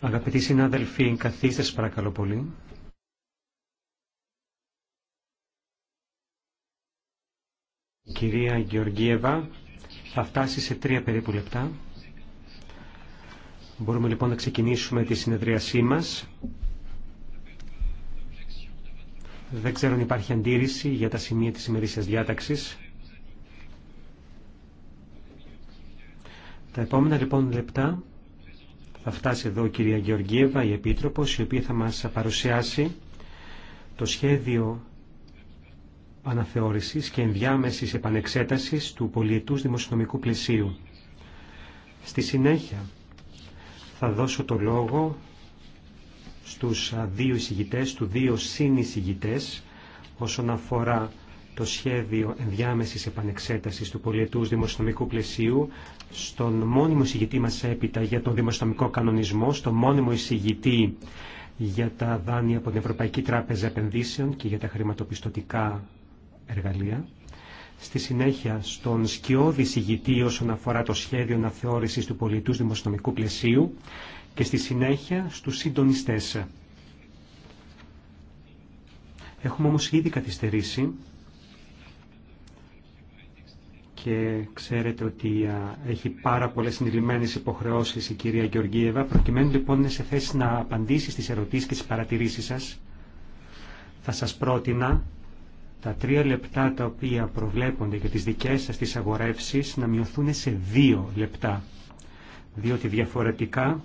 Αγαπητοί συνάδελφοι, καθίστε παρακαλώ πολύ. Η κυρία Γεωργίεβα θα φτάσει σε τρία περίπου λεπτά. Μπορούμε λοιπόν να ξεκινήσουμε τη συνεδρίασή μας. Δεν ξέρω αν υπάρχει αντίρρηση για τα σημεία της ημερήσιας διάταξης. Τα επόμενα λοιπόν λεπτά θα φτάσει εδώ η κυρία Γεωργίευα, η Επίτροπος, η οποία θα μας παρουσιάσει το σχέδιο αναθεώρησης και ενδιάμεσης επανεξέτασης του πολιετούς δημοσιονομικού πλαισίου. Στη συνέχεια θα δώσω το λόγο στους δύο εισηγητές, του δύο συνεισηγητές όσον αφορά το σχέδιο ενδιάμεσης επανεξέτασης του πολιετούς δημοσιονομικού πλαισίου στον μόνιμο εισηγητή μας έπειτα για τον δημοσιονομικό κανονισμό, στον μόνιμο εισηγητή για τα δάνεια από την Ευρωπαϊκή Τράπεζα Επενδύσεων και για τα χρηματοπιστωτικά εργαλεία. Στη συνέχεια, στον σκιώδη εισηγητή όσον αφορά το σχέδιο αναθεώρησης του πολιτού δημοσιονομικού πλαισίου και στη συνέχεια στους συντονιστές. Έχουμε όμω ήδη καθυστερήσει και ξέρετε ότι έχει πάρα πολλές συνειδημένες υποχρεώσεις η κυρία Γεωργίευα. Προκειμένου λοιπόν είναι σε θέση να απαντήσει στις ερωτήσεις και τις παρατηρήσεις σας, θα σας πρότεινα τα τρία λεπτά τα οποία προβλέπονται για τις δικές σας τις αγορεύσεις να μειωθούν σε δύο λεπτά. Διότι διαφορετικά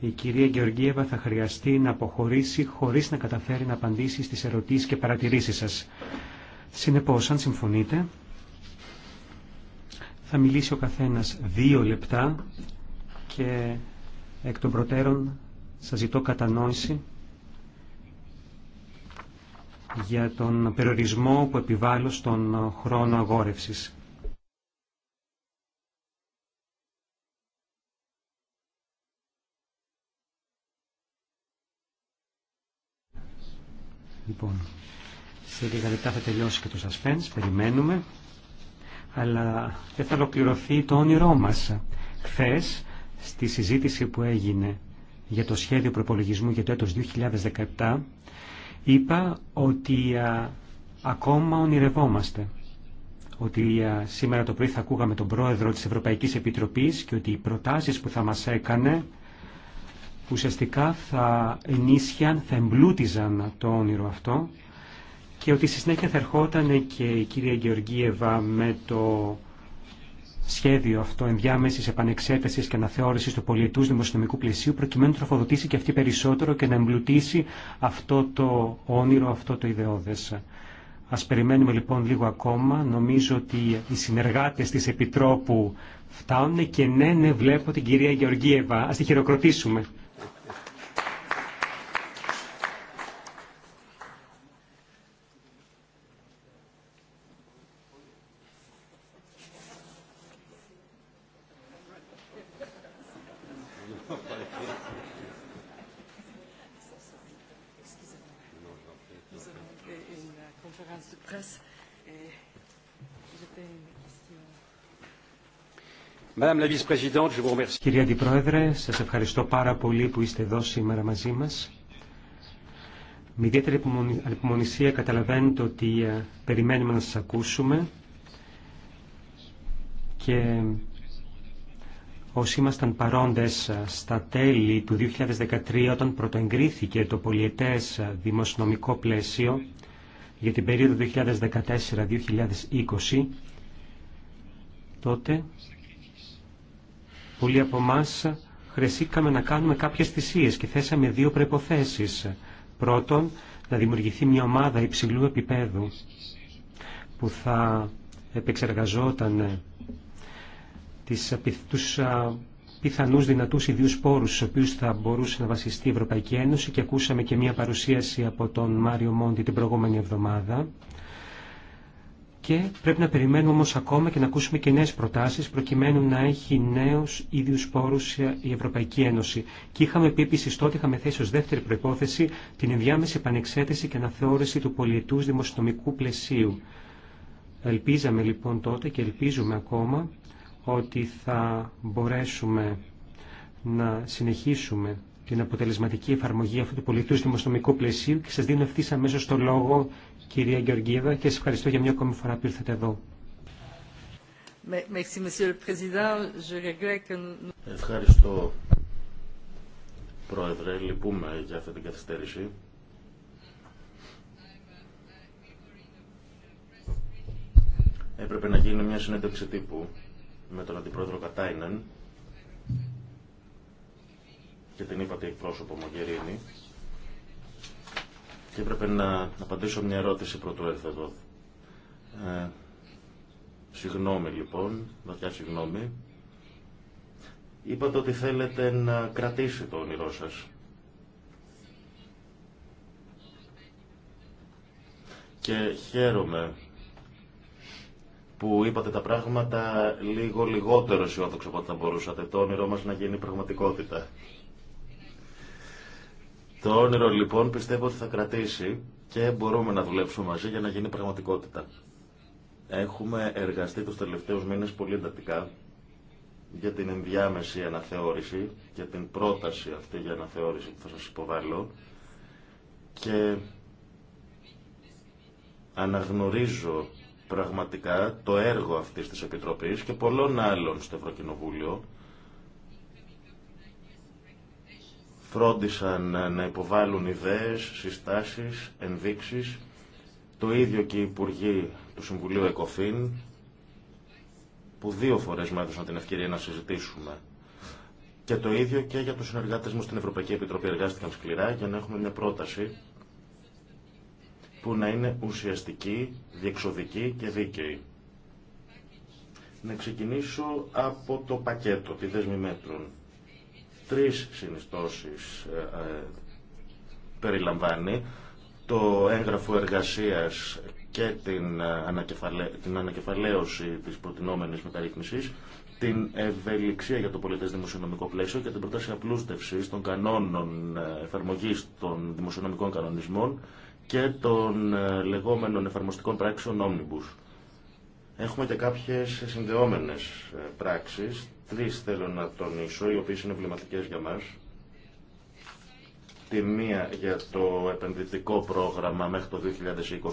η κυρία Γεωργίευα θα χρειαστεί να αποχωρήσει χωρίς να καταφέρει να απαντήσει στις ερωτήσεις και παρατηρήσεις σας. Συνεπώς, αν συμφωνείτε, θα μιλήσει ο καθένας δύο λεπτά και εκ των προτέρων σα ζητώ κατανόηση για τον περιορισμό που επιβάλλω στον χρόνο αγόρευσης. Λοιπόν, σε λίγα λεπτά θα τελειώσει και το suspense, περιμένουμε αλλά δεν θα ολοκληρωθεί το όνειρό μας. Χθε, στη συζήτηση που έγινε για το σχέδιο προπολογισμού για το έτος 2017, είπα ότι ακόμα ονειρευόμαστε. Ότι α, σήμερα το πρωί θα ακούγαμε τον πρόεδρο της Ευρωπαϊκής Επιτροπής και ότι οι προτάσεις που θα μας έκανε ουσιαστικά θα ενίσχυαν, θα εμπλούτιζαν το όνειρο αυτό και ότι στη συνέχεια θα ερχόταν και η κυρία Γεωργίευα με το σχέδιο αυτό ενδιάμεση επανεξέταση και αναθεώρηση του πολιτού δημοσιονομικού πλαισίου, προκειμένου να τροφοδοτήσει και αυτή περισσότερο και να εμπλουτίσει αυτό το όνειρο, αυτό το ιδεώδε. Α περιμένουμε λοιπόν λίγο ακόμα. Νομίζω ότι οι συνεργάτε τη Επιτρόπου φτάνουν και ναι, ναι, βλέπω την κυρία Γεωργίευα. Α τη χειροκροτήσουμε. Κυρία Αντιπρόεδρε, σας ευχαριστώ πάρα πολύ που είστε εδώ σήμερα μαζί μας. Με ιδιαίτερη ανυπομονησία καταλαβαίνετε ότι ε, περιμένουμε να σας ακούσουμε και όσοι ήμασταν παρόντες ε, στα τέλη του 2013 όταν πρωτοεγκρίθηκε το πολιετές ε, δημοσιονομικό πλαίσιο για την περίοδο 2014-2020 τότε Πολλοί από εμά χρεσήκαμε να κάνουμε κάποιες θυσίε και θέσαμε δύο προποθέσει. Πρώτον, να δημιουργηθεί μια ομάδα υψηλού επίπεδου που θα επεξεργαζόταν ε, τις, ε, πιθανού ε, πιθανούς δυνατούς ιδίους πόρους στους οποίους θα μπορούσε να βασιστεί η Ευρωπαϊκή Ένωση και ακούσαμε και μια παρουσίαση από τον Μάριο Μόντι την προηγούμενη εβδομάδα και πρέπει να περιμένουμε όμως ακόμα και να ακούσουμε και νέες προτάσεις προκειμένου να έχει νέους ίδιους πόρους η Ευρωπαϊκή Ένωση. Και είχαμε πει επίσης τότε, είχαμε θέσει ως δεύτερη προϋπόθεση την ενδιάμεση επανεξέταση και αναθεώρηση του πολιετούς δημοσιονομικού πλαισίου. Ελπίζαμε λοιπόν τότε και ελπίζουμε ακόμα ότι θα μπορέσουμε να συνεχίσουμε την αποτελεσματική εφαρμογή αυτού του πολιτού δημοσιονομικού πλαισίου και σας δίνω ευθύ αμέσως το λόγο κυρία Γεωργίευα και σας ευχαριστώ για μια ακόμη φορά που ήρθατε εδώ. Ευχαριστώ, Πρόεδρε. Λυπούμε για αυτή την καθυστέρηση. Έπρεπε να γίνει μια συνέντευξη τύπου με τον Αντιπρόεδρο Κατάινεν και την είπατε εκπρόσωπο Μογκερίνη και έπρεπε να απαντήσω μια ερώτηση πρωτού έρθω εδώ. Ε, συγγνώμη λοιπόν, βαθιά συγγνώμη. Είπατε ότι θέλετε να κρατήσει το όνειρό σας. Και χαίρομαι που είπατε τα πράγματα λίγο λιγότερο αισιόδοξο από ό,τι θα μπορούσατε. Το όνειρό μας να γίνει πραγματικότητα. Το όνειρο λοιπόν πιστεύω ότι θα κρατήσει και μπορούμε να δουλέψουμε μαζί για να γίνει πραγματικότητα. Έχουμε εργαστεί τους τελευταίους μήνες πολύ εντατικά για την ενδιάμεση αναθεώρηση και την πρόταση αυτή για αναθεώρηση που θα σας υποβάλω και αναγνωρίζω πραγματικά το έργο αυτής της Επιτροπής και πολλών άλλων στο Ευρωκοινοβούλιο φρόντισαν να υποβάλουν ιδέες, συστάσεις, ενδείξεις. Το ίδιο και οι Υπουργοί του Συμβουλίου ΕΚΟΦΗΝ, που δύο φορές μου έδωσαν την ευκαιρία να συζητήσουμε. Και το ίδιο και για τους συνεργάτες μου στην Ευρωπαϊκή Επιτροπή εργάστηκαν σκληρά για να έχουμε μια πρόταση που να είναι ουσιαστική, διεξοδική και δίκαιη. Να ξεκινήσω από το πακέτο, τη δέσμη μέτρων τρεις συνιστώσεις ε, ε, περιλαμβάνει το έγγραφο εργασίας και ε, την, ανακεφαλαίωση της προτινόμενης μεταρρύθμισης, την ευελιξία για το πολιτές δημοσιονομικό πλαίσιο και την προτάση απλούστευσης των κανόνων εφαρμογής των δημοσιονομικών κανονισμών και των λεγόμενων εφαρμοστικών πράξεων Omnibus. Έχουμε και κάποιες συνδεόμενες πράξεις, τρεις θέλω να τονίσω, οι οποίες είναι εμβληματικές για μας. Τη μία για το επενδυτικό πρόγραμμα μέχρι το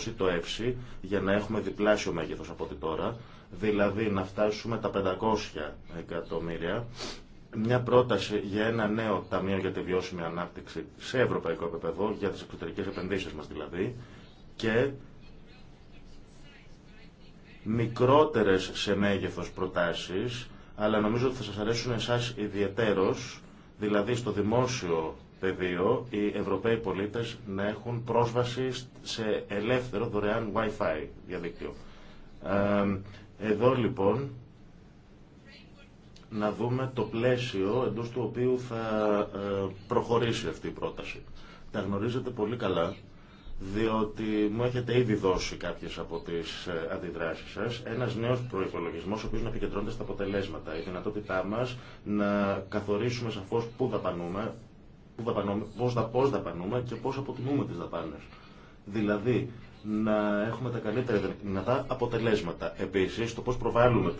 2020, το ΕΦΣΥ, για να έχουμε διπλάσιο μέγεθος από ό,τι τώρα, δηλαδή να φτάσουμε τα 500 εκατομμύρια, μια πρόταση για ένα νέο ταμείο για τη βιώσιμη ανάπτυξη σε ευρωπαϊκό επίπεδο, για τις εξωτερικές επενδύσεις μας δηλαδή, και μικρότερες σε μέγεθος προτάσεις αλλά νομίζω ότι θα σας αρέσουν εσάς ιδιαιτέρως, δηλαδή στο δημόσιο πεδίο, οι Ευρωπαίοι πολίτες να έχουν πρόσβαση σε ελεύθερο δωρεάν Wi-Fi διαδίκτυο. Εδώ λοιπόν να δούμε το πλαίσιο εντός του οποίου θα ε, προχωρήσει αυτή η πρόταση. Τα γνωρίζετε πολύ καλά διότι μου έχετε ήδη δώσει κάποιες από τις ε, αντιδράσεις σας ένας νέος προπολογισμό, ο οποίος να επικεντρώνεται στα αποτελέσματα. Η δυνατότητά μα να καθορίσουμε σαφώς πού δαπανούμε, πού δαπανούμε πώς, δα, πώς δαπανούμε και πώς αποτιμούμε τις δαπάνες Δηλαδή, να έχουμε τα καλύτερα δυνατά αποτελέσματα. Επίση, το πώς προβάλλουμε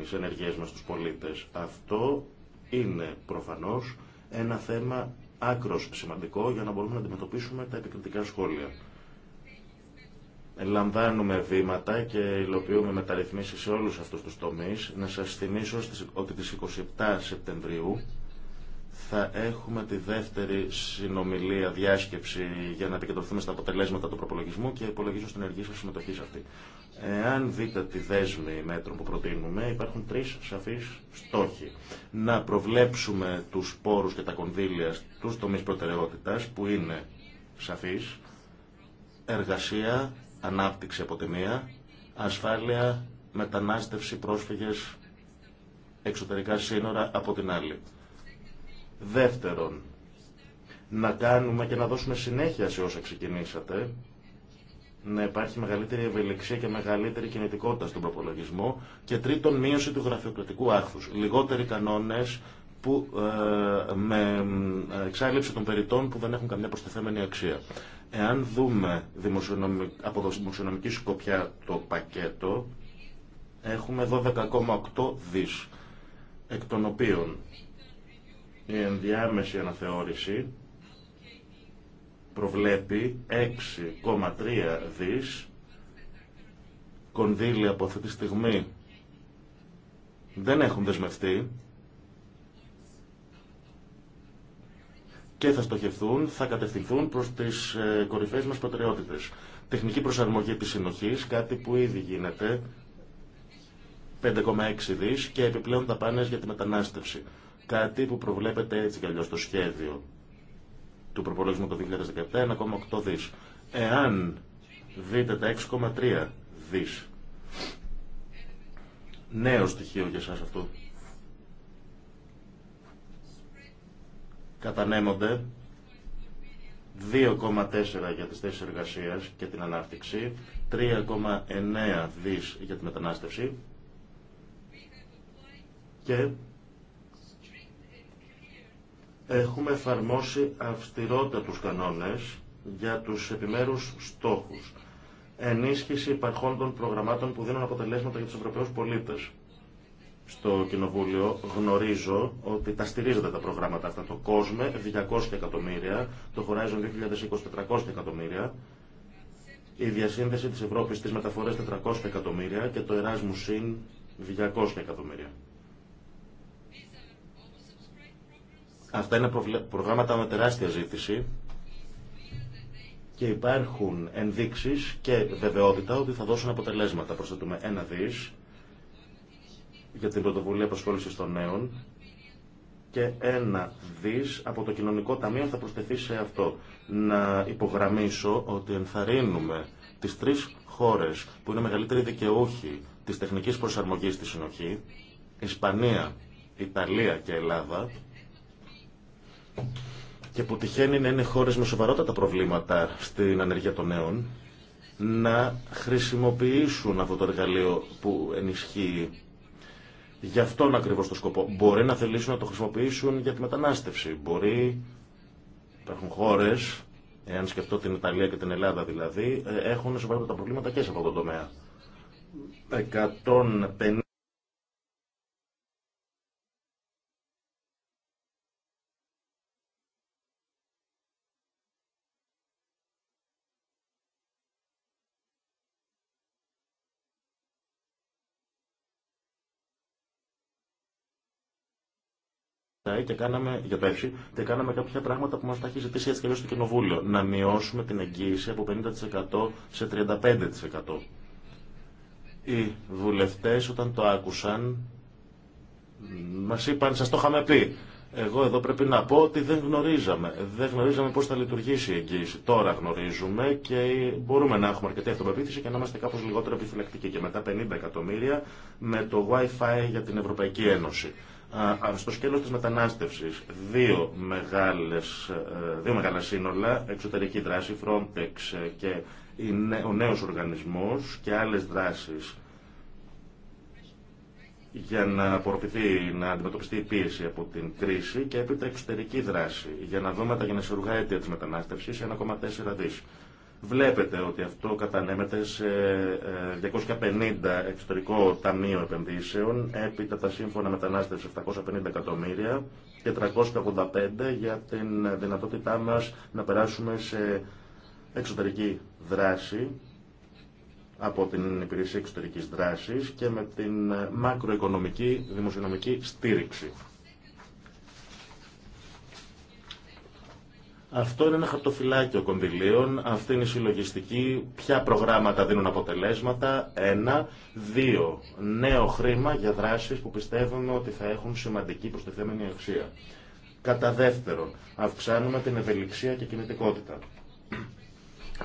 τις ενεργές μας στους πολίτες Αυτό είναι προφανώς ένα θέμα άκρος σημαντικό για να μπορούμε να αντιμετωπίσουμε τα επικριτικά σχόλια. Λαμβάνουμε βήματα και υλοποιούμε μεταρρυθμίσεις σε όλους αυτούς τους τομείς. Να σας θυμίσω ότι τις 27 Σεπτεμβρίου θα έχουμε τη δεύτερη συνομιλία, διάσκεψη για να επικεντρωθούμε στα αποτελέσματα του προπολογισμού και υπολογίζω στην εργή σας συμμετοχή σε αυτή. Εάν δείτε τη δέσμη μέτρων που προτείνουμε, υπάρχουν τρεις σαφείς στόχοι. Να προβλέψουμε τους πόρους και τα κονδύλια στους τομείς προτεραιότητας, που είναι σαφείς, εργασία, ανάπτυξη από τη μία, ασφάλεια, μετανάστευση, πρόσφυγες, εξωτερικά σύνορα από την άλλη. Δεύτερον, να κάνουμε και να δώσουμε συνέχεια σε όσα ξεκινήσατε να υπάρχει μεγαλύτερη ευελιξία και μεγαλύτερη κινητικότητα στον προπολογισμό και τρίτον μείωση του γραφειοκρατικού άρθρου Λιγότεροι κανόνες που, ε, με ε, εξάλληψη των περιτών που δεν έχουν καμιά προστιθέμενη αξία. Εάν δούμε από δημοσιονομική σκοπιά το πακέτο, έχουμε 12,8 δις, εκ των οποίων η ενδιάμεση αναθεώρηση προβλέπει 6,3 δις κονδύλια από αυτή τη στιγμή δεν έχουν δεσμευτεί και θα στοχευθούν, θα κατευθυνθούν προς τις ε, κορυφές μας προτεραιότητες. Τεχνική προσαρμογή της συνοχής, κάτι που ήδη γίνεται, 5,6 δις και επιπλέον δαπάνες για τη μετανάστευση. Κάτι που προβλέπεται έτσι κι αλλιώς το σχέδιο του προπολογισμού το 2017 1,8 δις. Εάν δείτε τα 6,3 δις, νέο στοιχείο για σας αυτό, κατανέμονται 2,4 για τις θέσεις εργασίας και την ανάπτυξη, 3,9 δις για τη μετανάστευση και έχουμε εφαρμόσει αυστηρότατους κανόνες για τους επιμέρους στόχους. Ενίσχυση των προγραμμάτων που δίνουν αποτελέσματα για τους Ευρωπαίους πολίτες. Στο Κοινοβούλιο γνωρίζω ότι τα στηρίζονται τα προγράμματα αυτά. Το COSME 200 εκατομμύρια, το Horizon 2020 400 εκατομμύρια, η διασύνδεση της Ευρώπης στις μεταφορές 400 εκατομμύρια και το Erasmus Sin 200 εκατομμύρια. Αυτά είναι προγράμματα με τεράστια ζήτηση και υπάρχουν ενδείξεις και βεβαιότητα ότι θα δώσουν αποτελέσματα. Προσθέτουμε ένα δις για την πρωτοβουλία προσχόλησης των νέων και ένα δις από το κοινωνικό ταμείο θα προσθεθεί σε αυτό. Να υπογραμμίσω ότι ενθαρρύνουμε τις τρεις χώρες που είναι μεγαλύτεροι δικαιούχοι της τεχνικής προσαρμογής στη συνοχή, Ισπανία, Ιταλία και Ελλάδα, και που τυχαίνει να είναι χώρες με σοβαρότατα προβλήματα στην ανεργία των νέων να χρησιμοποιήσουν αυτό το εργαλείο που ενισχύει για αυτόν ακριβώς το σκοπό. Μπορεί να θελήσουν να το χρησιμοποιήσουν για τη μετανάστευση. Μπορεί, υπάρχουν χώρες, εάν σκεφτώ την Ιταλία και την Ελλάδα δηλαδή, ε, έχουν σοβαρότατα προβλήματα και σε αυτό το τομέα. και κάναμε, για πέρσι, και κάναμε κάποια πράγματα που μα τα έχει ζητήσει έτσι και στο Κοινοβούλιο. Να μειώσουμε την εγγύηση από 50% σε 35%. Οι βουλευτέ όταν το άκουσαν μα είπαν σα το είχαμε πει. Εγώ εδώ πρέπει να πω ότι δεν γνωρίζαμε. Δεν γνωρίζαμε πώ θα λειτουργήσει η εγγύηση. Τώρα γνωρίζουμε και μπορούμε να έχουμε αρκετή αυτοπεποίθηση και να είμαστε κάπω λιγότερο επιφυλακτικοί. Και μετά 50 εκατομμύρια με το WiFi για την Ευρωπαϊκή Ένωση. Στο σκέλος της μετανάστευσης, δύο, μεγάλες, ε, δύο μεγάλα σύνολα, εξωτερική δράση, Frontex ε, και ο νέος οργανισμός και άλλες δράσεις για να απορροφηθεί, να αντιμετωπιστεί η πίεση από την κρίση και έπειτα εξωτερική δράση για να δούμε τα γενεσιουργά αίτια της μετανάστευσης 1,4 δις. Βλέπετε ότι αυτό κατανέμεται σε 250 ε, εξωτερικό ταμείο επενδύσεων, έπειτα τα σύμφωνα μετανάστευση 750 εκατομμύρια και 385 για την δυνατότητά μας να περάσουμε σε εξωτερική δράση από την Υπηρεσία Εξωτερικής Δράσης και με την μακροοικονομική δημοσιονομική στήριξη. Αυτό είναι ένα χαρτοφυλάκιο κονδυλίων. Αυτή είναι η συλλογιστική. Ποια προγράμματα δίνουν αποτελέσματα. Ένα. Δύο. Νέο χρήμα για δράσει που πιστεύουμε ότι θα έχουν σημαντική προστιθέμενη αξία. Κατά δεύτερον, αυξάνουμε την ευελιξία και κινητικότητα.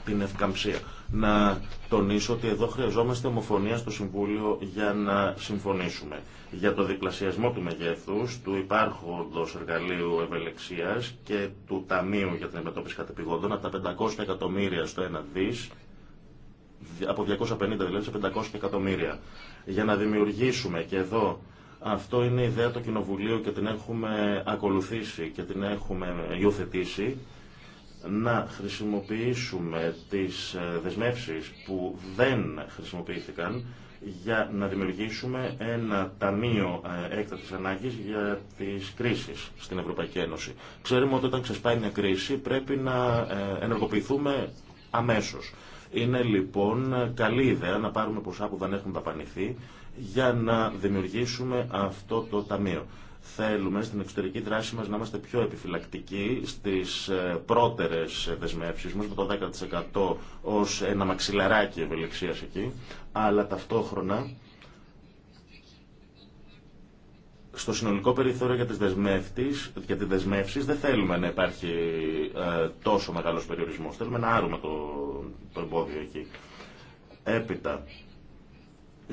Την ευκαμψία να τονίσω ότι εδώ χρειαζόμαστε ομοφωνία στο Συμβούλιο για να συμφωνήσουμε. Για το διπλασιασμό του μεγέθους, του υπάρχοντος εργαλείου ευελεξίας και του Ταμείου για την εμετώπιση Κατεπηγόντων από τα 500 εκατομμύρια στο 1 δις, από 250 δηλαδή σε 500 εκατομμύρια. Για να δημιουργήσουμε και εδώ αυτό είναι η ιδέα του Κοινοβουλίου και την έχουμε ακολουθήσει και την έχουμε υιοθετήσει να χρησιμοποιήσουμε τις ε, δεσμεύσεις που δεν χρησιμοποιήθηκαν για να δημιουργήσουμε ένα ταμείο ε, έκτακτης ανάγκης για τις κρίσεις στην Ευρωπαϊκή Ένωση. Ξέρουμε ότι όταν ξεσπάει μια κρίση πρέπει να ε, ενεργοποιηθούμε αμέσως. Είναι λοιπόν καλή ιδέα να πάρουμε ποσά που δεν έχουν ταπανηθεί για να δημιουργήσουμε αυτό το ταμείο. Θέλουμε στην εξωτερική δράση μας να είμαστε πιο επιφυλακτικοί στις ε, πρώτερες δεσμεύσεις μας, με το 10% ως ένα μαξιλαράκι ευελιξίας εκεί, αλλά ταυτόχρονα στο συνολικό περιθώριο για τις, δεσμεύσεις, για τις δεσμεύσεις δεν θέλουμε να υπάρχει ε, τόσο μεγάλος περιορισμός. Θέλουμε να άρουμε το, το εμπόδιο εκεί. Έπειτα,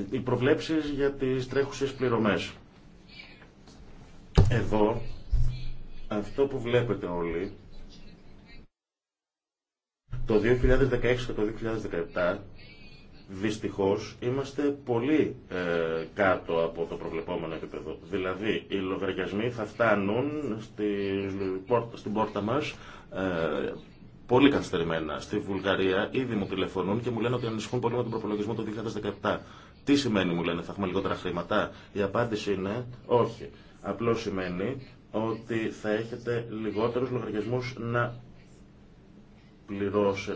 οι προβλέψεις για τις τρέχουσες πληρωμές. Εδώ αυτό που βλέπετε όλοι το 2016 και το 2017 δυστυχώς είμαστε πολύ ε, κάτω από το προβλεπόμενο επίπεδο. Δηλαδή οι λογαριασμοί θα φτάνουν στη, στην πόρτα μας ε, πολύ καθυστερημένα. Στη Βουλγαρία ήδη μου τηλεφωνούν και μου λένε ότι ανησυχούν πολύ με τον προπολογισμό το 2017. Τι σημαίνει μου λένε, θα έχουμε λιγότερα χρήματα. Η απάντηση είναι όχι. Απλώς σημαίνει ότι θα έχετε λιγότερους λογαριασμούς να,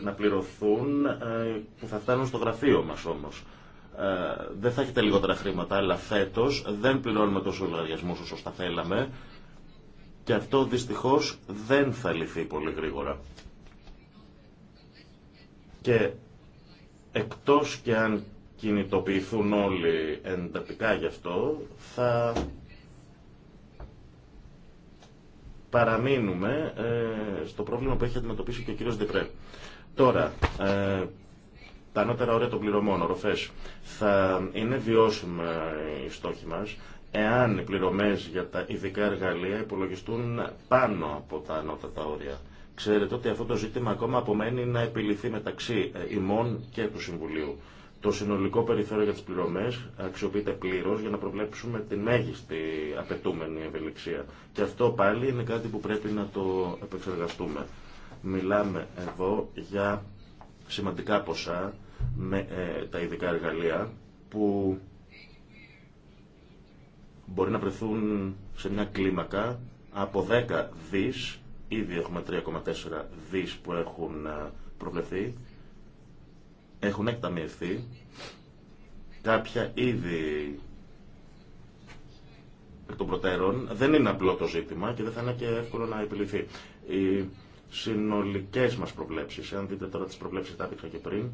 να πληρωθούν ε, που θα φτάνουν στο γραφείο μας όμως. Ε, δεν θα έχετε λιγότερα χρήματα, αλλά φέτος δεν πληρώνουμε τόσους λογαριασμούς όσο θα θέλαμε και αυτό δυστυχώς δεν θα λυθεί πολύ γρήγορα. Και εκτός και αν κινητοποιηθούν όλοι εντατικά γι' αυτό, θα παραμείνουμε ε, στο πρόβλημα που έχει αντιμετωπίσει και ο κύριος Ντεπρέ. Τώρα, ε, τα ανώτερα όρια των πληρωμών, οροφές, θα είναι βιώσιμα οι στόχοι μας εάν οι πληρωμές για τα ειδικά εργαλεία υπολογιστούν πάνω από τα ανώτατα όρια. Ξέρετε ότι αυτό το ζήτημα ακόμα απομένει να επιληθεί μεταξύ ε, ημών και του Συμβουλίου. Το συνολικό περιθώριο για τις πληρωμές αξιοποιείται πλήρω για να προβλέψουμε τη μέγιστη απαιτούμενη ευελιξία. Και αυτό πάλι είναι κάτι που πρέπει να το επεξεργαστούμε. Μιλάμε εδώ για σημαντικά ποσά με ε, τα ειδικά εργαλεία που μπορεί να βρεθούν σε μια κλίμακα από 10 δις, ήδη έχουμε 3,4 δις που έχουν ε, προβλεφθεί, έχουν εκταμιευθεί κάποια είδη εκ των προτέρων. Δεν είναι απλό το ζήτημα και δεν θα είναι και εύκολο να επιληθεί. Οι συνολικές μας προβλέψεις, αν δείτε τώρα τις προβλέψεις τα και πριν,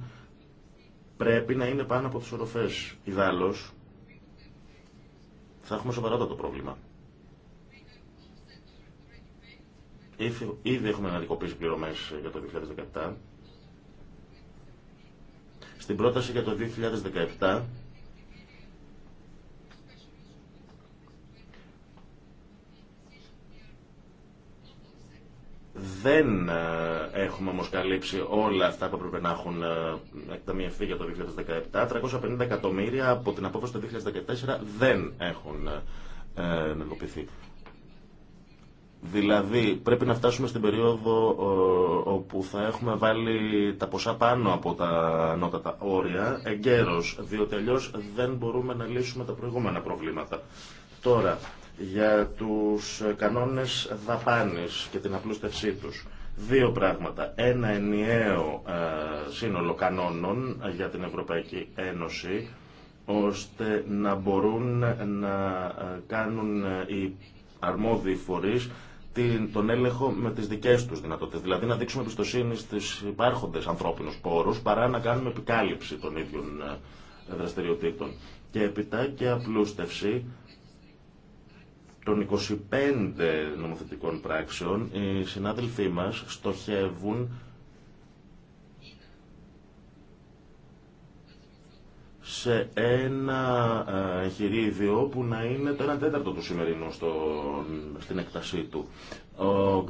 πρέπει να είναι πάνω από τις οροφές. Ιδάλλως, θα έχουμε σοβαρότατο πρόβλημα. Ήδη έχουμε εναντικοποιήσει πληρωμές για το 2017 στην πρόταση για το 2017 δεν ε, έχουμε όμω καλύψει όλα αυτά που έπρεπε να έχουν ε, εκταμιευθεί για το 2017. 350 εκατομμύρια από την απόφαση του 2014 δεν έχουν ε, ενεργοποιηθεί. Δηλαδή πρέπει να φτάσουμε στην περίοδο όπου θα έχουμε βάλει τα ποσά πάνω από τα ανώτατα όρια εγκαίρως, διότι αλλιώ δεν μπορούμε να λύσουμε τα προηγούμενα προβλήματα. Τώρα, για τους κανόνες δαπάνης και την απλούστευσή τους. Δύο πράγματα. Ένα ενιαίο ε, σύνολο κανόνων για την Ευρωπαϊκή Ένωση, ώστε να μπορούν να ε, κάνουν ε, οι αρμόδιοι φορείς την, τον έλεγχο με τις δικέ του δυνατότητε, Δηλαδή να δείξουμε εμπιστοσύνη στις υπάρχοντες ανθρώπινους πόρου παρά να κάνουμε επικάλυψη των ίδιων ε, δραστηριοτήτων. Και έπειτα και απλούστευση των 25 νομοθετικών πράξεων οι συνάδελφοί μα στοχεύουν σε ένα ε, εγχειρίδιο που να είναι το 1 τέταρτο του σημερινού στο, στην εκτασή του. Ο,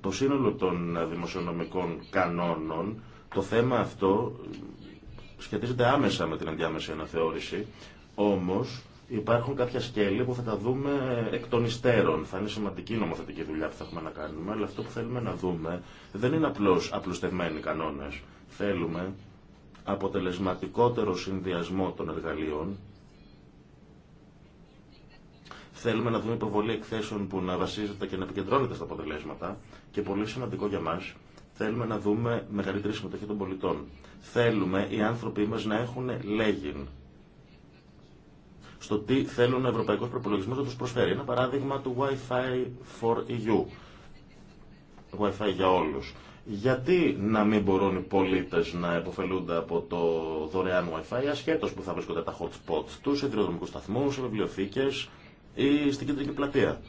το σύνολο των δημοσιονομικών κανόνων, το θέμα αυτό σχετίζεται άμεσα με την ενδιάμεση αναθεώρηση, όμως υπάρχουν κάποια σκέλη που θα τα δούμε εκ των υστέρων. Θα είναι σημαντική νομοθετική δουλειά που θα έχουμε να κάνουμε, αλλά αυτό που θέλουμε να δούμε δεν είναι απλώς απλουστευμένοι κανόνες. Θέλουμε αποτελεσματικότερο συνδυασμό των εργαλείων. Θέλουμε να δούμε υποβολή εκθέσεων που να βασίζεται και να επικεντρώνεται στα αποτελέσματα και πολύ σημαντικό για μας, θέλουμε να δούμε μεγαλύτερη συμμετοχή των πολιτών. Θέλουμε οι άνθρωποι μας να έχουν λέγειν στο τι θέλουν ο ευρωπαϊκός προπολογισμός να τους προσφέρει. Ένα παράδειγμα του Wi-Fi for EU. Wi-Fi για όλους. Γιατί να μην μπορούν οι πολίτε να υποφελούνται από το δωρεάν WiFi ασχέτω που θα βρίσκονται τα hot spots, του τριοδρομικού σταθμού, σε βιβλιοθήκε ή στην κεντρική πλατεία.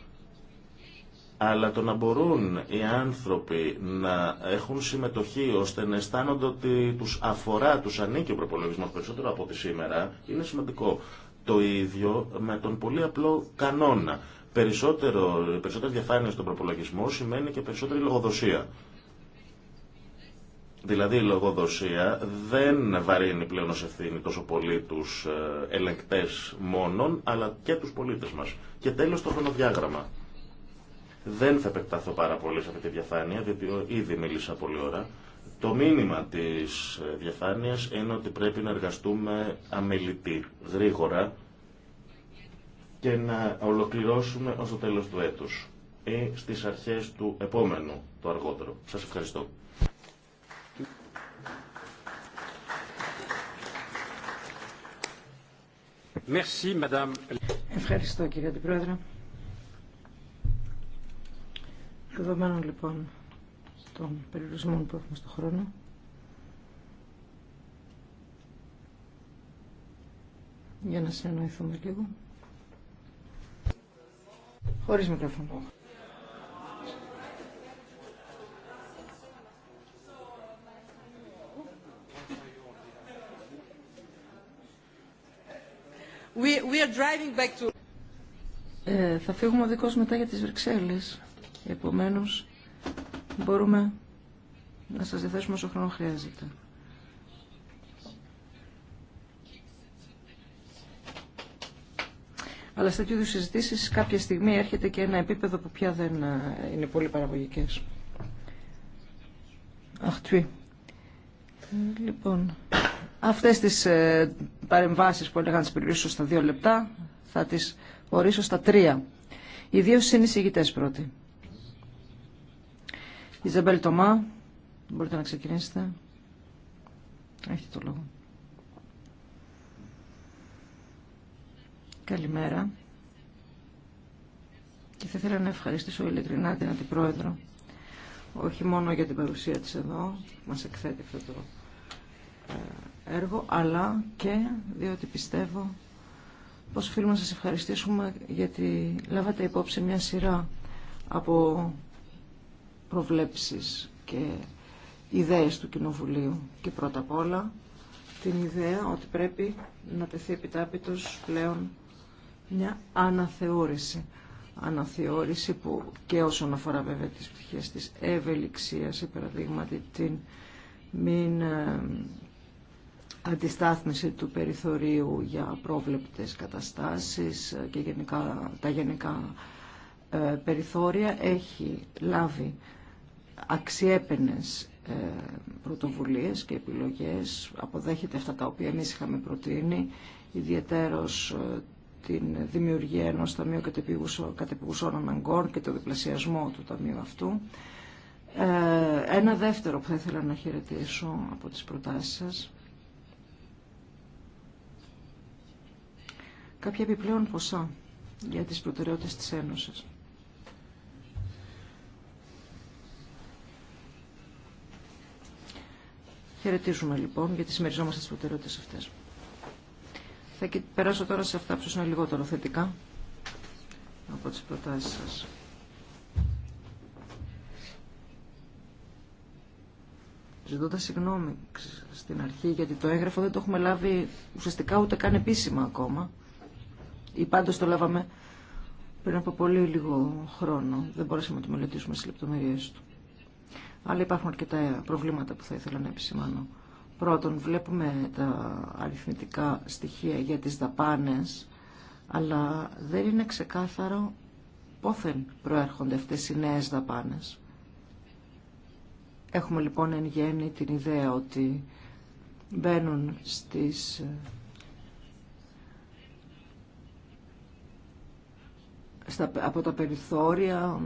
Αλλά το να μπορούν οι άνθρωποι να έχουν συμμετοχή ώστε να αισθάνονται ότι του αφορά, του ανήκει ο προπολογισμό περισσότερο από ό,τι σήμερα είναι σημαντικό. Το ίδιο με τον πολύ απλό κανόνα. Περισσότερο, περισσότερη διαφάνεια στον προπολογισμό σημαίνει και περισσότερη λογοδοσία. Δηλαδή η λογοδοσία δεν βαρύνει πλέον ως ευθύνη τόσο πολύ τους ε, ελεγκτές μόνον, αλλά και τους πολίτες μας. Και τέλος το χρονοδιάγραμμα. Δεν θα επεκταθώ πάρα πολύ σε αυτή τη διαφάνεια, διότι ήδη μίλησα πολύ ώρα. Το μήνυμα της ε, διαφάνειας είναι ότι πρέπει να εργαστούμε αμελητή, γρήγορα και να ολοκληρώσουμε ως το τέλος του έτους ή στις αρχές του επόμενου, το αργότερο. Σας ευχαριστώ. Ευχαριστώ κύριε Αντιπρόεδρε. Δεδομένων λοιπόν των περιορισμών που έχουμε στον χρόνο. Για να συνεννοηθούμε λίγο. Χωρίς μικρόφωνο. Ε, θα φύγουμε δικός μετά για τις Βρυξέλλες. Επομένως, μπορούμε να σας διαθέσουμε όσο χρόνο χρειάζεται. Αλλά σε τέτοιου είδου συζητήσει κάποια στιγμή έρχεται και ένα επίπεδο που πια δεν ε, είναι πολύ παραγωγικέ. Αχτουή. Λοιπόν, αυτές τις ε, παρεμβάσεις που έλεγα να τις στα δύο λεπτά, θα τις ορίσω στα τρία. Οι δύο συνεισηγητές πρώτοι. Ιζαμπέλ Τομά, μπορείτε να ξεκινήσετε. Έχετε το λόγο. Καλημέρα. Και θα ήθελα να ευχαριστήσω ειλικρινά την Αντιπρόεδρο, όχι μόνο για την παρουσία της εδώ, μας εκθέτει αυτό το ε, έργο, αλλά και διότι πιστεύω πως οφείλουμε να σας ευχαριστήσουμε γιατί λάβατε υπόψη μια σειρά από προβλέψεις και ιδέες του Κοινοβουλίου. Και πρώτα απ' όλα την ιδέα ότι πρέπει να τεθεί επιτάπητος πλέον μια αναθεώρηση. Αναθεώρηση που και όσον αφορά βέβαια τις πτυχές της ευελιξίας, παραδείγματι την μην ε, αντιστάθμιση του περιθωρίου για πρόβλεπτες καταστάσεις και γενικά, τα γενικά ε, περιθώρια έχει λάβει αξιέπαινες ε, πρωτοβουλίες και επιλογές, αποδέχεται αυτά τα οποία εμείς είχαμε προτείνει, ιδιαίτερος ε, την δημιουργία ενός ταμείου κατεπηγουσών αναγκών και το διπλασιασμό του ταμείου αυτού. ένα δεύτερο που θα ήθελα να χαιρετήσω από τις προτάσεις σας κάποια επιπλέον ποσά για τις προτεραιότητες της Ένωσης. Χαιρετίζουμε λοιπόν γιατί συμμεριζόμαστε τις προτεραιότητες αυτές. Θα περάσω τώρα σε αυτά που είναι λιγότερο θετικά από τις προτάσεις σας. Ζητώντα συγγνώμη στην αρχή γιατί το έγγραφο δεν το έχουμε λάβει ουσιαστικά ούτε καν επίσημα ακόμα ή πάντω το λάβαμε πριν από πολύ λίγο χρόνο. Δεν μπορέσαμε να το μελετήσουμε στι λεπτομέρειες του. Αλλά υπάρχουν αρκετά προβλήματα που θα ήθελα να επισημάνω. Πρώτον, βλέπουμε τα αριθμητικά στοιχεία για τις δαπάνες, αλλά δεν είναι ξεκάθαρο πόθεν προέρχονται αυτές οι νέε δαπάνες. Έχουμε λοιπόν εν γέννη την ιδέα ότι μπαίνουν στις στα, από τα περιθώρια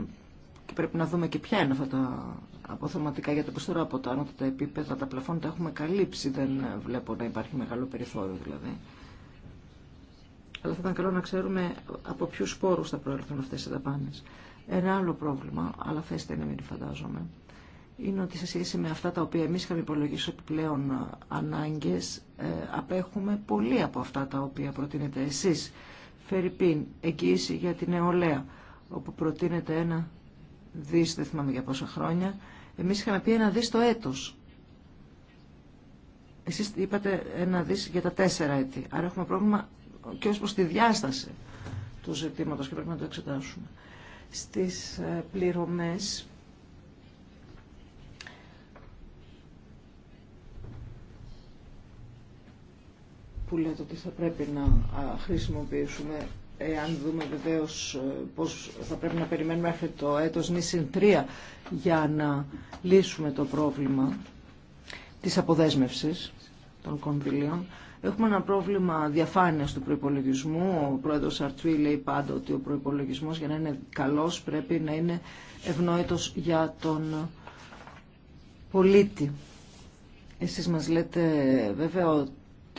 και πρέπει να δούμε και ποια είναι αυτά τα αποθεματικά γιατί όπως τώρα από τα ανώτατα επίπεδα τα πλαφόν τα έχουμε καλύψει δεν βλέπω να υπάρχει μεγάλο περιθώριο δηλαδή αλλά θα ήταν καλό να ξέρουμε από ποιους πόρους θα προέλθουν αυτές οι δαπάνες ένα άλλο πρόβλημα αλλά θέστε να μην φαντάζομαι είναι ότι σε σχέση με αυτά τα οποία εμείς είχαμε υπολογίσει επιπλέον ανάγκες ε, απέχουμε πολύ από αυτά τα οποία προτείνετε εσείς Φερρυπίν, εγγύηση για την νεολαία, όπου προτείνεται ένα δις, δεν θυμάμαι για πόσα χρόνια. Εμείς είχαμε πει ένα δις το έτος. Εσείς είπατε ένα δις για τα τέσσερα έτη. Άρα έχουμε πρόβλημα και ως προς τη διάσταση του ζητήματος και πρέπει να το εξετάσουμε. Στις ε, πληρωμές που λέτε ότι θα πρέπει να χρησιμοποιήσουμε εάν δούμε βεβαίως ε, πώς θα πρέπει να περιμένουμε μέχρι το έτος νησιν 3 για να λύσουμε το πρόβλημα της αποδέσμευσης των κονδυλίων. Έχουμε ένα πρόβλημα διαφάνειας του προϋπολογισμού. Ο πρόεδρος Αρτσουή λέει πάντα ότι ο προϋπολογισμός για να είναι καλός πρέπει να είναι ευνόητος για τον πολίτη. Εσείς μας λέτε βέβαια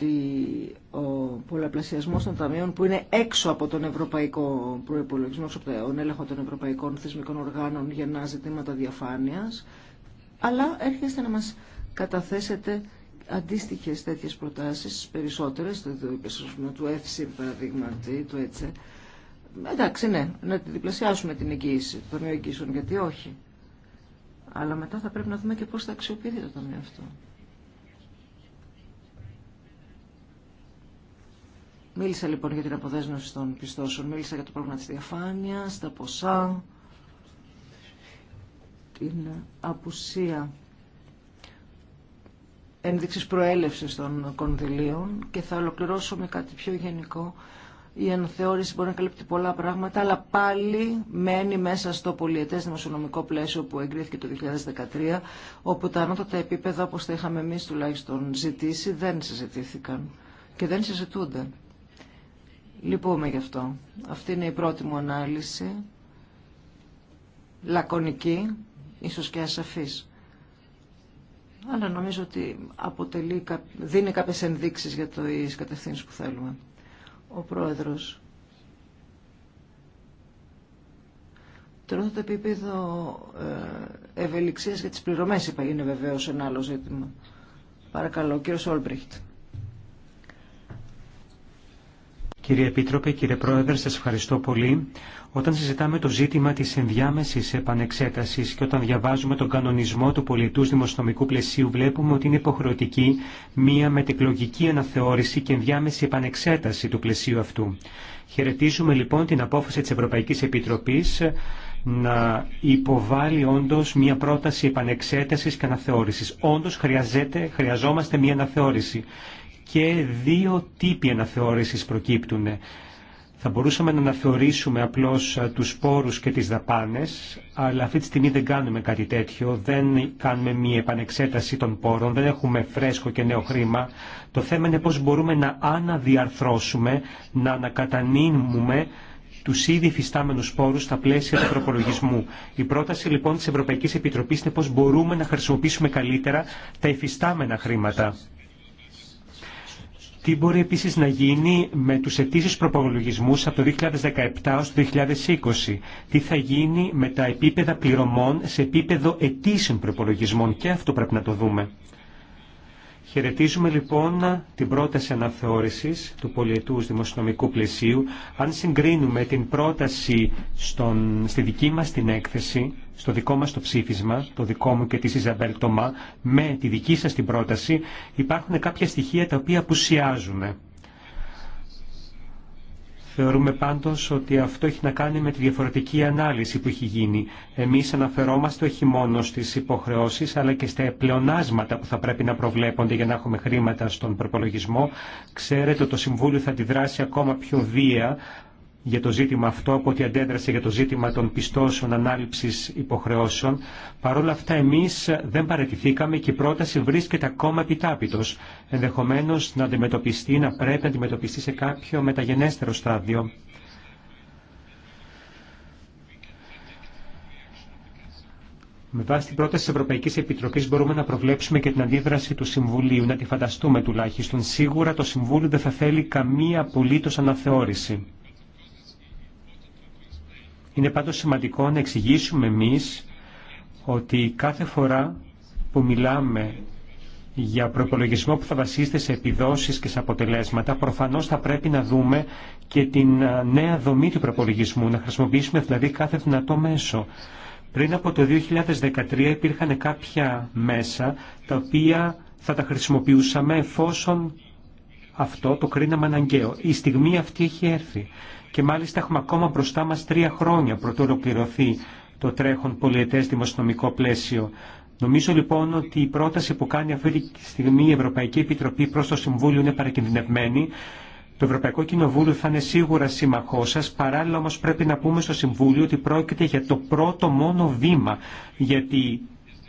ότι ο πολλαπλασιασμός των ταμείων που είναι έξω από τον ευρωπαϊκό προϋπολογισμό, από τον έλεγχο των ευρωπαϊκών θεσμικών οργάνων για να ζητήματα διαφάνειας, αλλά έρχεστε να μα καταθέσετε αντίστοιχε τέτοιες προτάσεις, περισσότερες, το υπεσοσμό του ΕΦΣΥ, παραδείγματι, του ΕΤΣΕ. Εντάξει, ναι, να τη διπλασιάσουμε την εγγύηση των εγγύσεων, γιατί όχι. Αλλά μετά θα πρέπει να δούμε και πώς θα αξιοποιηθεί το ταμείο αυτό. Μίλησα λοιπόν για την αποδέσμευση των πιστώσεων, μίλησα για το πρόβλημα της διαφάνειας, τα ποσά, την απουσία ένδειξης προέλευσης των κονδυλίων και θα ολοκληρώσω με κάτι πιο γενικό. Η αναθεώρηση μπορεί να καλύπτει πολλά πράγματα, αλλά πάλι μένει μέσα στο πολιετές δημοσιονομικό πλαίσιο που εγκρίθηκε το 2013, όπου τα ανώτατα επίπεδα, όπως τα είχαμε εμείς τουλάχιστον ζητήσει, δεν συζητήθηκαν και δεν συζητούνται. Λυπούμε γι' αυτό. Αυτή είναι η πρώτη μου ανάλυση. Λακωνική, ίσως και ασαφής. Αλλά νομίζω ότι αποτελεί, δίνει κάποιες ενδείξεις για το εις κατευθύνσεις που θέλουμε. Ο πρόεδρος. Τώρα το επίπεδο ε, ευελιξίας για τις πληρωμές είπα, είναι βεβαίως ένα άλλο ζήτημα. Παρακαλώ, κύριος Όλμπριχτ. Κύριε Επίτροπε, κύριε Πρόεδρε, σας ευχαριστώ πολύ. Όταν συζητάμε το ζήτημα της ενδιάμεσης επανεξέτασης και όταν διαβάζουμε τον κανονισμό του πολιτούς δημοσιονομικού πλαισίου βλέπουμε ότι είναι υποχρεωτική μία μετεκλογική αναθεώρηση και ενδιάμεση επανεξέταση του πλαισίου αυτού. Χαιρετίζουμε λοιπόν την απόφαση της Ευρωπαϊκής Επιτροπής να υποβάλει όντω μια πρόταση επανεξέταση και αναθεώρηση. Όντω χρειαζόμαστε μια αναθεώρηση και δύο τύποι αναθεώρησης προκύπτουν. Θα μπορούσαμε να αναθεωρήσουμε απλώς τους πόρους και τις δαπάνες, αλλά αυτή τη στιγμή δεν κάνουμε κάτι τέτοιο, δεν κάνουμε μία επανεξέταση των πόρων, δεν έχουμε φρέσκο και νέο χρήμα. Το θέμα είναι πώς μπορούμε να αναδιαρθρώσουμε, να ανακατανύμουμε του ήδη φυστάμενου σπόρου στα πλαίσια του προπολογισμού. Η πρόταση λοιπόν τη Ευρωπαϊκή Επιτροπή είναι πώ μπορούμε να χρησιμοποιήσουμε καλύτερα τα υφιστάμενα χρήματα. Τι μπορεί επίσης να γίνει με τους ετήσιους προπολογισμούς από το 2017 ω το 2020. Τι θα γίνει με τα επίπεδα πληρωμών σε επίπεδο ετήσιων προπολογισμών και αυτό πρέπει να το δούμε. Χαιρετίζουμε λοιπόν την πρόταση αναθεώρησης του πολιετούς δημοσιονομικού πλαισίου. Αν συγκρίνουμε την πρόταση στον, στη δική μας την έκθεση, στο δικό μας το ψήφισμα, το δικό μου και της Ιζαμπέλ με τη δική σας την πρόταση, υπάρχουν κάποια στοιχεία τα οποία απουσιάζουν. Θεωρούμε πάντως ότι αυτό έχει να κάνει με τη διαφορετική ανάλυση που έχει γίνει. Εμείς αναφερόμαστε όχι μόνο στις υποχρεώσεις αλλά και στα πλεονάσματα που θα πρέπει να προβλέπονται για να έχουμε χρήματα στον προπολογισμό. Ξέρετε ότι το Συμβούλιο θα αντιδράσει ακόμα πιο βία για το ζήτημα αυτό από ό,τι αντέδρασε για το ζήτημα των πιστώσεων ανάληψης υποχρεώσεων. Παρ' όλα αυτά εμείς δεν παρατηθήκαμε και η πρόταση βρίσκεται ακόμα επιτάπητος, ενδεχομένως να αντιμετωπιστεί, να πρέπει να αντιμετωπιστεί σε κάποιο μεταγενέστερο στάδιο. Με βάση την πρόταση τη Ευρωπαϊκή Επιτροπή μπορούμε να προβλέψουμε και την αντίδραση του Συμβουλίου, να τη φανταστούμε τουλάχιστον. Σίγουρα το Συμβούλιο δεν θα θέλει καμία απολύτω αναθεώρηση. Είναι πάντως σημαντικό να εξηγήσουμε εμείς ότι κάθε φορά που μιλάμε για προπολογισμό που θα βασίζεται σε επιδόσεις και σε αποτελέσματα, προφανώς θα πρέπει να δούμε και την νέα δομή του προπολογισμού, να χρησιμοποιήσουμε δηλαδή κάθε δυνατό μέσο. Πριν από το 2013 υπήρχαν κάποια μέσα τα οποία θα τα χρησιμοποιούσαμε εφόσον αυτό το κρίναμε αναγκαίο. Η στιγμή αυτή έχει έρθει και μάλιστα έχουμε ακόμα μπροστά μας τρία χρόνια πρωτού ολοκληρωθεί το τρέχον πολιετές δημοσιονομικό πλαίσιο. Νομίζω λοιπόν ότι η πρόταση που κάνει αυτή τη στιγμή η Ευρωπαϊκή Επιτροπή προς το Συμβούλιο είναι παρακινδυνευμένη. Το Ευρωπαϊκό Κοινοβούλιο θα είναι σίγουρα σύμμαχό σα. Παράλληλα όμω πρέπει να πούμε στο Συμβούλιο ότι πρόκειται για το πρώτο μόνο βήμα. Γιατί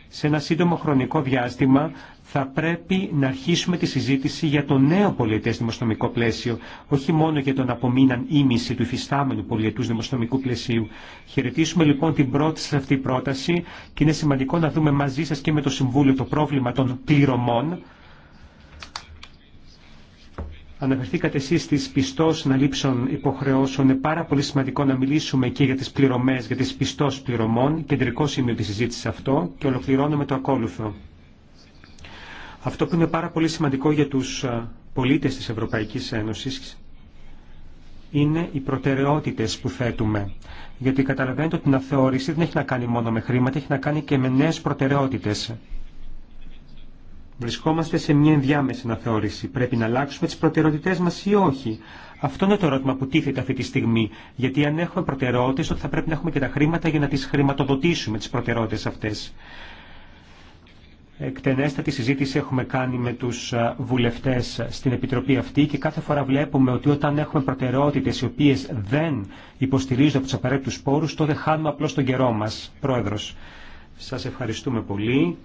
σε ένα σύντομο χρονικό διάστημα θα πρέπει να αρχίσουμε τη συζήτηση για το νέο πολιετές δημοσιονομικό πλαίσιο, όχι μόνο για τον απομείναν ίμιση του υφιστάμενου πολιετούς δημοσιονομικού πλαισίου. Χαιρετήσουμε λοιπόν την πρώτη σε αυτή πρόταση και είναι σημαντικό να δούμε μαζί σας και με το Συμβούλιο το πρόβλημα των πληρωμών. Αναφερθήκατε εσεί στι πιστώσει αναλήψεων υποχρεώσεων. Είναι πάρα πολύ σημαντικό να μιλήσουμε και για τι πληρωμέ, για τι πιστώσει πληρωμών. Κεντρικό σημείο τη συζήτηση αυτό και ολοκληρώνουμε το ακόλουθο. Αυτό που είναι πάρα πολύ σημαντικό για τους ε, πολίτες της Ευρωπαϊκής Ένωσης είναι οι προτεραιότητες που θέτουμε. Γιατί καταλαβαίνετε ότι την αθεώρηση δεν έχει να κάνει μόνο με χρήματα, έχει να κάνει και με νέες προτεραιότητες. Βρισκόμαστε σε μια ενδιάμεση αναθεώρηση. Πρέπει να αλλάξουμε τις προτεραιότητές μας ή όχι. Αυτό είναι το ερώτημα που τίθεται αυτή τη στιγμή. Γιατί αν έχουμε προτεραιότητες, ότι θα πρέπει να έχουμε και τα χρήματα για να τις χρηματοδοτήσουμε τις προτεραιότητες αυτές εκτενέστατη συζήτηση έχουμε κάνει με τους βουλευτές στην Επιτροπή αυτή και κάθε φορά βλέπουμε ότι όταν έχουμε προτεραιότητες οι οποίες δεν υποστηρίζονται από τους απαραίτητους πόρους, τότε χάνουμε απλώς τον καιρό μας. Πρόεδρος, σας ευχαριστούμε πολύ.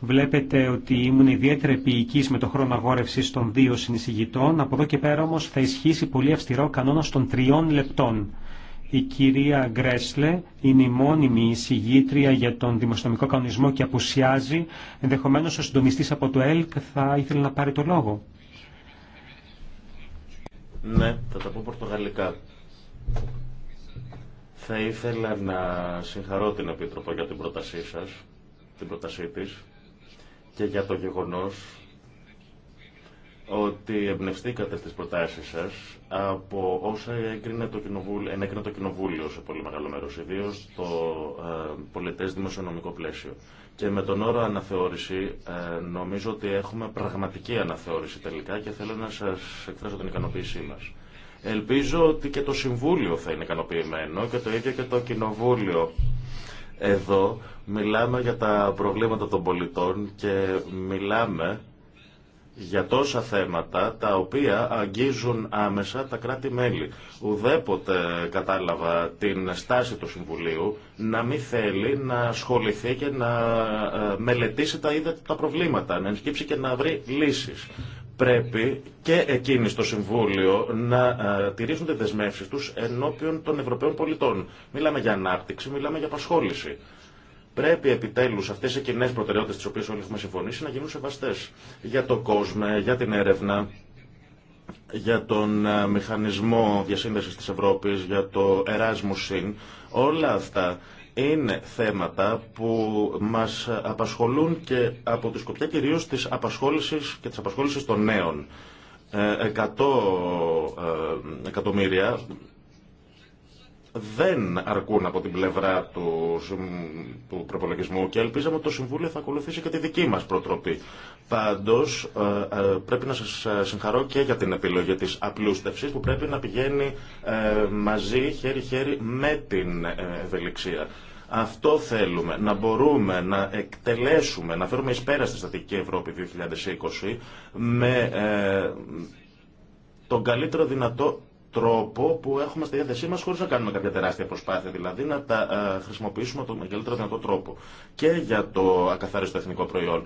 Βλέπετε ότι ήμουν ιδιαίτερα επίοικη με το χρόνο αγόρευση των δύο συνεισηγητών. Από εδώ και πέρα όμω θα ισχύσει πολύ αυστηρό κανόνα των τριών λεπτών. Η κυρία Γκρέσλε είναι η μόνιμη εισηγήτρια για τον δημοσιονομικό κανονισμό και απουσιάζει. Ενδεχομένω ο συντονιστή από το ΕΛΚ θα ήθελε να πάρει το λόγο. Ναι, θα τα πω πορτογαλικά. Θα ήθελα να συγχαρώ την Επίτροπο για την πρότασή σας, την πρότασή της και για το γεγονός ότι εμπνευστήκατε στις προτάσεις σας από όσα έκρινε το κοινοβούλιο, ενέκρινε το κοινοβούλιο σε πολύ μεγάλο μέρος, ιδίω το ε, πολιτές δημοσιονομικό πλαίσιο. Και με τον όρο αναθεώρηση ε, νομίζω ότι έχουμε πραγματική αναθεώρηση τελικά και θέλω να σας εκφράσω την ικανοποίησή μας. Ελπίζω ότι και το Συμβούλιο θα είναι ικανοποιημένο και το ίδιο και το Κοινοβούλιο. Εδώ μιλάμε για τα προβλήματα των πολιτών και μιλάμε για τόσα θέματα τα οποία αγγίζουν άμεσα τα κράτη-μέλη. Ουδέποτε κατάλαβα την στάση του Συμβουλίου να μην θέλει να ασχοληθεί και να ε, μελετήσει τα είδα τα προβλήματα, να ενσκύψει και να βρει λύσεις. Πρέπει και εκείνοι στο Συμβούλιο να ε, τηρήσουν τις δεσμεύσεις τους ενώπιον των Ευρωπαίων πολιτών. Μιλάμε για ανάπτυξη, μιλάμε για απασχόληση. Πρέπει επιτέλου αυτέ οι κοινέ προτεραιότητες τι οποίε όλοι έχουμε συμφωνήσει να γίνουν σεβαστέ. Για το κόσμο, για την έρευνα, για τον ε, μηχανισμό διασύνδεσης τη Ευρώπη, για το Erasmus όλα αυτά είναι θέματα που μας απασχολούν και από τη σκοπιά κυρίως της απασχόλησης και τη απασχόλησης των νέων. 100 ε, ε, εκατομμύρια δεν αρκούν από την πλευρά του, του προπολογισμού και ελπίζαμε ότι το Συμβούλιο θα ακολουθήσει και τη δική μας προτροπή. Πάντως, ε, ε, πρέπει να σας ε, συγχαρώ και για την επιλογή της απλούστευσης που πρέπει να πηγαίνει μαζί χέρι-χέρι με την ευελιξία. Αυτό θέλουμε, να μπορούμε να εκτελέσουμε, να φέρουμε εις πέρα στη Στατική Ευρώπη 2020 με τον καλύτερο δυνατό τρόπο που έχουμε στη διάθεσή μα χωρί να κάνουμε κάποια τεράστια προσπάθεια, δηλαδή να τα ε, χρησιμοποιήσουμε τον μεγαλύτερο δυνατό τρόπο. Και για το ακαθάριστο εθνικό προϊόν.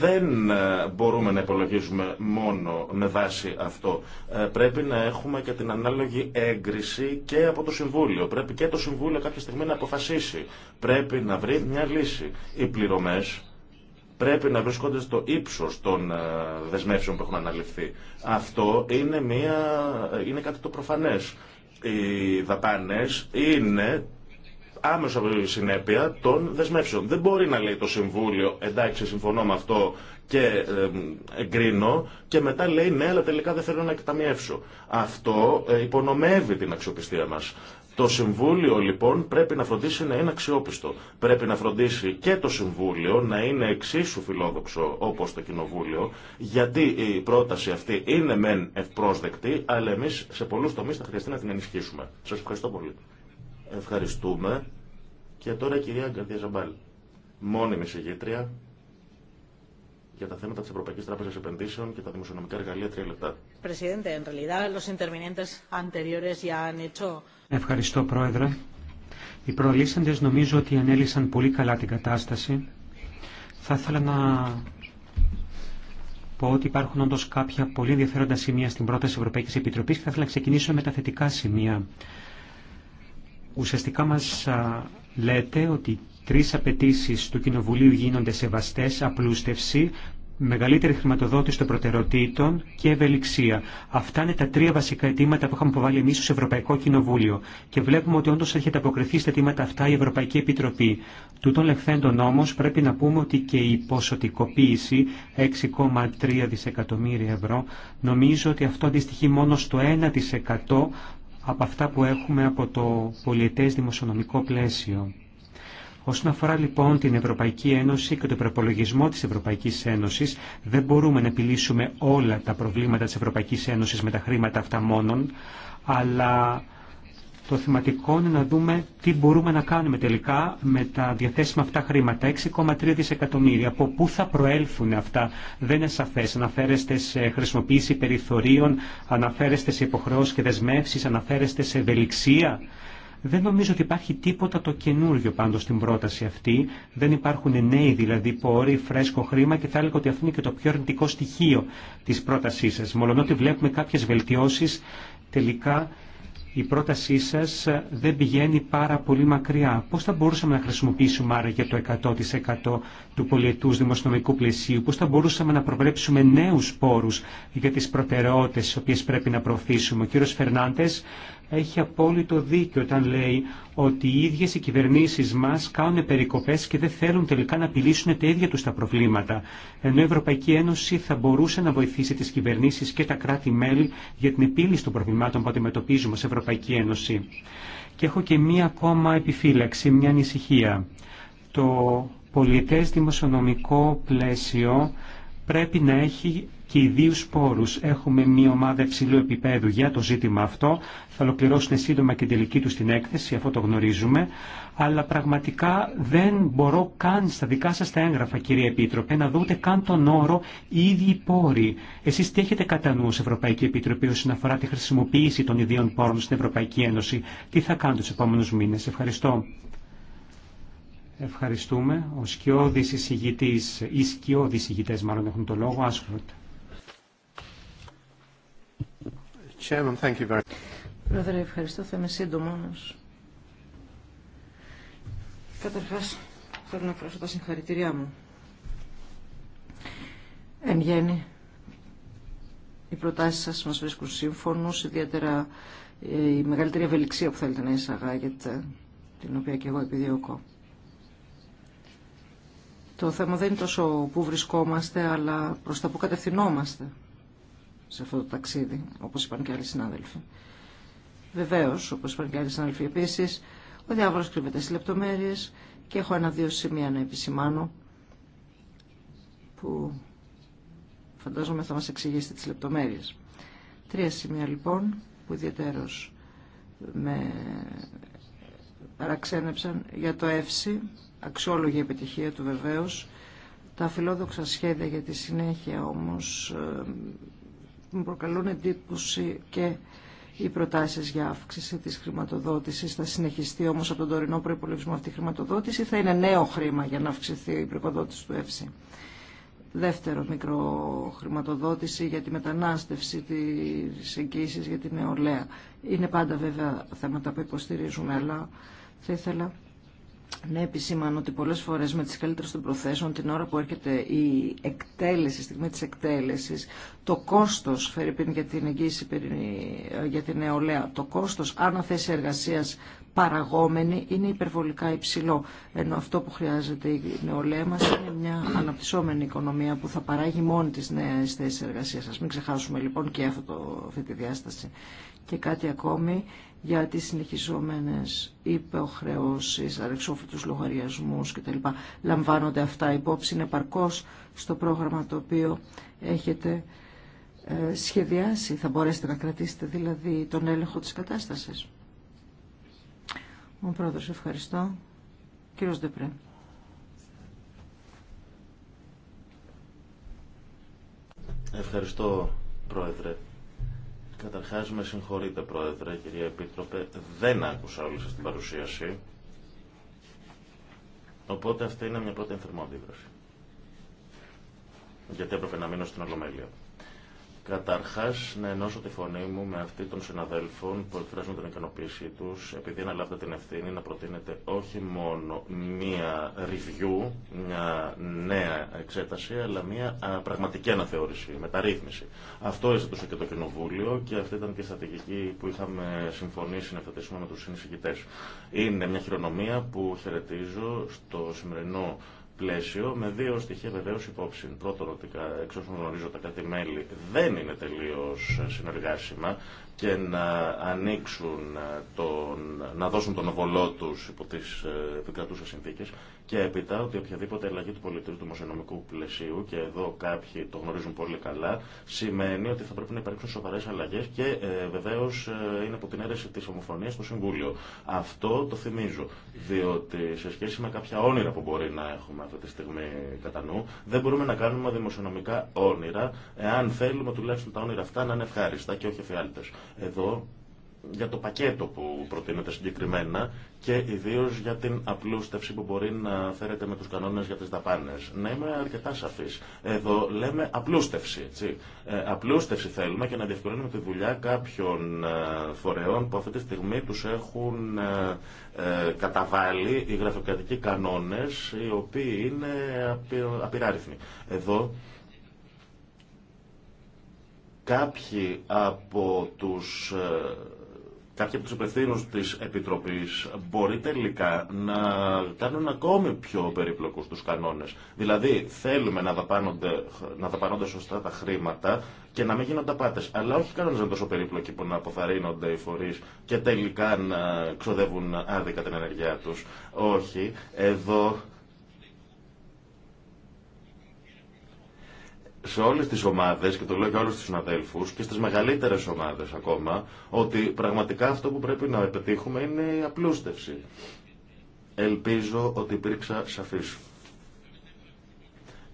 Δεν ε, μπορούμε να υπολογίζουμε μόνο με βάση αυτό. Ε, πρέπει να έχουμε και την ανάλογη έγκριση και από το Συμβούλιο. Πρέπει και το Συμβούλιο κάποια στιγμή να αποφασίσει. Πρέπει να βρει μια λύση. Οι πληρωμέ πρέπει να βρίσκονται στο ύψος των ε, δεσμεύσεων που έχουν αναλυφθεί. Αυτό είναι, μια, είναι κάτι το προφανές. Οι δαπάνε είναι άμεσα συνέπεια των δεσμεύσεων. Δεν μπορεί να λέει το Συμβούλιο εντάξει συμφωνώ με αυτό και ε, εγκρίνω και μετά λέει ναι αλλά τελικά δεν θέλω να εκταμιεύσω. Αυτό ε, υπονομεύει την αξιοπιστία μας. Το Συμβούλιο λοιπόν πρέπει να φροντίσει να είναι αξιόπιστο. Πρέπει να φροντίσει και το Συμβούλιο να είναι εξίσου φιλόδοξο όπω το Κοινοβούλιο, γιατί η πρόταση αυτή είναι μεν ευπρόσδεκτη, αλλά εμεί σε πολλού τομεί θα χρειαστεί να την ενισχύσουμε. Σα ευχαριστώ πολύ. Ευχαριστούμε. Και τώρα η κυρία Γκαρδία Ζαμπάλ, μόνιμη συγγήτρια για τα θέματα τη Ευρωπαϊκή Τράπεζα Επενδύσεων και τα δημοσιονομικά εργαλεία. Τρία λεπτά. Presidente, en realidad los intervinientes anteriores ya han hecho Ευχαριστώ Πρόεδρε. Οι προλύσαντες νομίζω ότι ανέλησαν πολύ καλά την κατάσταση. Θα ήθελα να πω ότι υπάρχουν όντω κάποια πολύ ενδιαφέροντα σημεία στην πρόταση Ευρωπαϊκή Επιτροπή και θα ήθελα να ξεκινήσω με τα θετικά σημεία. Ουσιαστικά μα λέτε ότι τρει απαιτήσει του Κοινοβουλίου γίνονται σεβαστέ, απλούστευση, μεγαλύτερη χρηματοδότηση των προτεραιοτήτων και ευελιξία. Αυτά είναι τα τρία βασικά αιτήματα που είχαμε υποβάλει εμεί ω Ευρωπαϊκό Κοινοβούλιο. Και βλέπουμε ότι όντω έρχεται αποκριθεί στα αιτήματα αυτά η Ευρωπαϊκή Επιτροπή. Τούτων λεχθέντων όμω πρέπει να πούμε ότι και η ποσοτικοποίηση 6,3 δισεκατομμύρια ευρώ νομίζω ότι αυτό αντιστοιχεί μόνο στο 1% από αυτά που έχουμε από το πολιετές δημοσιονομικό πλαίσιο. Όσον αφορά λοιπόν την Ευρωπαϊκή Ένωση και τον προπολογισμό της Ευρωπαϊκής Ένωσης, δεν μπορούμε να επιλύσουμε όλα τα προβλήματα της Ευρωπαϊκής Ένωσης με τα χρήματα αυτά μόνον, αλλά το θεματικό είναι να δούμε τι μπορούμε να κάνουμε τελικά με τα διαθέσιμα αυτά χρήματα. 6,3 δισεκατομμύρια. Από πού θα προέλθουν αυτά δεν είναι σαφέ. Αναφέρεστε σε χρησιμοποίηση περιθωρίων, αναφέρεστε σε υποχρεώσει και δεσμεύσει, αναφέρεστε σε ευελιξία. Δεν νομίζω ότι υπάρχει τίποτα το καινούργιο πάντως στην πρόταση αυτή. Δεν υπάρχουν νέοι δηλαδή πόροι, φρέσκο χρήμα και θα έλεγα ότι αυτό είναι και το πιο αρνητικό στοιχείο της πρότασής σας. Μολονότι βλέπουμε κάποιες βελτιώσεις, τελικά η πρότασή σας δεν πηγαίνει πάρα πολύ μακριά. Πώς θα μπορούσαμε να χρησιμοποιήσουμε άρα για το 100% του πολιετούς δημοσιονομικού πλαισίου, πώς θα μπορούσαμε να προβλέψουμε νέους πόρους για τις προτεραιότητες τις οποίες πρέπει να προωθήσουμε. Ο κύριος Φερνάντες έχει απόλυτο δίκιο όταν λέει ότι οι ίδιες οι κυβερνήσεις μας κάνουν περικοπές και δεν θέλουν τελικά να απειλήσουν τα ίδια τους τα προβλήματα. Ενώ η Ευρωπαϊκή Ένωση θα μπορούσε να βοηθήσει τις κυβερνήσεις και τα κράτη-μέλη για την επίλυση των προβλημάτων που αντιμετωπίζουμε σε Ευρωπαϊκή Ένωση. Και έχω και μία ακόμα επιφύλαξη, μία ανησυχία. Το πολιτές δημοσιονομικό πλαίσιο πρέπει να έχει και ιδίου πόρου. Έχουμε μία ομάδα υψηλού επίπεδου για το ζήτημα αυτό. Θα ολοκληρώσουν σύντομα και την τελική του την έκθεση, αφού το γνωρίζουμε. Αλλά πραγματικά δεν μπορώ καν στα δικά σα τα έγγραφα, κύριε Επίτροπε, να δούτε καν τον όρο ίδιοι πόροι. Εσείς τι έχετε κατά νου ως Ευρωπαϊκή Επιτροπή όσον αφορά τη χρησιμοποίηση των ιδίων πόρων στην Ευρωπαϊκή Ένωση. Τι θα κάνετε του επόμενου μήνε. Ευχαριστώ. Ευχαριστούμε. Ο σκιώδης εισηγητής, οι σκιώδης εισηγητές μάλλον έχουν το λόγο, Chairman, Πρόεδρε, ευχαριστώ. Θα είμαι σύντομο. Καταρχάς, θέλω να εκφράσω τα συγχαρητήριά μου. Εν γέννη, οι προτάσεις σας μας βρίσκουν σύμφωνος, ιδιαίτερα ε, η μεγαλύτερη ευελιξία που θέλετε να εισαγάγετε, την οποία και εγώ επιδιώκω. Το θέμα δεν είναι τόσο πού βρισκόμαστε, αλλά προς τα που κατευθυνόμαστε σε αυτό το ταξίδι, όπως είπαν και άλλοι συνάδελφοι. Βεβαίως, όπως είπαν και άλλοι συνάδελφοι επίσης, ο διάβολος κρύβεται στις λεπτομέρειες και έχω ένα-δύο σημεία να επισημάνω που φαντάζομαι θα μας εξηγήσετε τις λεπτομέρειες. Τρία σημεία λοιπόν που ιδιαίτερως με παραξένεψαν για το ΕΦΣΥ, αξιόλογη επιτυχία του βεβαίως. Τα φιλόδοξα σχέδια για τη συνέχεια όμως ε, μου προκαλούν εντύπωση και οι προτάσει για αύξηση τη χρηματοδότηση. Θα συνεχιστεί όμω από τον τωρινό προπολογισμό αυτή η χρηματοδότηση ή θα είναι νέο χρήμα για να αυξηθεί η προποδότηση του ΕΦΣΥ. Δεύτερο μικρό χρηματοδότηση για τη μετανάστευση τη εγγύηση για την νεολαία. Είναι πάντα βέβαια θέματα που υποστηρίζουμε, αλλά θα ήθελα ναι, επισημάνω ότι πολλές φορές με τις καλύτερες των προθέσεων την ώρα που έρχεται η εκτέλεση, η στιγμή της εκτέλεσης, το κόστος, φέρει πριν για την εγγύηση ε, για την νεολαία, το κόστος άναθεση εργασίας παραγόμενη είναι υπερβολικά υψηλό. Ενώ αυτό που χρειάζεται η νεολαία μας είναι μια αναπτυσσόμενη οικονομία που θα παράγει μόνη τις νέες θέσεις εργασίας. Ας μην ξεχάσουμε λοιπόν και αυτή τη διάσταση. Και κάτι ακόμη, για τις συνεχιζόμενες υποχρεώσεις, αρεξόφυτους λογαριασμούς κτλ. Λαμβάνονται αυτά υπόψη, είναι παρκώς στο πρόγραμμα το οποίο έχετε ε, σχεδιάσει. Θα μπορέσετε να κρατήσετε δηλαδή τον έλεγχο της κατάστασης. Ο πρόεδρος, ευχαριστώ. Κύριος Δεπρέ. Ευχαριστώ, πρόεδρε. Καταρχάς με συγχωρείτε Πρόεδρε, κυρία Επίτροπε, δεν άκουσα όλη σας την παρουσίαση. Οπότε αυτή είναι μια πρώτη αντίδραση, Γιατί έπρεπε να μείνω στην Ολομέλεια. Καταρχάς, να ενώσω τη φωνή μου με αυτή των συναδέλφων που εκφράζουν την ικανοποίησή τους, επειδή αναλάβετε την ευθύνη να προτείνετε όχι μόνο μία review, μια νέα εξέταση, αλλά μία πραγματική αναθεώρηση, μεταρρύθμιση. Αυτό έζητουσε και το Κοινοβούλιο και αυτή ήταν και η στρατηγική που είχαμε συμφωνήσει να θετήσουμε με τους συνεισηγητές. Είναι μια χειρονομία που χαιρετίζω στο σημερινό πλαίσιο με δύο στοιχεία βεβαίω υπόψη. Πρώτον, ότι εξ όσων γνωρίζω τα κάτι μέλη δεν είναι τελείω συνεργάσιμα και να ανοίξουν, ε, τον, να δώσουν τον οβολό τους υπό τις ε, επικρατούσες συνθήκες και έπειτα ότι οποιαδήποτε αλλαγή του πολιτικού του δημοσιονομικού πλαισίου και εδώ κάποιοι το γνωρίζουν πολύ καλά σημαίνει ότι θα πρέπει να υπάρξουν σοβαρές αλλαγές και ε, βεβαίως ε, είναι από την αίρεση της ομοφωνίας στο Συμβούλιο. Αυτό το θυμίζω διότι σε σχέση με κάποια όνειρα που μπορεί να έχουμε αυτή τη στιγμή κατά νου δεν μπορούμε να κάνουμε δημοσιονομικά όνειρα εάν θέλουμε τουλάχιστον τα όνειρα αυτά να είναι ευχάριστα και όχι εφιάλτες εδώ για το πακέτο που προτείνεται συγκεκριμένα και ιδίω για την απλούστευση που μπορεί να φέρεται με του κανόνε για τι δαπάνε. Να είμαι αρκετά σαφή. Εδώ λέμε απλούστευση. Έτσι. Ε, απλούστευση θέλουμε και να διευκολύνουμε τη δουλειά κάποιων ε, φορεών που αυτή τη στιγμή του έχουν ε, καταβάλει οι γραφειοκρατικοί κανόνε, οι οποίοι είναι απειράριθμοι. Εδώ Κάποιοι από τους ε, κάποιοι από του υπευθύνου τη Επιτροπή μπορεί τελικά να κάνουν ακόμη πιο περιπλοκούς τους κανόνες. Δηλαδή, θέλουμε να δαπάνονται, να δαπάνονται σωστά τα χρήματα και να μην γίνονται πάτες Αλλά όχι κανόνες να τόσο περίπλοκοι που να αποθαρρύνονται οι φορείς και τελικά να ξοδεύουν άδικα την ενεργειά τους. Όχι. Εδώ σε όλε τι ομάδε, και το λέω για όλου του συναδέλφου, και στι μεγαλύτερε ομάδε ακόμα, ότι πραγματικά αυτό που πρέπει να επιτύχουμε είναι η απλούστευση. Ελπίζω ότι υπήρξα σαφή.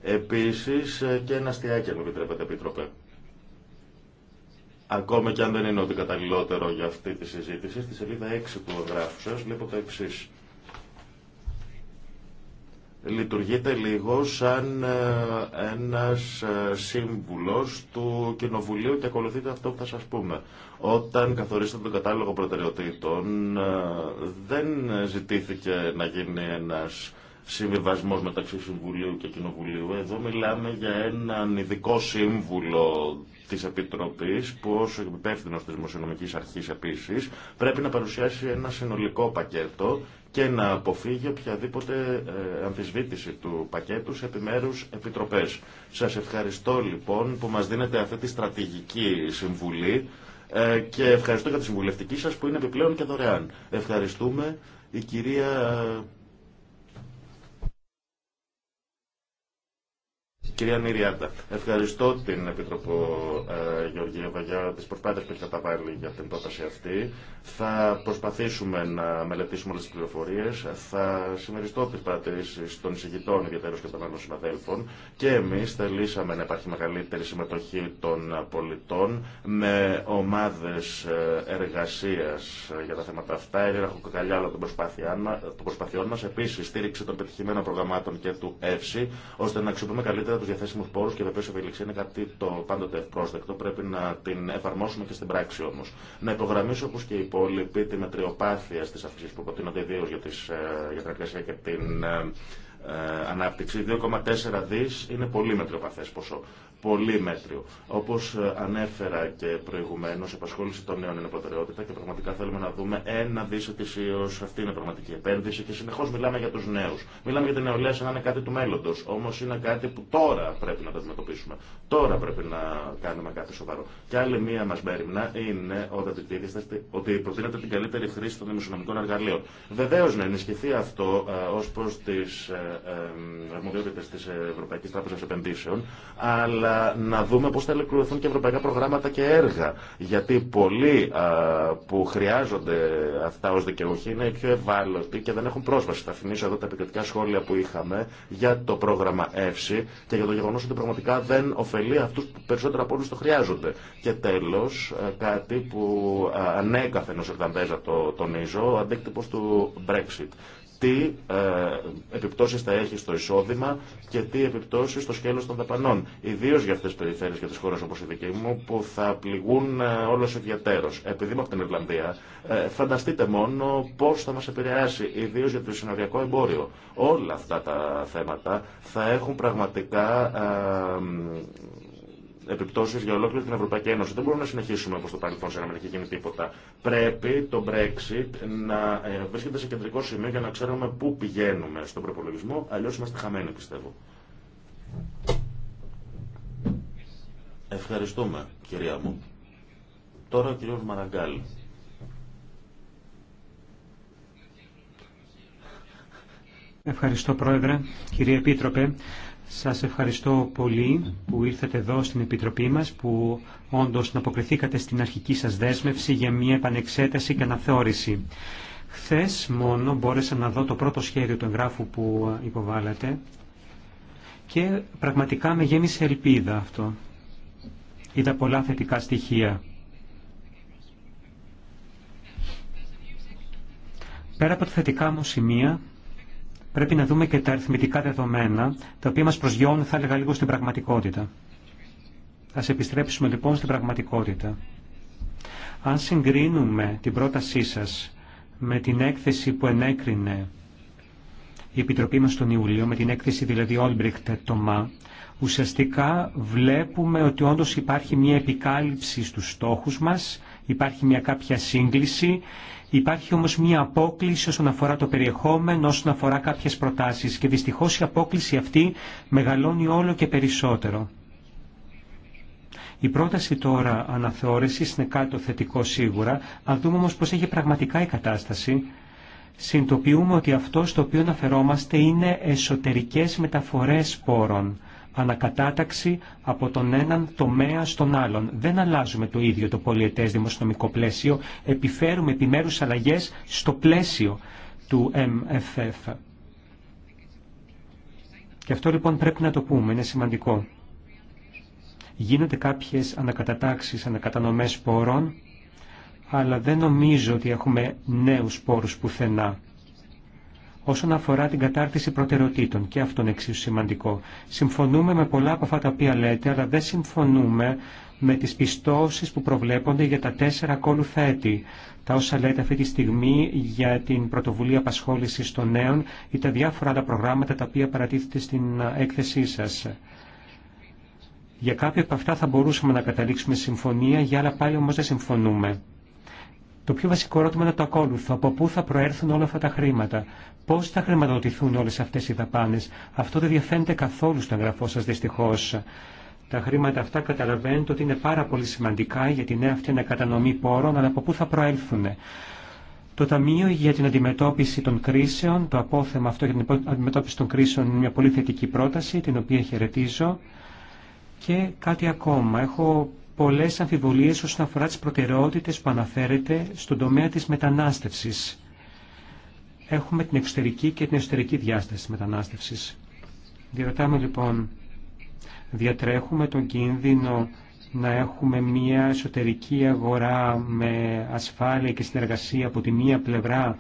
Επίση ε, και ένα αστιάκι, αν επιτρέπετε, Επίτροπε. Ακόμα και αν δεν είναι ότι καταλληλότερο για αυτή τη συζήτηση, στη σελίδα 6 του γράφου σα βλέπω το εξή λειτουργείται λίγο σαν ε, ένας ε, σύμβουλος του Κοινοβουλίου και ακολουθείται αυτό που θα σας πούμε. Όταν καθορίσατε τον κατάλογο προτεραιοτήτων ε, δεν ζητήθηκε να γίνει ένας συμβιβασμός μεταξύ Συμβουλίου και Κοινοβουλίου. Εδώ μιλάμε για έναν ειδικό σύμβουλο της Επιτροπής που ως υπεύθυνο τη Δημοσιονομική Αρχή επίση, πρέπει να παρουσιάσει ένα συνολικό πακέτο και να αποφύγει οποιαδήποτε ε, αμφισβήτηση του πακέτου σε επιμέρους επιτροπές. Σας ευχαριστώ λοιπόν που μας δίνετε αυτή τη στρατηγική συμβουλή ε, και ευχαριστώ για τη συμβουλευτική σας που είναι επιπλέον και δωρεάν. Ευχαριστούμε η κυρία Κυρία Νιριάντα, ευχαριστώ την Επίτροπο ε, Γεωργίευα για τι προσπάθειε που έχει καταβάλει για την πρόταση αυτή. Θα προσπαθήσουμε να μελετήσουμε όλε τι πληροφορίε. Θα συμμεριστώ τι παρατηρήσει των εισηγητών, ιδιαίτερω και των άλλων συναδέλφων. Και εμεί θελήσαμε να υπάρχει μεγαλύτερη συμμετοχή των πολιτών με ομάδε εργασία ε, για τα θέματα αυτά. Η άλλα των προσπαθειών μα. Επίση, στήριξη των πετυχημένων προγραμμάτων και του ΕΦΣΥ, ώστε να αξιοποιούμε καλύτερα διαθέσιμου πόρου και βεβαίω η ευελιξία είναι κάτι το πάντοτε ευπρόσδεκτο. Πρέπει να την εφαρμόσουμε και στην πράξη όμω. Να υπογραμμίσω όπω και οι υπόλοιποι τη μετριοπάθεια στι αυξήσει που προτείνονται ιδίω για, την ε, και την ε, ε, ανάπτυξη. 2,4 δις είναι πολύ παθές ποσό. Πολύ μέτριο. Όπως ε, ανέφερα και προηγουμένως, η απασχόληση των νέων είναι προτεραιότητα και πραγματικά θέλουμε να δούμε ένα δις ετησίως. Αυτή είναι πραγματική επένδυση και συνεχώς μιλάμε για τους νέους. Μιλάμε για την νεολαία σαν να είναι κάτι του μέλλοντος. Όμως είναι κάτι που τώρα πρέπει να το αντιμετωπίσουμε. Τώρα πρέπει να κάνουμε κάτι σοβαρό. Και άλλη μία μας μέρημνα είναι ότι προτείνεται την καλύτερη χρήση των δημοσιονομικών εργαλείων. Βεβαίω να ενισχυθεί αυτό ε, ω προ τι ε, ε, αρμοδιότητε τη Ευρωπαϊκή Τράπεζα Επενδύσεων, αλλά να δούμε πώ θα ελεκτρωθούν και ευρωπαϊκά προγράμματα και έργα. Γιατί πολλοί ε, που χρειάζονται αυτά ω δικαιούχοι είναι οι πιο ευάλωτοι και δεν έχουν πρόσβαση. Θα θυμίσω εδώ τα επικριτικά σχόλια που είχαμε για το πρόγραμμα ΕΦΣΥ και για το γεγονό ότι πραγματικά δεν ωφελεί αυτού που περισσότερο από όλου το χρειάζονται. Και τέλο, κάτι που ανέκαθεν ω Ιρλανδέζα το τονίζω, ο αντίκτυπο του Brexit τι ε, επιπτώσει θα έχει στο εισόδημα και τι επιπτώσει στο σκέλο των δαπανών. Ιδίω για αυτέ τι περιφέρειε και τι χώρε όπω η δική μου που θα πληγούν ε, όλο ιδιαίτερω. Επειδή είμαι από την Ιρλανδία, ε, φανταστείτε μόνο πώ θα μα επηρεάσει, ιδίω για το συνοριακό εμπόριο. Όλα αυτά τα θέματα θα έχουν πραγματικά επιπτώσει για ολόκληρη την Ευρωπαϊκή Ένωση. Δεν μπορούμε να συνεχίσουμε όπω το παρελθόν σε να μην έχει γίνει τίποτα. Πρέπει το Brexit να ε, βρίσκεται σε κεντρικό σημείο για να ξέρουμε πού πηγαίνουμε στον προπολογισμό, αλλιώ είμαστε χαμένοι πιστεύω. Ευχαριστούμε, κυρία μου. Τώρα ο κύριος Μαραγκάλ. Ευχαριστώ, Πρόεδρε. Κύριε Επίτροπε, σας ευχαριστώ πολύ που ήρθατε εδώ στην Επιτροπή μας, που όντως αποκριθήκατε στην αρχική σας δέσμευση για μια επανεξέταση και αναθεώρηση. Χθες μόνο μπόρεσα να δω το πρώτο σχέδιο του εγγράφου που υποβάλλατε και πραγματικά με γέμισε ελπίδα αυτό. Είδα πολλά θετικά στοιχεία. Πέρα από τα θετικά μου σημεία, πρέπει να δούμε και τα αριθμητικά δεδομένα, τα οποία μας προσγειώνουν, θα έλεγα λίγο, στην πραγματικότητα. Ας επιστρέψουμε λοιπόν στην πραγματικότητα. Αν συγκρίνουμε την πρότασή σας με την έκθεση που ενέκρινε η Επιτροπή μας τον Ιούλιο, με την έκθεση δηλαδή Όλμπριχτ Τομά, ουσιαστικά βλέπουμε ότι όντως υπάρχει μια επικάλυψη στους στόχους μας, υπάρχει μια κάποια σύγκληση Υπάρχει όμως μια απόκληση όσον αφορά το περιεχόμενο, όσον αφορά κάποιες προτάσεις και δυστυχώς η απόκληση αυτή μεγαλώνει όλο και περισσότερο. Η πρόταση τώρα αναθεώρησης είναι κάτι θετικό σίγουρα, αν δούμε όμως πώς έχει πραγματικά η κατάσταση, συνειδητοποιούμε ότι αυτό στο οποίο αναφερόμαστε είναι εσωτερικές μεταφορές σπόρων ανακατάταξη από τον έναν τομέα στον άλλον. Δεν αλλάζουμε το ίδιο το πολιετές δημοσιονομικό πλαίσιο, επιφέρουμε επιμέρους αλλαγές στο πλαίσιο του MFF. Και αυτό λοιπόν πρέπει να το πούμε, είναι σημαντικό. Γίνονται κάποιες ανακατατάξεις, ανακατανομές πόρων, αλλά δεν νομίζω ότι έχουμε νέους πόρους πουθενά όσον αφορά την κατάρτιση προτεραιοτήτων. Και αυτό είναι εξίσου σημαντικό. Συμφωνούμε με πολλά από αυτά τα οποία λέτε, αλλά δεν συμφωνούμε με τις πιστώσεις που προβλέπονται για τα τέσσερα ακόλουθα έτη. Τα όσα λέτε αυτή τη στιγμή για την πρωτοβουλία απασχόλησης των νέων ή τα διάφορα άλλα προγράμματα τα οποία παρατίθεται στην έκθεσή σας. Για κάποια από αυτά θα μπορούσαμε να καταλήξουμε συμφωνία, για άλλα πάλι όμως δεν συμφωνούμε. Το πιο βασικό ερώτημα είναι το ακόλουθο. Από πού θα προέρθουν όλα αυτά τα χρήματα. Πώ θα χρηματοδοτηθούν όλε αυτέ οι δαπάνε. Αυτό δεν διαφαίνεται καθόλου στο εγγραφό σα δυστυχώ. Τα χρήματα αυτά καταλαβαίνετε ότι είναι πάρα πολύ σημαντικά για την νέα αυτή ανακατανομή πόρων, αλλά από πού θα προέλθουν. Το Ταμείο για την Αντιμετώπιση των Κρίσεων, το απόθεμα αυτό για την αντιμετώπιση των κρίσεων είναι μια πολύ θετική πρόταση, την οποία χαιρετίζω. Και κάτι ακόμα. Έχω πολλές αμφιβολίες όσον αφορά τις προτεραιότητες που αναφέρεται στον τομέα της μετανάστευσης. Έχουμε την εξωτερική και την εσωτερική διάσταση της μετανάστευσης. Διερωτάμε λοιπόν, διατρέχουμε τον κίνδυνο να έχουμε μια εσωτερική αγορά με ασφάλεια και συνεργασία από τη μία πλευρά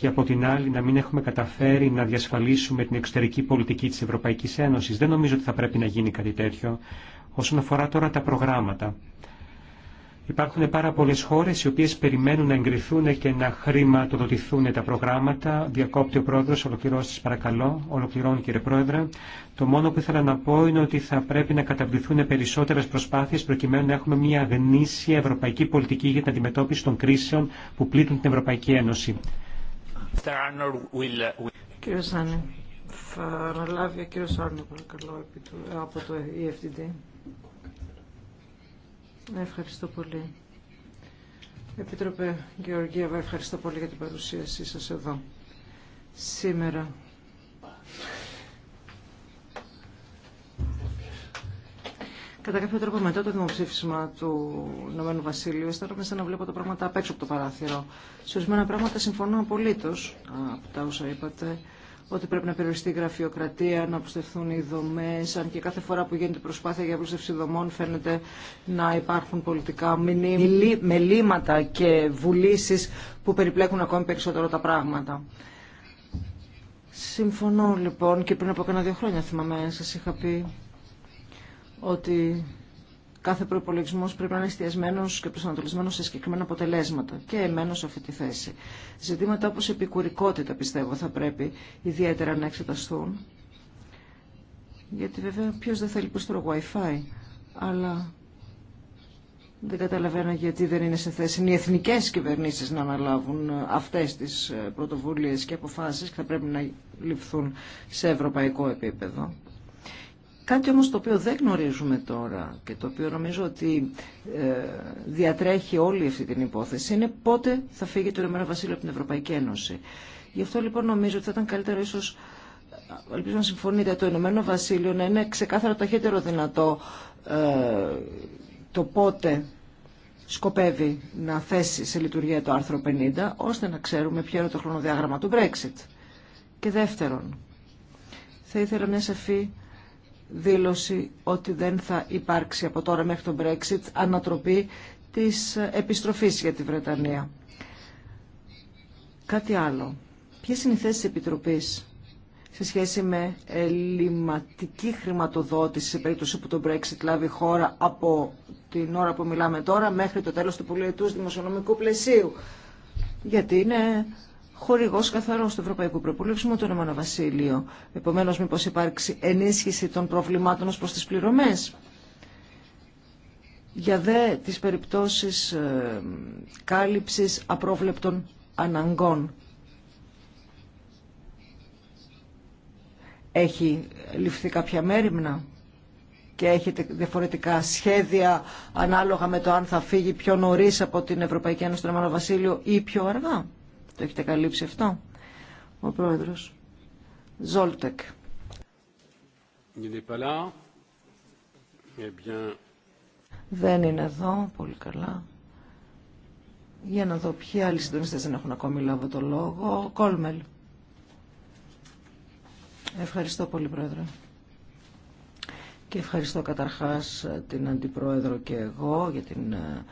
και από την άλλη να μην έχουμε καταφέρει να διασφαλίσουμε την εξωτερική πολιτική της Ευρωπαϊκής Ένωσης. Δεν νομίζω ότι θα πρέπει να γίνει κάτι τέτοιο. Όσον αφορά τώρα τα προγράμματα. Υπάρχουν πάρα πολλές χώρες οι οποίες περιμένουν να εγκριθούν και να χρηματοδοτηθούν τα προγράμματα. Διακόπτει ο Πρόεδρος, ολοκληρώστε παρακαλώ. Ολοκληρώνω κύριε Πρόεδρε. Το μόνο που ήθελα να πω είναι ότι θα πρέπει να καταβληθούν περισσότερες προσπάθειες προκειμένου να έχουμε μια γνήσια ευρωπαϊκή πολιτική για την αντιμετώπιση των κρίσεων που πλήττουν την Ευρωπαϊκή Ένωση. Uh, Κύριε Σάνι, θα αναλάβει ο κύριο Σάνη, παρακαλώ, από το EFTD. Ευχαριστώ πολύ. Επιτροπέ Γεωργίευα, ευχαριστώ πολύ για την παρουσίασή σας εδώ σήμερα. Κατά κάποιο τρόπο μετά το δημοψήφισμα του Ηνωμένου Βασίλειου αισθάνομαι σαν να βλέπω τα πράγματα απ' έξω από το παράθυρο. Σε ορισμένα πράγματα συμφωνώ απολύτω από τα όσα είπατε ότι πρέπει να περιοριστεί η γραφειοκρατία, να αποστευθούν οι δομέ, αν και κάθε φορά που γίνεται προσπάθεια για απλούστευση δομών φαίνεται να υπάρχουν πολιτικά μελήματα και βουλήσει που περιπλέκουν ακόμη περισσότερο τα πράγματα. Συμφωνώ λοιπόν και πριν από κάνα δύο χρόνια θυμάμαι σας είχα πει ότι κάθε προπολογισμό πρέπει να είναι εστιασμένο και προσανατολισμένο σε συγκεκριμένα αποτελέσματα. Και εμένα σε αυτή τη θέση. Ζητήματα όπω επικουρικότητα πιστεύω θα πρέπει ιδιαίτερα να εξεταστούν. Γιατί βέβαια ποιο δεν θέλει τρώγω WiFi, αλλά δεν καταλαβαίνω γιατί δεν είναι σε θέση οι εθνικέ κυβερνήσει να αναλάβουν ε, αυτέ τι ε, πρωτοβουλίε και αποφάσει και θα πρέπει να ληφθούν σε ευρωπαϊκό επίπεδο. Κάτι όμως το οποίο δεν γνωρίζουμε τώρα και το οποίο νομίζω ότι ε, διατρέχει όλη αυτή την υπόθεση είναι πότε θα φύγει το Ηνωμένο Βασίλειο από την Ευρωπαϊκή Ένωση. Γι' αυτό λοιπόν νομίζω ότι θα ήταν καλύτερο ίσως, ε, ελπίζω να συμφωνείτε, το Ηνωμένο Βασίλειο να είναι ξεκάθαρο το ταχύτερο δυνατό ε, το πότε σκοπεύει να θέσει σε λειτουργία το άρθρο 50, ώστε να ξέρουμε ποιο είναι το χρονοδιάγραμμα του Brexit. Και δεύτερον, θα ήθελα μια σαφή δήλωση ότι δεν θα υπάρξει από τώρα μέχρι τον Brexit ανατροπή της επιστροφής για τη Βρετανία. Κάτι άλλο. Ποιες είναι οι θέσεις της Επιτροπής σε σχέση με ελληματική χρηματοδότηση σε περίπτωση που το Brexit λάβει χώρα από την ώρα που μιλάμε τώρα μέχρι το τέλος του πολιετούς δημοσιονομικού πλαισίου. Γιατί είναι χορηγό καθαρό του Ευρωπαϊκού Προπολογισμού, το Ηνωμένο Βασίλειο. Επομένω, μήπω υπάρξει ενίσχυση των προβλημάτων ω προ τι πληρωμέ. Για δε τις περιπτώσεις ε, κάλυψης απρόβλεπτων αναγκών. Έχει ληφθεί κάποια μέρημνα και έχετε διαφορετικά σχέδια ανάλογα με το αν θα φύγει πιο νωρίς από την Ευρωπαϊκή Ένωση του Βασίλειο ή πιο αργά. Το έχετε καλύψει αυτό, ο πρόεδρος. Ζόλτεκ. Eh δεν είναι εδώ, πολύ καλά. Για να δω ποιοι άλλοι συντονιστές δεν έχουν ακόμη λάβει το λόγο. Κόλμελ. Ευχαριστώ πολύ, Πρόεδρε. Και ευχαριστώ καταρχάς την Αντιπρόεδρο και εγώ για την ε,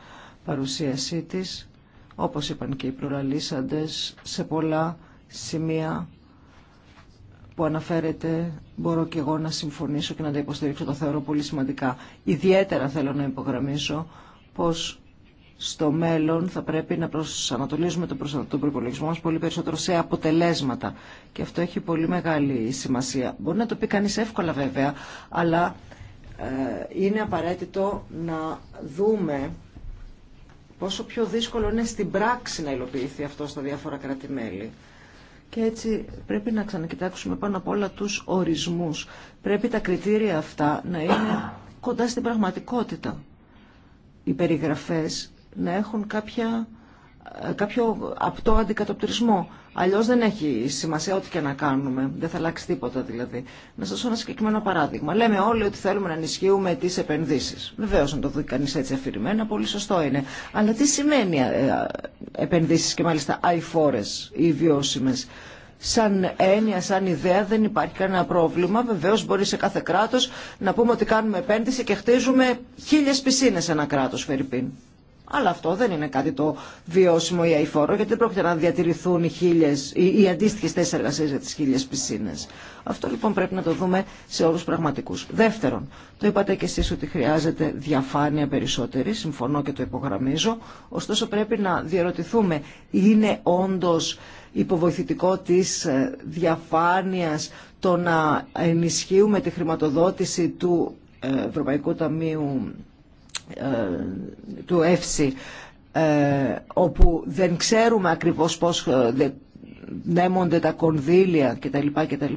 παρουσίασή της όπως είπαν και οι προλαλήσαντες, σε πολλά σημεία που αναφέρεται μπορώ και εγώ να συμφωνήσω και να τα υποστηρίξω, Το θεωρώ πολύ σημαντικά. Ιδιαίτερα θέλω να υπογραμμίσω πως στο μέλλον θα πρέπει να προσανατολίζουμε τον προπολογισμό μας πολύ περισσότερο σε αποτελέσματα. Και αυτό έχει πολύ μεγάλη σημασία. Μπορεί να το πει κανείς εύκολα βέβαια, αλλά ε, είναι απαραίτητο να δούμε Όσο πιο δύσκολο είναι στην πράξη να υλοποιηθεί αυτό στα διάφορα κράτη-μέλη. Και έτσι πρέπει να ξανακοιτάξουμε πάνω απ' όλα τους ορισμούς. Πρέπει τα κριτήρια αυτά να είναι κοντά στην πραγματικότητα. Οι περιγραφές να έχουν κάποια ε, κάποιο απτό αντικατοπτρισμό. Αλλιώ δεν έχει σημασία ό,τι και να κάνουμε. Δεν θα αλλάξει τίποτα δηλαδή. Να σα δώσω ένα συγκεκριμένο παράδειγμα. Λέμε όλοι ότι θέλουμε να ενισχύουμε τι επενδύσει. Βεβαίω, να το δει κανεί έτσι αφηρημένα, πολύ σωστό είναι. Αλλά τι σημαίνει ε, ε, επενδύσει και μάλιστα αιφόρε ή βιώσιμε. Σαν έννοια, σαν ιδέα δεν υπάρχει κανένα πρόβλημα. Βεβαίω μπορεί σε κάθε κράτο να πούμε ότι κάνουμε επένδυση και χτίζουμε χίλιε πισίνε ένα κράτο, Φερρυπίν. Αλλά αυτό δεν είναι κάτι το βιώσιμο ή αηφόρο, γιατί δεν πρόκειται να διατηρηθούν οι, χίλιες, οι, οι αντίστοιχε θέσει για τι χίλιε πισίνε. Αυτό λοιπόν πρέπει να το δούμε σε όρου πραγματικούς. Δεύτερον, το είπατε και εσείς ότι χρειάζεται διαφάνεια περισσότερη, συμφωνώ και το υπογραμμίζω. Ωστόσο πρέπει να διαρωτηθούμε, είναι όντω υποβοηθητικό της ε, διαφάνειας το να ενισχύουμε τη χρηματοδότηση του ε, Ευρωπαϊκού Ταμείου ε, του ΕΦΣΙ όπου δεν ξέρουμε ακριβώς πώς νέμονται ε, τα κονδύλια κτλ. κτλ.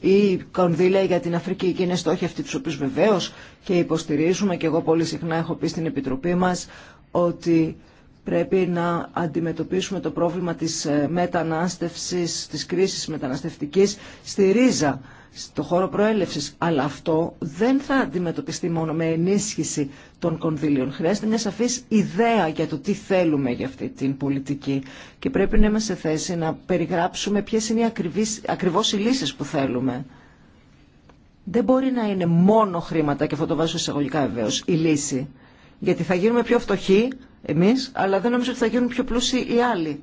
Ή κονδύλια για την Αφρική και είναι στόχοι αυτοί τους οποίους βεβαίως και υποστηρίζουμε και εγώ πολύ συχνά έχω πει στην Επιτροπή μας ότι πρέπει να αντιμετωπίσουμε το πρόβλημα της ε, μετανάστευσης, της κρίσης μεταναστευτικής στη ρίζα στο χώρο προέλευσης. Αλλά αυτό δεν θα αντιμετωπιστεί μόνο με ενίσχυση των κονδύλιων. Χρειάζεται μια σαφής ιδέα για το τι θέλουμε για αυτή την πολιτική και πρέπει να είμαστε σε θέση να περιγράψουμε ποιες είναι οι ακριβώς οι λύσεις που θέλουμε. Δεν μπορεί να είναι μόνο χρήματα, και αυτό το βάζω εισαγωγικά βεβαίω, η λύση. Γιατί θα γίνουμε πιο φτωχοί εμείς, αλλά δεν νομίζω ότι θα γίνουν πιο πλούσιοι οι άλλοι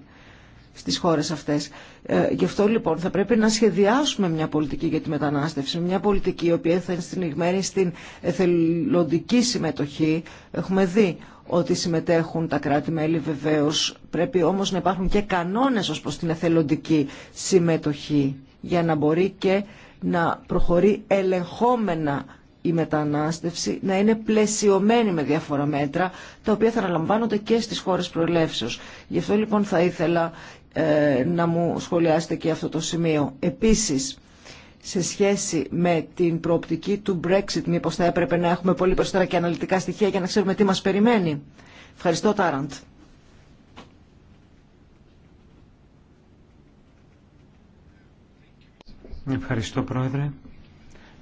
στις χώρες αυτές. Ε, γι' αυτό λοιπόν θα πρέπει να σχεδιάσουμε μια πολιτική για τη μετανάστευση, μια πολιτική η οποία θα είναι συνηγμένη στην εθελοντική συμμετοχή. Έχουμε δει ότι συμμετέχουν τα κράτη-μέλη βεβαίως, πρέπει όμως να υπάρχουν και κανόνες ως προς την εθελοντική συμμετοχή για να μπορεί και να προχωρεί ελεγχόμενα η μετανάστευση να είναι πλαισιωμένη με διάφορα μέτρα τα οποία θα αναλαμβάνονται και στις χώρες προελεύσεως. Γι' αυτό λοιπόν θα ήθελα ε, να μου σχολιάσετε και αυτό το σημείο. Επίσης, σε σχέση με την προοπτική του Brexit, μήπως θα έπρεπε να έχουμε πολύ περισσότερα και αναλυτικά στοιχεία για να ξέρουμε τι μας περιμένει. Ευχαριστώ, Τάραντ. Ευχαριστώ, Πρόεδρε.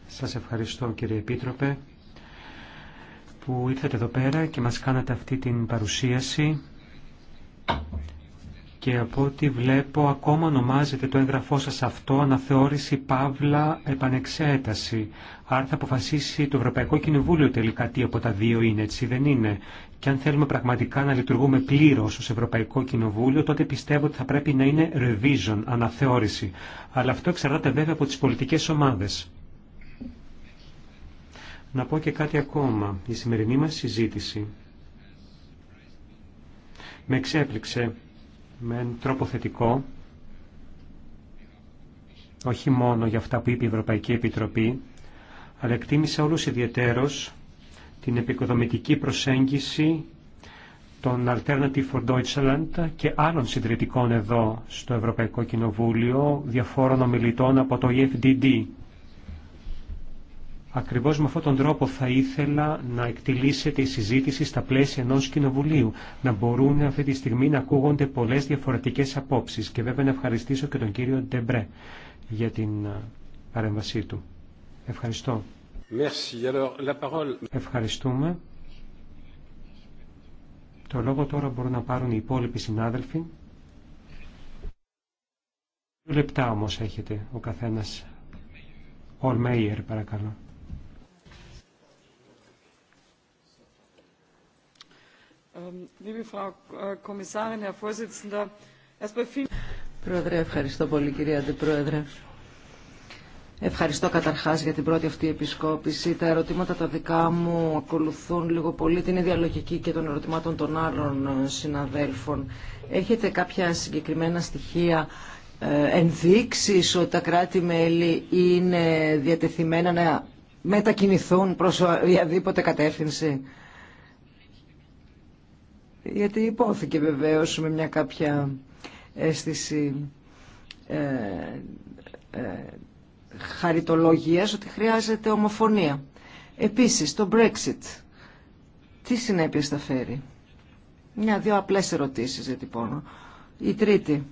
Σας ευχαριστώ, κύριε Επίτροπε, που ήρθατε εδώ πέρα και μας κάνατε αυτή την παρουσίαση και από ό,τι βλέπω ακόμα ονομάζεται το έγγραφό σας αυτό αναθεώρηση Παύλα Επανεξέταση. Άρα θα αποφασίσει το Ευρωπαϊκό Κοινοβούλιο τελικά τι από τα δύο είναι, έτσι δεν είναι. Και αν θέλουμε πραγματικά να λειτουργούμε πλήρω ω Ευρωπαϊκό Κοινοβούλιο, τότε πιστεύω ότι θα πρέπει να είναι revision, αναθεώρηση. Αλλά αυτό εξαρτάται βέβαια από τι πολιτικέ ομάδε. Να πω και κάτι ακόμα. Η σημερινή μα συζήτηση με εξέπληξε με τρόπο θετικό, όχι μόνο για αυτά που είπε η Ευρωπαϊκή Επιτροπή, αλλά εκτίμησε όλους ιδιαιτέρως την επικοδομητική προσέγγιση των Alternative for Deutschland και άλλων συντηρητικών εδώ στο Ευρωπαϊκό Κοινοβούλιο, διαφόρων ομιλητών από το EFDD. Ακριβώς με αυτόν τον τρόπο θα ήθελα να εκτιλήσετε η συζήτηση στα πλαίσια ενός κοινοβουλίου, να μπορούν αυτή τη στιγμή να ακούγονται πολλές διαφορετικές απόψεις και βέβαια να ευχαριστήσω και τον κύριο Ντεμπρέ για την ε, παρέμβασή του. Ευχαριστώ. Ευχαριστούμε. Το λόγο τώρα μπορούν να πάρουν οι υπόλοιποι συνάδελφοι. Δύο λεπτά όμως έχετε ο καθένας. Ολμέιερ παρακαλώ. Ähm, liebe äh, Πρόεδρε, ευχαριστώ πολύ κυρία Αντιπρόεδρε. Ευχαριστώ καταρχάς για την πρώτη αυτή επισκόπηση. Τα ερωτήματα τα δικά μου ακολουθούν λίγο πολύ την ίδια λογική και των ερωτημάτων των άλλων ε, συναδέλφων. Έχετε κάποια συγκεκριμένα στοιχεία ε, ενδείξεις ότι τα κράτη-μέλη είναι διατεθειμένα να μετακινηθούν προ οποιαδήποτε κατεύθυνση γιατί υπόθηκε βεβαίως με μια κάποια αίσθηση ε, ε, χαριτολογίας ότι χρειάζεται ομοφωνία. Επίσης, το Brexit, τι συνέπειες θα φέρει. Μια-δύο απλές ερωτήσεις διατυπώνω. Η τρίτη.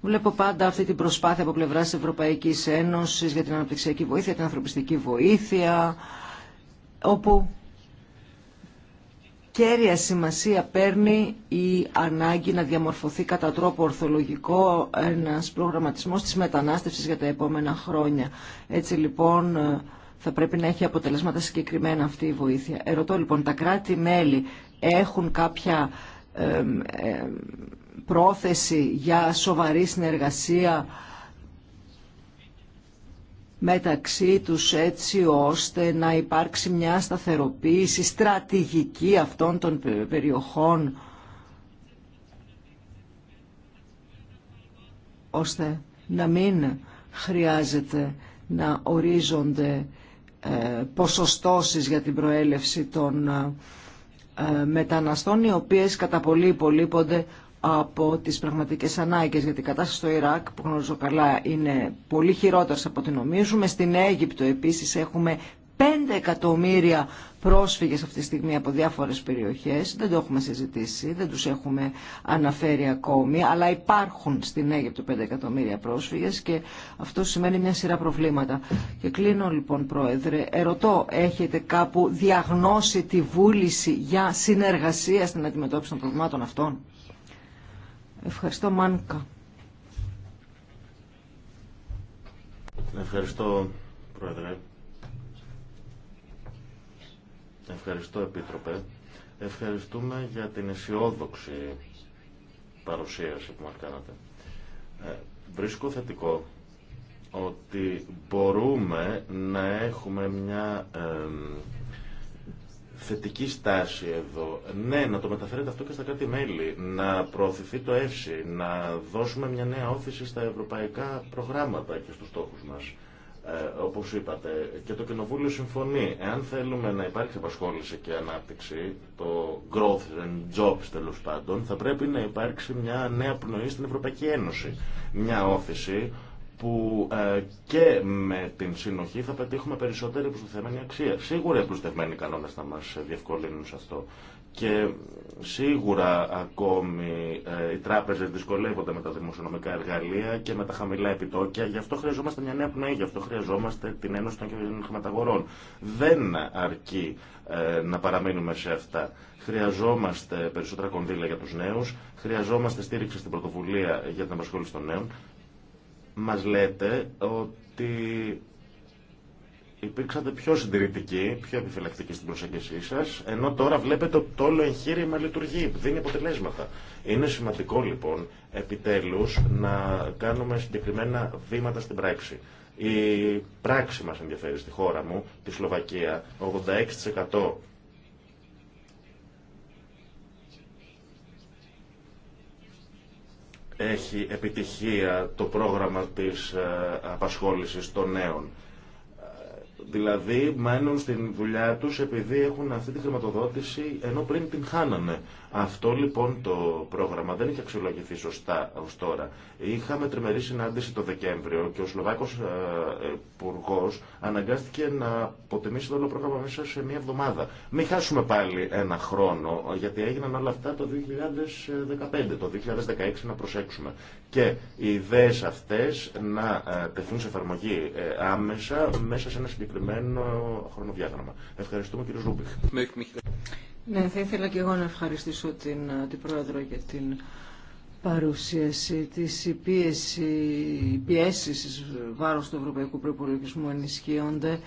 Βλέπω πάντα αυτή την προσπάθεια από πλευράς Ευρωπαϊκής Ένωσης για την αναπτυξιακή βοήθεια, την ανθρωπιστική βοήθεια, όπου κέρια σημασία παίρνει η ανάγκη να διαμορφωθεί κατά τρόπο ορθολογικό ένας προγραμματισμός της μετανάστευσης για τα επόμενα χρόνια. Έτσι λοιπόν θα πρέπει να έχει αποτελέσματα συγκεκριμένα αυτή η βοήθεια. Ερωτώ λοιπόν, τα κράτη-μέλη έχουν κάποια πρόθεση για σοβαρή συνεργασία μεταξύ τους έτσι ώστε να υπάρξει μια σταθεροποίηση στρατηγική αυτών των περιοχών ώστε να μην χρειάζεται να ορίζονται ε, ποσοστώσεις για την προέλευση των ε, ε, μεταναστών οι οποίες κατά πολύ υπολείπονται από τις πραγματικές ανάγκες για την κατάσταση στο Ιράκ που γνωρίζω καλά είναι πολύ χειρότερη από ό,τι νομίζουμε. Στην Αίγυπτο επίσης έχουμε 5 εκατομμύρια πρόσφυγες αυτή τη στιγμή από διάφορες περιοχές. Δεν το έχουμε συζητήσει, δεν τους έχουμε αναφέρει ακόμη, αλλά υπάρχουν στην Αίγυπτο 5 εκατομμύρια πρόσφυγες και αυτό σημαίνει μια σειρά προβλήματα. Και κλείνω λοιπόν Πρόεδρε, ερωτώ, έχετε κάπου διαγνώσει τη βούληση για συνεργασία στην αντιμετώπιση των προβλημάτων αυτών. Ευχαριστώ Μάνικα. Ευχαριστώ Πρόεδρε. Ευχαριστώ Επίτροπε. Ευχαριστούμε για την αισιόδοξη παρουσίαση που μας κάνατε. Ε, βρίσκω θετικό ότι μπορούμε να έχουμε μια θετική στάση εδώ. Ναι, να το μεταφέρετε αυτό και στα κάτι μέλη, να προωθηθεί το ΕΦΣΥ, να δώσουμε μια νέα όθηση στα ευρωπαϊκά προγράμματα και στους στόχους μας. Ε, όπως είπατε, και το Κοινοβούλιο συμφωνεί. Εάν θέλουμε να υπάρξει απασχόληση και ανάπτυξη, το growth and jobs τέλος πάντων, θα πρέπει να υπάρξει μια νέα πνοή στην Ευρωπαϊκή Ένωση. Μια όθηση που ε, και με την συνοχή θα πετύχουμε περισσότερη προστατευμένη αξία. Σίγουρα οι προστατευμένοι κανόνε θα μα διευκολύνουν σε αυτό. Και σίγουρα ακόμη ε, οι τράπεζε δυσκολεύονται με τα δημοσιονομικά εργαλεία και με τα χαμηλά επιτόκια. Γι' αυτό χρειαζόμαστε μια νέα πνοή, γι' αυτό χρειαζόμαστε την Ένωση των Χρηματαγορών. Δεν αρκεί ε, να παραμείνουμε σε αυτά. Χρειαζόμαστε περισσότερα κονδύλια για του νέου, χρειαζόμαστε στήριξη στην πρωτοβουλία για την απασχόληση των νέων μας λέτε ότι υπήρξατε πιο συντηρητικοί, πιο επιφυλακτικοί στην προσέγγιση σας, ενώ τώρα βλέπετε ότι το όλο εγχείρημα λειτουργεί, δίνει αποτελέσματα. Είναι σημαντικό λοιπόν επιτέλους να κάνουμε συγκεκριμένα βήματα στην πράξη. Η πράξη μας ενδιαφέρει στη χώρα μου, τη Σλοβακία, 86% έχει επιτυχία το πρόγραμμα της ε, απασχόλησης των νέων. Δηλαδή μένουν στην δουλειά τους επειδή έχουν αυτή τη χρηματοδότηση ενώ πριν την χάνανε. Αυτό λοιπόν το πρόγραμμα δεν είχε αξιολογηθεί σωστά ω τώρα. Είχαμε τριμερή συνάντηση το Δεκέμβριο και ο Σλοβάκος ε, υπουργό αναγκάστηκε να αποτιμήσει το όλο πρόγραμμα μέσα σε μία εβδομάδα. Μην χάσουμε πάλι ένα χρόνο γιατί έγιναν όλα αυτά το 2015, το 2016 να προσέξουμε. Και οι ιδέες αυτές να ε, τεθούν σε εφαρμογή ε, άμεσα μέσα σε ένα συγκεκριμένο συγκεκριμένο χρονοδιάγραμμα. Ευχαριστούμε κύριε Ζούμπιχ. Ναι, θα ήθελα και εγώ να ευχαριστήσω την, ε, την Πρόεδρο για την παρουσίαση της πίεση, οι βάρος του ευρωπαϊκού προπολογισμού ενισχύονται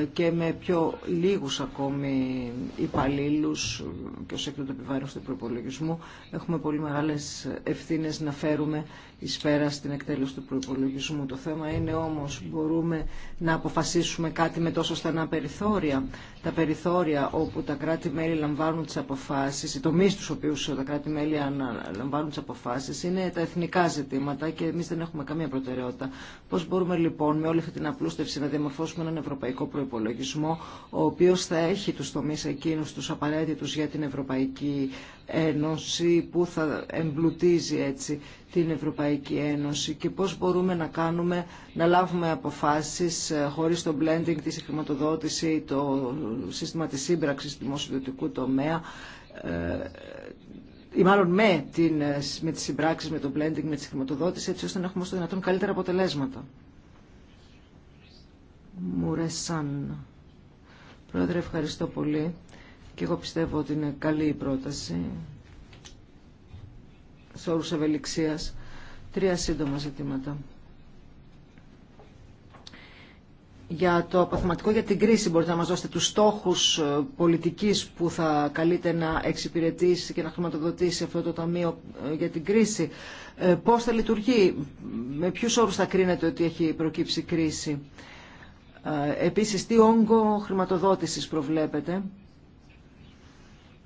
ε, και με πιο λίγους ακόμη υπαλλήλου ε, και ως εκ επιβάρος του προπολογισμού έχουμε πολύ μεγάλες ευθύνες να φέρουμε εις πέρα στην εκτέλεση του προπολογισμού. Το θέμα είναι όμως μπορούμε να αποφασίσουμε κάτι με τόσο στενά περιθώρια. Τα περιθώρια όπου τα κράτη-μέλη λαμβάνουν τις αποφάσεις, οι τομείς τους οποίους τα κράτη-μέλη λαμβάνουν τις αποφάσεις αποφάσεις, είναι τα εθνικά ζητήματα και εμείς δεν έχουμε καμία προτεραιότητα. Πώς μπορούμε λοιπόν με όλη αυτή την απλούστευση να διαμορφώσουμε έναν ευρωπαϊκό προϋπολογισμό, ο οποίος θα έχει τους τομείς εκείνους, τους απαραίτητους για την Ευρωπαϊκή Ένωση, που θα εμπλουτίζει έτσι την Ευρωπαϊκή Ένωση και πώς μπορούμε να κάνουμε, να λάβουμε αποφάσεις ε, χωρίς το blending, τη χρηματοδότηση, το σύστημα της σύμπραξης του δημοσιοδοτικού τομέα, ε, ή μάλλον με, την, με τις συμπράξεις, με το blending, με τις χρηματοδότηση, έτσι ώστε να έχουμε όσο δυνατόν καλύτερα αποτελέσματα. Μουρεσάν. Πρόεδρε, ευχαριστώ πολύ. Και εγώ πιστεύω ότι είναι καλή η πρόταση σε όρους ευελιξίας. Τρία σύντομα ζητήματα. για το αποθεματικό για την κρίση μπορείτε να μας δώσετε τους στόχους ε, πολιτικής που θα καλείτε να εξυπηρετήσει και να χρηματοδοτήσει αυτό το Ταμείο ε, για την κρίση. Ε, πώς θα λειτουργεί, με ποιους όρους θα κρίνετε ότι έχει προκύψει κρίση. Επίσης, τι όγκο χρηματοδότησης προβλέπετε.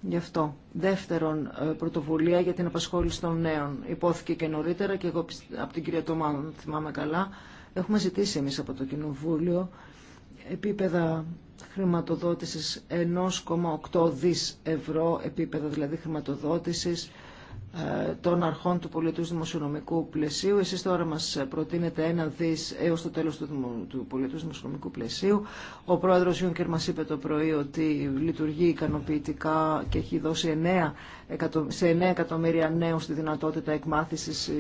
Γι' αυτό. Δεύτερον, πρωτοβουλία για την απασχόληση των νέων. Υπόθηκε και νωρίτερα και εγώ από την κυρία Τωμά, θυμάμαι καλά, Έχουμε ζητήσει εμείς από το Κοινοβούλιο επίπεδα χρηματοδότησης 1,8 δις ευρώ, επίπεδα δηλαδή χρηματοδότησης ε, των αρχών του πολιτού δημοσιονομικού πλαισίου. Εσείς τώρα μας προτείνετε ένα δις έως το τέλος του πολιτού δημοσιονομικού πλαισίου. Ο πρόεδρος Γιούνκερ μας είπε το πρωί ότι λειτουργεί ικανοποιητικά και έχει δώσει 9, σε 9 εκατομμύρια νέους τη δυνατότητα εκμάθησης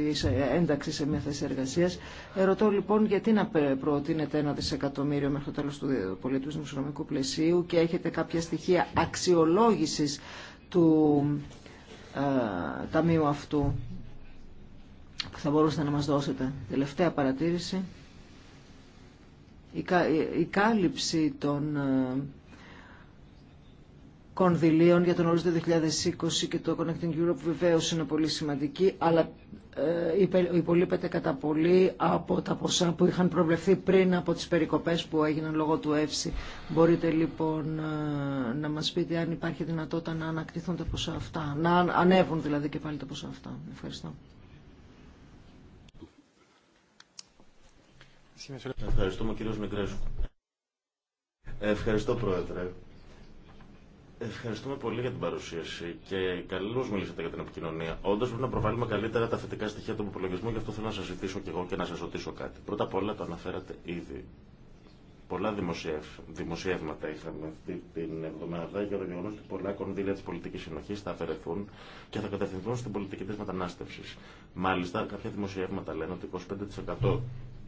ένταξης σε μια θέση εργασίας. Ερωτώ λοιπόν γιατί να προτείνετε ένα δισεκατομμύριο μέχρι το τέλος του πολιτού δημοσιονομικού πλαισίου και έχετε κάποια στοιχεία αξιολόγησης του ε, ταμείου αυτού που θα μπορούσατε να μας δώσετε. Τελευταία παρατήρηση. Η, κάλυψη των ε, κονδυλίων για τον ορίζοντα 2020 και το Connecting Europe βεβαίως είναι πολύ σημαντική, αλλά ε, υπολείπεται κατά πολύ από τα ποσά που είχαν προβλεφθεί πριν από τις περικοπές που έγιναν λόγω του ΕΦΣΥ. Μπορείτε λοιπόν ε, να μας πείτε αν υπάρχει δυνατότητα να ανακτηθούν τα ποσά αυτά, να ανέβουν δηλαδή και πάλι τα ποσά αυτά. Ευχαριστώ. Ευχαριστούμε κύριος Μικρέσκου. Ευχαριστώ πρόεδρε. Ευχαριστούμε πολύ για την παρουσίαση και καλώ μιλήσατε για την επικοινωνία. Όντω πρέπει να προβάλλουμε καλύτερα τα θετικά στοιχεία του υπολογισμού, γι' αυτό θέλω να σα ζητήσω και εγώ και να σα ρωτήσω κάτι. Πρώτα απ' όλα το αναφέρατε ήδη. Πολλά δημοσιεύματα είχαμε αυτή την εβδομάδα για το γεγονό ότι πολλά κονδύλια τη πολιτική συνοχή θα αφαιρεθούν και θα κατευθυνθούν στην πολιτική τη μετανάστευση. Μάλιστα, κάποια δημοσιεύματα λένε ότι 25%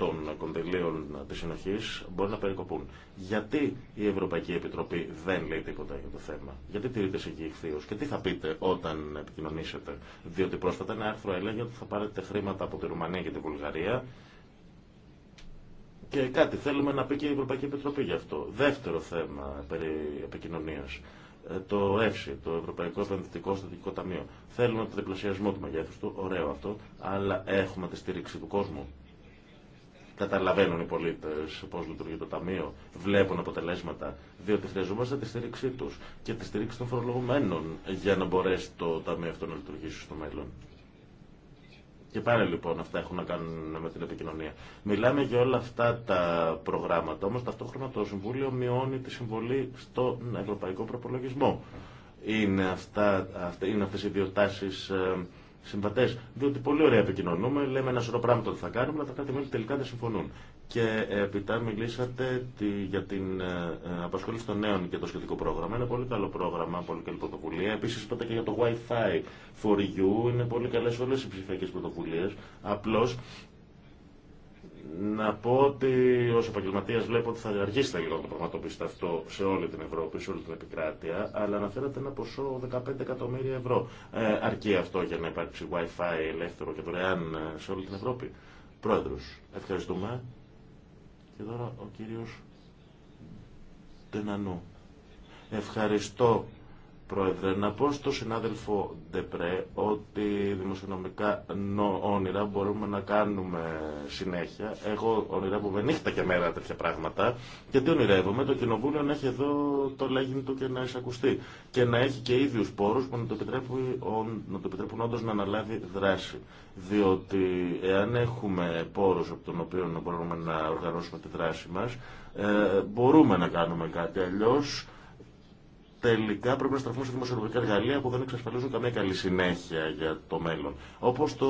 των κονδυλίων τη συνοχή μπορεί να περικοπούν. Γιατί η Ευρωπαϊκή Επιτροπή δεν λέει τίποτα για το θέμα. Γιατί τηρείται σε και τι θα πείτε όταν επικοινωνήσετε. Διότι πρόσφατα ένα άρθρο έλεγε ότι θα πάρετε χρήματα από τη Ρουμανία και τη Βουλγαρία και κάτι θέλουμε να πει και η Ευρωπαϊκή Επιτροπή γι' αυτό. Δεύτερο θέμα περί επικοινωνίας ε, το ΕΦΣΙ, το Ευρωπαϊκό Επενδυτικό Στατικό Ταμείο. Θέλουμε το διπλασιασμό του μεγέθου του, ωραίο αυτό, αλλά έχουμε τη στήριξη του κόσμου καταλαβαίνουν οι πολίτε πώ λειτουργεί το Ταμείο, βλέπουν αποτελέσματα, διότι χρειαζόμαστε τη στήριξή του και τη στήριξη των φορολογουμένων για να μπορέσει το Ταμείο αυτό να λειτουργήσει στο μέλλον. Και πάλι λοιπόν αυτά έχουν να κάνουν με την επικοινωνία. Μιλάμε για όλα αυτά τα προγράμματα, όμω ταυτόχρονα το Συμβούλιο μειώνει τη συμβολή στον ευρωπαϊκό προπολογισμό. Είναι, αυτά, είναι αυτές οι δύο ε, συμβατέ. Διότι πολύ ωραία επικοινωνούμε, λέμε ένα σωρό πράγματα ότι θα κάνουμε, αλλά τα κάτι μέλη τελικά δεν συμφωνούν. Και ε, επιτά μιλήσατε για την ε, ε, απασχόληση των νέων και το σχετικό πρόγραμμα. Είναι πολύ καλό πρόγραμμα, πολύ καλή πρωτοβουλία. Επίση είπατε και για το Wi-Fi for you. Είναι πολύ καλέ όλε οι ψηφιακέ πρωτοβουλίε. Απλώ να πω ότι ω επαγγελματία βλέπω ότι θα αργήσει να πραγματοποιήσετε αυτό σε όλη την Ευρώπη, σε όλη την επικράτεια, αλλά αναφέρατε ένα ποσό 15 εκατομμύρια ευρώ. Ε, αρκεί αυτό για να υπάρξει Wi-Fi ελεύθερο και δωρεάν ε, σε όλη την Ευρώπη. Πρόεδρο, ευχαριστούμε. Και τώρα ο κύριο Τενανού. Ευχαριστώ, Πρόεδρε, να πω στον συνάδελφο Ντεπρέ ότι δημοσιονομικά νο, όνειρα μπορούμε να κάνουμε συνέχεια. Εγώ ονειρεύομαι νύχτα και μέρα τέτοια πράγματα. Και τι ονειρεύομαι, το κοινοβούλιο να έχει εδώ το λέγειν του και να εισακουστεί. Και να έχει και ίδιου πόρου που να το επιτρέπουν, επιτρέπουν όντω να αναλάβει δράση. Διότι εάν έχουμε πόρου από τον οποίο να μπορούμε να οργανώσουμε τη δράση μα, ε, μπορούμε να κάνουμε κάτι. Αλλιώ τελικά πρέπει να στραφούμε σε δημοσιονομικά εργαλεία που δεν εξασφαλίζουν καμία καλή συνέχεια για το μέλλον. Όπω το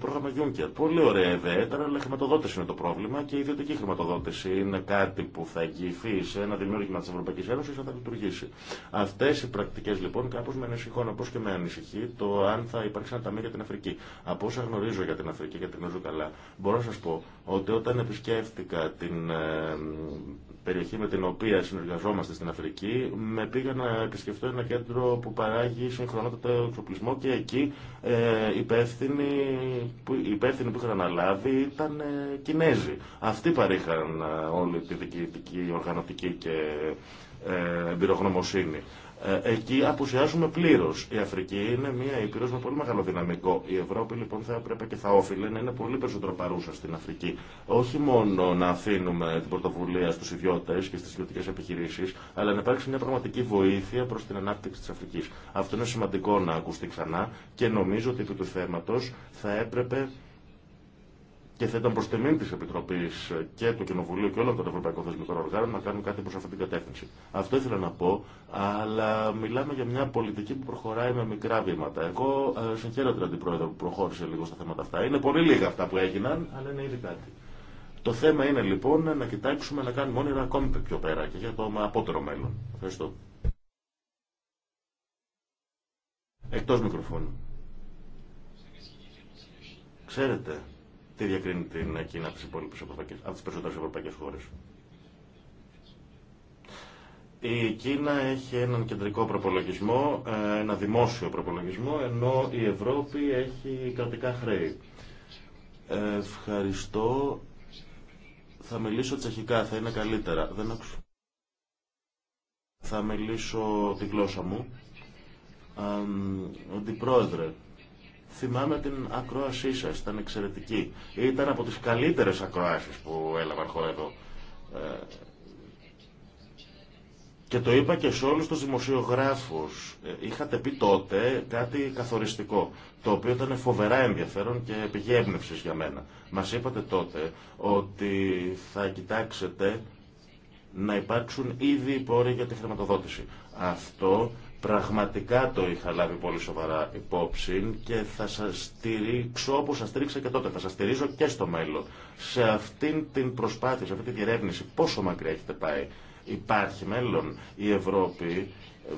πρόγραμμα Juncker. Πολύ ωραία ιδέα ήταν, αλλά η χρηματοδότηση είναι το πρόβλημα και η ιδιωτική χρηματοδότηση είναι κάτι που θα εγγυηθεί σε ένα δημιούργημα τη Ευρωπαϊκή Ένωση θα λειτουργήσει. Αυτέ οι πρακτικέ λοιπόν κάπω με ανησυχούν, όπω και με ανησυχεί το αν θα υπάρξει ένα ταμείο για την Αφρική. Από όσα γνωρίζω για την Αφρική και την γνωρίζω καλά, μπορώ να σα πω ότι όταν επισκέφτηκα την ε, περιοχή με την οποία συνεργαζόμαστε στην Αφρική, με πήγα να επισκεφτώ ένα κέντρο που παράγει συγχρονότατο εξοπλισμό και εκεί ε, υπεύθυνοι, που, υπεύθυνοι που είχαν αναλάβει ήταν ε, Κινέζοι. Αυτοί παρήχαν ε, όλη τη διοικητική, οργανωτική και ε, εμπειρογνωμοσύνη. Ε, εκεί απουσιάζουμε πλήρω. Η Αφρική είναι μια ήπειρο με πολύ μεγάλο δυναμικό. Η Ευρώπη λοιπόν θα έπρεπε και θα όφιλε να είναι πολύ περισσότερο παρούσα στην Αφρική. Όχι μόνο να αφήνουμε την πρωτοβουλία στου ιδιώτε και στι ιδιωτικέ επιχειρήσει, αλλά να υπάρξει μια πραγματική βοήθεια προ την ανάπτυξη τη Αφρική. Αυτό είναι σημαντικό να ακουστεί ξανά και νομίζω ότι επί του θέματο θα έπρεπε και θα ήταν προ τιμήν τη Επιτροπή και του Κοινοβουλίου και όλων των Ευρωπαϊκών Θεσμικών Οργάνων να κάνουν κάτι προ αυτή την κατεύθυνση. Αυτό ήθελα να πω, αλλά μιλάμε για μια πολιτική που προχωράει με μικρά βήματα. Εγώ ε, συγχαίρω την Αντιπρόεδρο που προχώρησε λίγο στα θέματα αυτά. Είναι πολύ λίγα αυτά που έγιναν, αλλά είναι ήδη κάτι. Το θέμα είναι λοιπόν να κοιτάξουμε να κάνουμε όνειρα ακόμη πιο πέρα και για το απότερο μέλλον. Ευχαριστώ. Εκτός μικροφώνου. Ξέρετε, τι διακρίνει την Κίνα τις από τις περισσότερες ευρωπαϊκές χώρες. Η Κίνα έχει έναν κεντρικό προπολογισμό, ε, ένα δημόσιο προπολογισμό, ενώ η Ευρώπη έχει κρατικά χρέη. Ε, ευχαριστώ. Θα μιλήσω τσεχικά, θα είναι καλύτερα. Δεν Θα μιλήσω τη γλώσσα μου. Αντιπρόεδρε, Θυμάμαι την ακρόασή σα, ήταν εξαιρετική. Ήταν από τι καλύτερε ακροάσει που έλαβαν χώρα εδώ. Ε, και το είπα και σε όλου του δημοσιογράφου. Ε, είχατε πει τότε κάτι καθοριστικό, το οποίο ήταν φοβερά ενδιαφέρον και πηγή για μένα. Μα είπατε τότε ότι θα κοιτάξετε να υπάρξουν ήδη οι για τη χρηματοδότηση. Αυτό Πραγματικά το είχα λάβει πολύ σοβαρά υπόψη και θα σας στηρίξω όπως σας στήριξα και τότε. Θα σας στηρίζω και στο μέλλον. Σε αυτήν την προσπάθεια, σε αυτή τη διερεύνηση, πόσο μακριά έχετε πάει. Υπάρχει μέλλον. Η Ευρώπη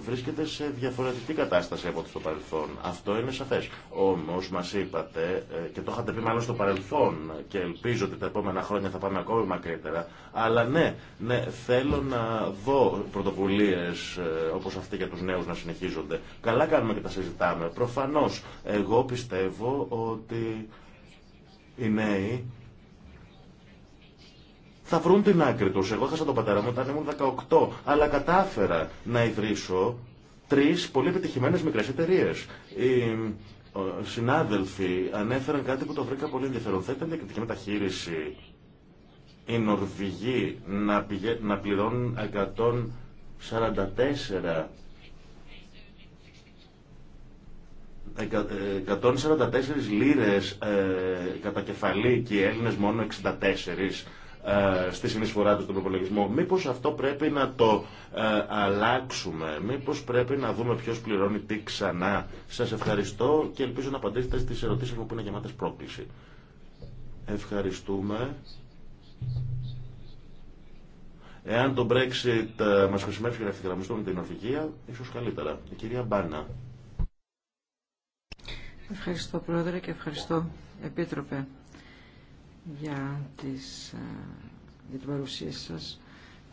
βρίσκεται σε διαφορετική κατάσταση από το παρελθόν. Αυτό είναι σαφές. Όμω, μα είπατε, ε, και το είχατε πει μάλλον στο παρελθόν, και ελπίζω ότι τα επόμενα χρόνια θα πάμε ακόμη μακρύτερα. Αλλά ναι, ναι θέλω να δω πρωτοβουλίε ε, όπω αυτή για του νέου να συνεχίζονται. Καλά κάνουμε και τα συζητάμε. Προφανώ, εγώ πιστεύω ότι οι νέοι θα βρουν την άκρη του. Εγώ χάσα τον πατέρα μου όταν ήμουν 18, αλλά κατάφερα να ιδρύσω τρεις πολύ επιτυχημένε μικρέ εταιρείε. Οι συνάδελφοι ανέφεραν κάτι που το βρήκα πολύ ενδιαφέρον. Θα ήταν διακριτική μεταχείριση οι Νορβηγοί να, να πληρώνουν 144 144 ε, λίρες ε, κατά κεφαλή και οι Έλληνες μόνο 64 ε, στη συνεισφορά του στον προπολογισμό. Μήπως αυτό πρέπει να το ε, αλλάξουμε, μήπως πρέπει να δούμε ποιος πληρώνει τι ξανά. Σας ευχαριστώ και ελπίζω να απαντήσετε στις ερωτήσεις μου που είναι γεμάτες πρόκληση. Ευχαριστούμε. Εάν το Brexit ε, μας χρησιμεύσει για να ευθυγραμμιστούμε την Νορβηγία, ίσως καλύτερα. Η κυρία Μπάνα. Ευχαριστώ Πρόεδρε και ευχαριστώ Επίτροπε για, τις, ε, για την παρουσία σας.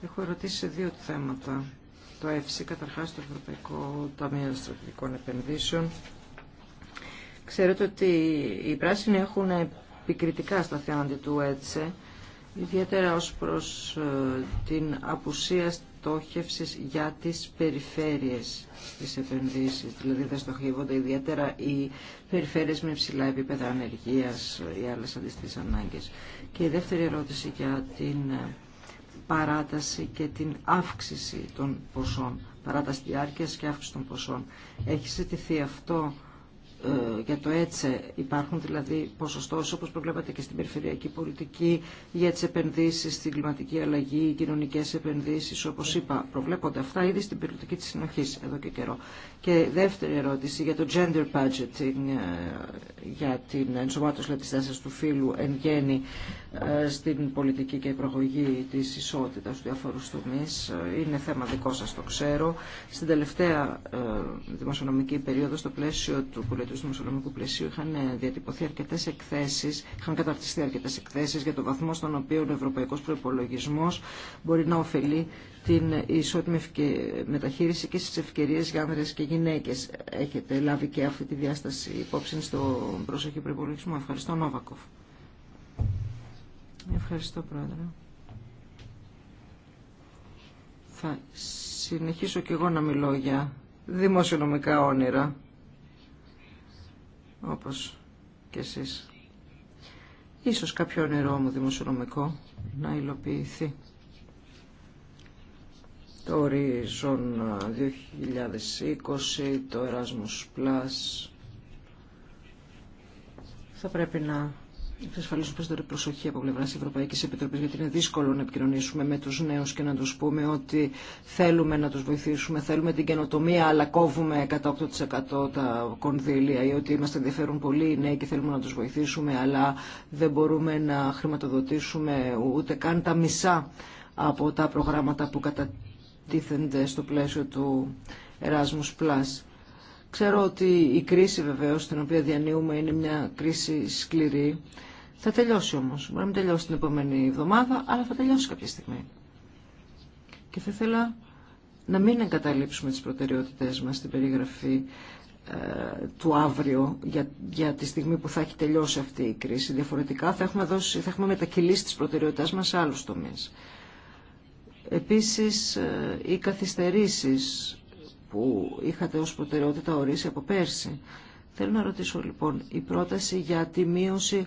Έχω ερωτήσει σε δύο θέματα. Το ΕΦΣΥ, καταρχάς το Ευρωπαϊκό Ταμείο Στρατηγικών Επενδύσεων. Ξέρετε ότι οι πράσινοι έχουν επικριτικά στα θέματα του ΕΤΣΕ, ιδιαίτερα ως προς ε, την απουσία για τις περιφέρειες της επενδύσεις. Δηλαδή δεν στοχεύονται ιδιαίτερα οι περιφέρειες με υψηλά επίπεδα ανεργίας ή άλλες αντίστοιχες ανάγκες. Και η δεύτερη ερώτηση για την ε, παράταση και την αύξηση των ποσών. Παράταση διάρκειας και αύξηση των ποσών. Έχει ζητηθεί αυτό ε, για το έτσε υπάρχουν δηλαδή ποσοστός όπως προβλέπατε και στην περιφερειακή πολιτική για τις επενδύσεις στην κλιματική αλλαγή, οι κοινωνικές επενδύσεις όπως είπα προβλέπονται αυτά ήδη στην πολιτική της συνοχής εδώ και καιρό. Και δεύτερη ερώτηση για το gender budgeting ε, για την ενσωμάτωση δηλαδή, της τάσης του φύλου εν γέννη ε, στην πολιτική και προγωγή της ισότητας του διαφορού τομείς. Είναι θέμα δικό σας το ξέρω. Στην τελευταία δημοσιονομική περίοδο στο πλαίσιο του του δημοσιονομικού πλαισίου είχαν ε, διατυπωθεί αρκετέ εκθέσεις, είχαν καταρτιστεί αρκετέ εκθέσει για το βαθμό στον οποίο ο ευρωπαϊκό προπολογισμό μπορεί να ωφελεί την ισότιμη μεταχείριση και στι ευκαιρίε για άνδρε και γυναίκε. Έχετε λάβει και αυτή τη διάσταση υπόψη στο προσοχή προπολογισμό. Ευχαριστώ, Νόβακοφ. Ευχαριστώ, Πρόεδρε. Θα συνεχίσω και εγώ να μιλώ για δημοσιονομικά όνειρα όπως και εσείς. Ίσως κάποιο νερό μου δημοσιονομικό να υλοποιηθεί. Το Horizon 2020, το Erasmus Plus. Θα πρέπει να πω τώρα προσοχή από πλευρά τη Ευρωπαϊκή Επιτροπή, γιατί είναι δύσκολο να επικοινωνήσουμε με του νέου και να του πούμε ότι θέλουμε να του βοηθήσουμε, θέλουμε την καινοτομία, αλλά κόβουμε κατά 8% τα κονδύλια, ή ότι είμαστε ενδιαφέρουν πολύ οι νέοι και θέλουμε να του βοηθήσουμε, αλλά δεν μπορούμε να χρηματοδοτήσουμε ούτε καν τα μισά από τα προγράμματα που κατατίθενται στο πλαίσιο του Erasmus Ξέρω ότι η κρίση βεβαίως την οποία διανύουμε είναι μια κρίση σκληρή. Θα τελειώσει όμως. Μπορεί να μην τελειώσει την επόμενη εβδομάδα, αλλά θα τελειώσει κάποια στιγμή. Και θα ήθελα να μην εγκαταλείψουμε τις προτεραιότητές μας στην περιγραφή ε, του αύριο για, για τη στιγμή που θα έχει τελειώσει αυτή η κρίση. Διαφορετικά θα έχουμε, δώσει, θα έχουμε μετακυλήσει τις προτεραιότητές μας σε άλλους τομείς. Επίσης, ε, οι καθυστερήσεις που είχατε ως προτεραιότητα ορίσει από πέρσι. Θέλω να ρωτήσω λοιπόν, η πρόταση για τη μείωση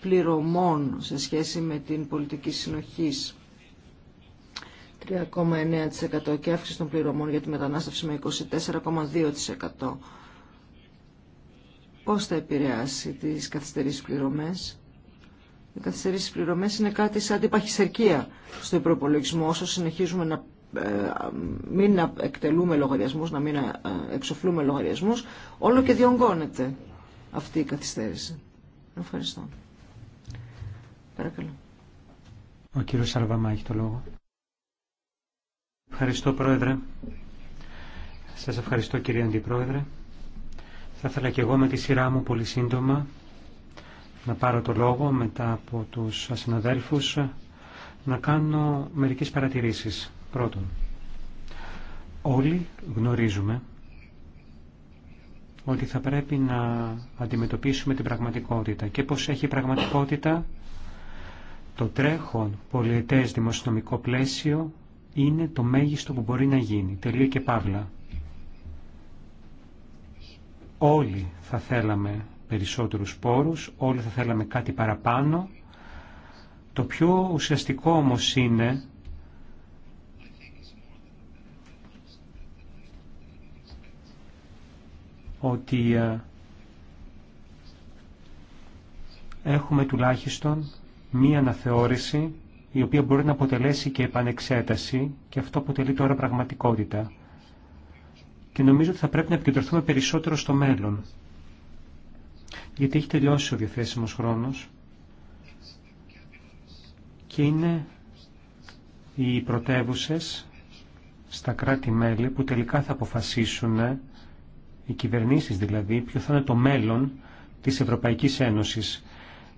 πληρωμών σε σχέση με την πολιτική συνοχής 3,9% και αύξηση των πληρωμών για τη μετανάστευση με 24,2%. Πώς θα επηρεάσει τις καθυστερήσεις πληρωμές. Οι καθυστερήσεις πληρωμές είναι κάτι σαν την παχυσερκία στο υπροπολογισμό. Όσο συνεχίζουμε να ε, μην εκτελούμε λογαριασμούς, να μην ε, εξοφλούμε λογαριασμούς, όλο και διονγκώνεται αυτή η καθυστέρηση. Ευχαριστώ. Παρακαλώ. Ο κύριος Σαρβαμά έχει το λόγο. Ευχαριστώ Πρόεδρε. Σας ευχαριστώ κύριε Αντιπρόεδρε. Θα ήθελα και εγώ με τη σειρά μου πολύ σύντομα να πάρω το λόγο μετά από τους συναδέλφους να κάνω μερικές παρατηρήσεις. Πρώτον, όλοι γνωρίζουμε ότι θα πρέπει να αντιμετωπίσουμε την πραγματικότητα και πώς έχει πραγματικότητα το τρέχον πολιετές δημοσιονομικό πλαίσιο είναι το μέγιστο που μπορεί να γίνει. Τελεία και παύλα. Όλοι θα θέλαμε περισσότερους πόρους, όλοι θα θέλαμε κάτι παραπάνω. Το πιο ουσιαστικό όμως είναι ότι ε, έχουμε τουλάχιστον μία αναθεώρηση η οποία μπορεί να αποτελέσει και επανεξέταση και αυτό αποτελεί τώρα πραγματικότητα. Και νομίζω ότι θα πρέπει να επικεντρωθούμε περισσότερο στο μέλλον. Γιατί έχει τελειώσει ο διαθέσιμος χρόνος και είναι οι πρωτεύουσε στα κράτη-μέλη που τελικά θα αποφασίσουν οι κυβερνήσεις δηλαδή, ποιο θα είναι το μέλλον της Ευρωπαϊκής Ένωσης.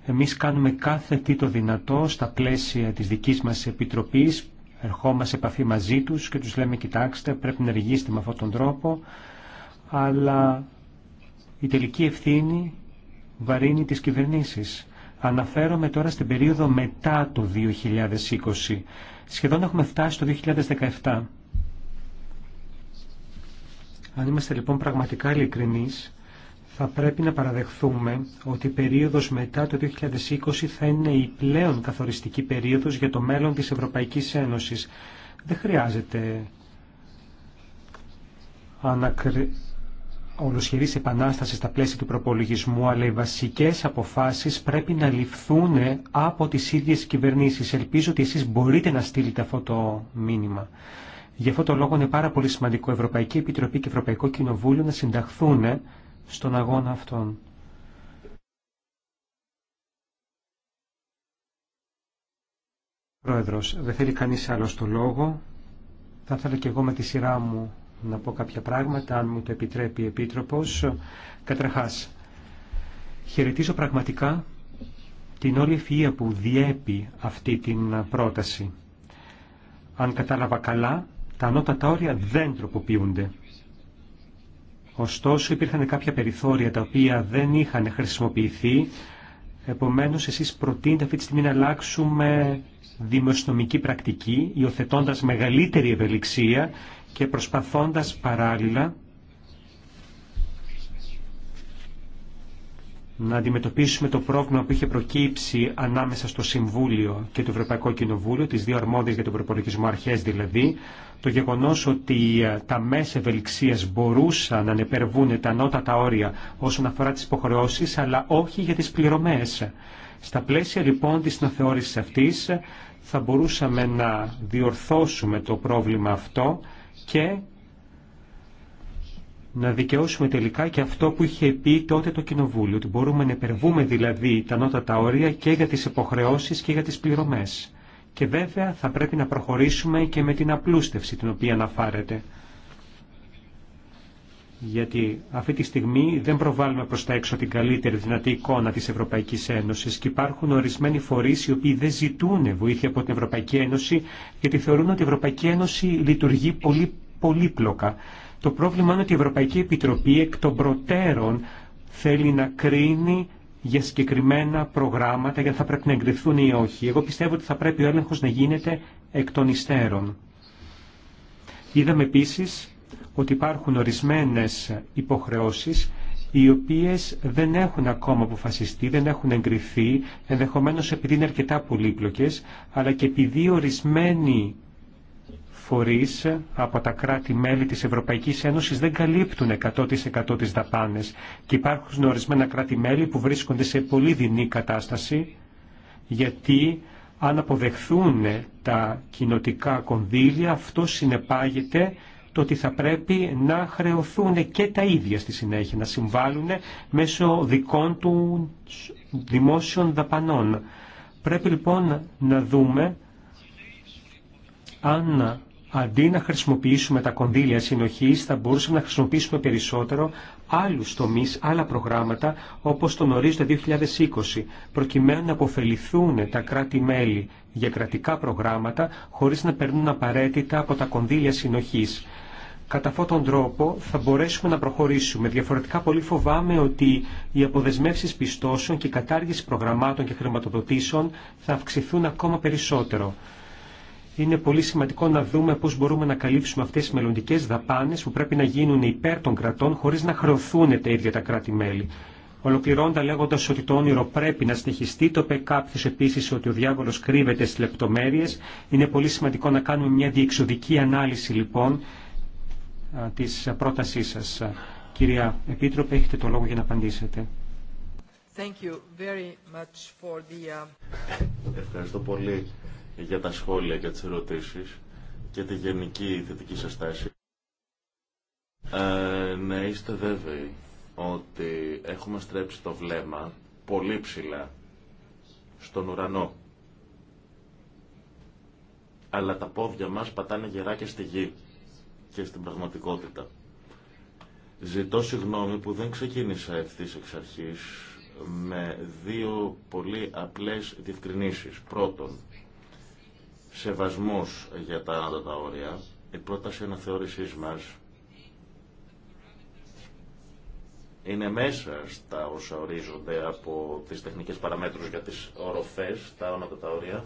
Εμείς κάνουμε κάθε τι το δυνατό στα πλαίσια της δικής μας Επιτροπής, ερχόμαστε σε επαφή μαζί τους και τους λέμε κοιτάξτε πρέπει να εργήσετε με αυτόν τον τρόπο, αλλά η τελική ευθύνη βαρύνει τις κυβερνήσεις. Αναφέρομαι τώρα στην περίοδο μετά το 2020. Σχεδόν έχουμε φτάσει το 2017. Αν είμαστε λοιπόν πραγματικά ειλικρινεί, θα πρέπει να παραδεχθούμε ότι η περίοδος μετά το 2020 θα είναι η πλέον καθοριστική περίοδος για το μέλλον της Ευρωπαϊκής Ένωσης. Δεν χρειάζεται ανακρι... ολοσχερής επανάσταση στα πλαίσια του προπολογισμού, αλλά οι βασικές αποφάσεις πρέπει να ληφθούν από τις ίδιες κυβερνήσεις. Ελπίζω ότι εσείς μπορείτε να στείλετε αυτό το μήνυμα. Γι' αυτό το λόγο είναι πάρα πολύ σημαντικό Ευρωπαϊκή Επιτροπή και Ευρωπαϊκό Κοινοβούλιο να συνταχθούν στον αγώνα αυτόν. Πρόεδρος, δεν θέλει κανείς άλλο το λόγο. Θα ήθελα και εγώ με τη σειρά μου να πω κάποια πράγματα, αν μου το επιτρέπει η Επίτροπος. Καταρχάς, χαιρετίζω πραγματικά την όλη ευφυΐα που διέπει αυτή την πρόταση. Αν κατάλαβα καλά, τα ανώτατα όρια δεν τροποποιούνται. Ωστόσο υπήρχαν κάποια περιθώρια τα οποία δεν είχαν χρησιμοποιηθεί, επομένως εσείς προτείνετε αυτή τη στιγμή να αλλάξουμε δημοσιονομική πρακτική, υιοθετώντα μεγαλύτερη ευελιξία και προσπαθώντας παράλληλα να αντιμετωπίσουμε το πρόβλημα που είχε προκύψει ανάμεσα στο Συμβούλιο και το Ευρωπαϊκό Κοινοβούλιο, τις δύο αρμόδιες για τον προπολογισμό αρχές δηλαδή, το γεγονός ότι ε, τα μέσα ευελιξίας μπορούσαν να ανεπερβούν τα ανώτατα όρια όσον αφορά τις υποχρεώσεις, αλλά όχι για τις πληρωμές. Στα πλαίσια λοιπόν της συνοθεώρησης αυτής θα μπορούσαμε να διορθώσουμε το πρόβλημα αυτό και να δικαιώσουμε τελικά και αυτό που είχε πει τότε το Κοινοβούλιο, ότι μπορούμε να υπερβούμε δηλαδή τα νότατα όρια και για τις υποχρεώσεις και για τις πληρωμές. Και βέβαια θα πρέπει να προχωρήσουμε και με την απλούστευση την οποία αναφάρεται. Γιατί αυτή τη στιγμή δεν προβάλλουμε προς τα έξω την καλύτερη δυνατή εικόνα της Ευρωπαϊκής Ένωσης και υπάρχουν ορισμένοι φορείς οι οποίοι δεν ζητούν βοήθεια από την Ευρωπαϊκή Ένωση γιατί θεωρούν ότι η Ευρωπαϊκή Ένωση λειτουργεί πολύ πολύπλοκα. Το πρόβλημα είναι ότι η Ευρωπαϊκή Επιτροπή εκ των προτέρων θέλει να κρίνει για συγκεκριμένα προγράμματα, για θα πρέπει να εγκριθούν ή όχι. Εγώ πιστεύω ότι θα πρέπει ο έλεγχος να γίνεται εκ των υστέρων. Είδαμε επίσης ότι υπάρχουν ορισμένες υποχρεώσεις οι οποίες δεν έχουν ακόμα αποφασιστεί, δεν έχουν εγκριθεί, ενδεχομένως επειδή είναι αρκετά πολύπλοκες, αλλά και επειδή ορισμένοι φορείς από τα κράτη-μέλη της Ευρωπαϊκής Ένωσης δεν καλύπτουν 100% τις δαπάνες και υπάρχουν ορισμένα κράτη-μέλη που βρίσκονται σε πολύ δεινή κατάσταση γιατί αν αποδεχθούν τα κοινοτικά κονδύλια αυτό συνεπάγεται το ότι θα πρέπει να χρεωθούν και τα ίδια στη συνέχεια, να συμβάλλουν μέσω δικών του δημόσιων δαπανών. Πρέπει λοιπόν να δούμε αν Αντί να χρησιμοποιήσουμε τα κονδύλια συνοχής, θα μπορούσαμε να χρησιμοποιήσουμε περισσότερο άλλους τομείς, άλλα προγράμματα, όπως τον ορίζοντα 2020, προκειμένου να αποφεληθούν τα κράτη-μέλη για κρατικά προγράμματα, χωρίς να περνούν απαραίτητα από τα κονδύλια συνοχής. Κατά αυτόν τον τρόπο θα μπορέσουμε να προχωρήσουμε. Διαφορετικά πολύ φοβάμαι ότι οι αποδεσμεύσεις πιστώσεων και η κατάργηση προγραμμάτων και χρηματοδοτήσεων θα αυξηθούν ακόμα περισσότερο είναι πολύ σημαντικό να δούμε πώς μπορούμε να καλύψουμε αυτές τις μελλοντικέ δαπάνες που πρέπει να γίνουν υπέρ των κρατών χωρίς να χρεωθούν τα ίδια τα κράτη-μέλη. Ολοκληρώντα λέγοντα ότι το όνειρο πρέπει να συνεχιστεί, το είπε κάποιο επίση ότι ο διάβολο κρύβεται στι λεπτομέρειε. Είναι πολύ σημαντικό να κάνουμε μια διεξοδική ανάλυση λοιπόν τη πρότασή σα. Κυρία Επίτροπε, έχετε το λόγο για να απαντήσετε. Thank you very much for the... Uh, Ευχαριστώ πολύ για τα σχόλια και τις ερωτήσεις και τη γενική θετική σας τάση. Ε, να είστε βέβαιοι ότι έχουμε στρέψει το βλέμμα πολύ ψηλά στον ουρανό. Αλλά τα πόδια μας πατάνε γερά και στη γη και στην πραγματικότητα. Ζητώ συγγνώμη που δεν ξεκίνησα ευθύς εξ αρχής με δύο πολύ απλές διευκρινήσεις. Πρώτον, σεβασμός για τα άνωτα όρια, η πρόταση αναθεώρησής μας είναι μέσα στα όσα ορίζονται από τις τεχνικές παραμέτρους για τις οροφές, τα όνοτα τα όρια.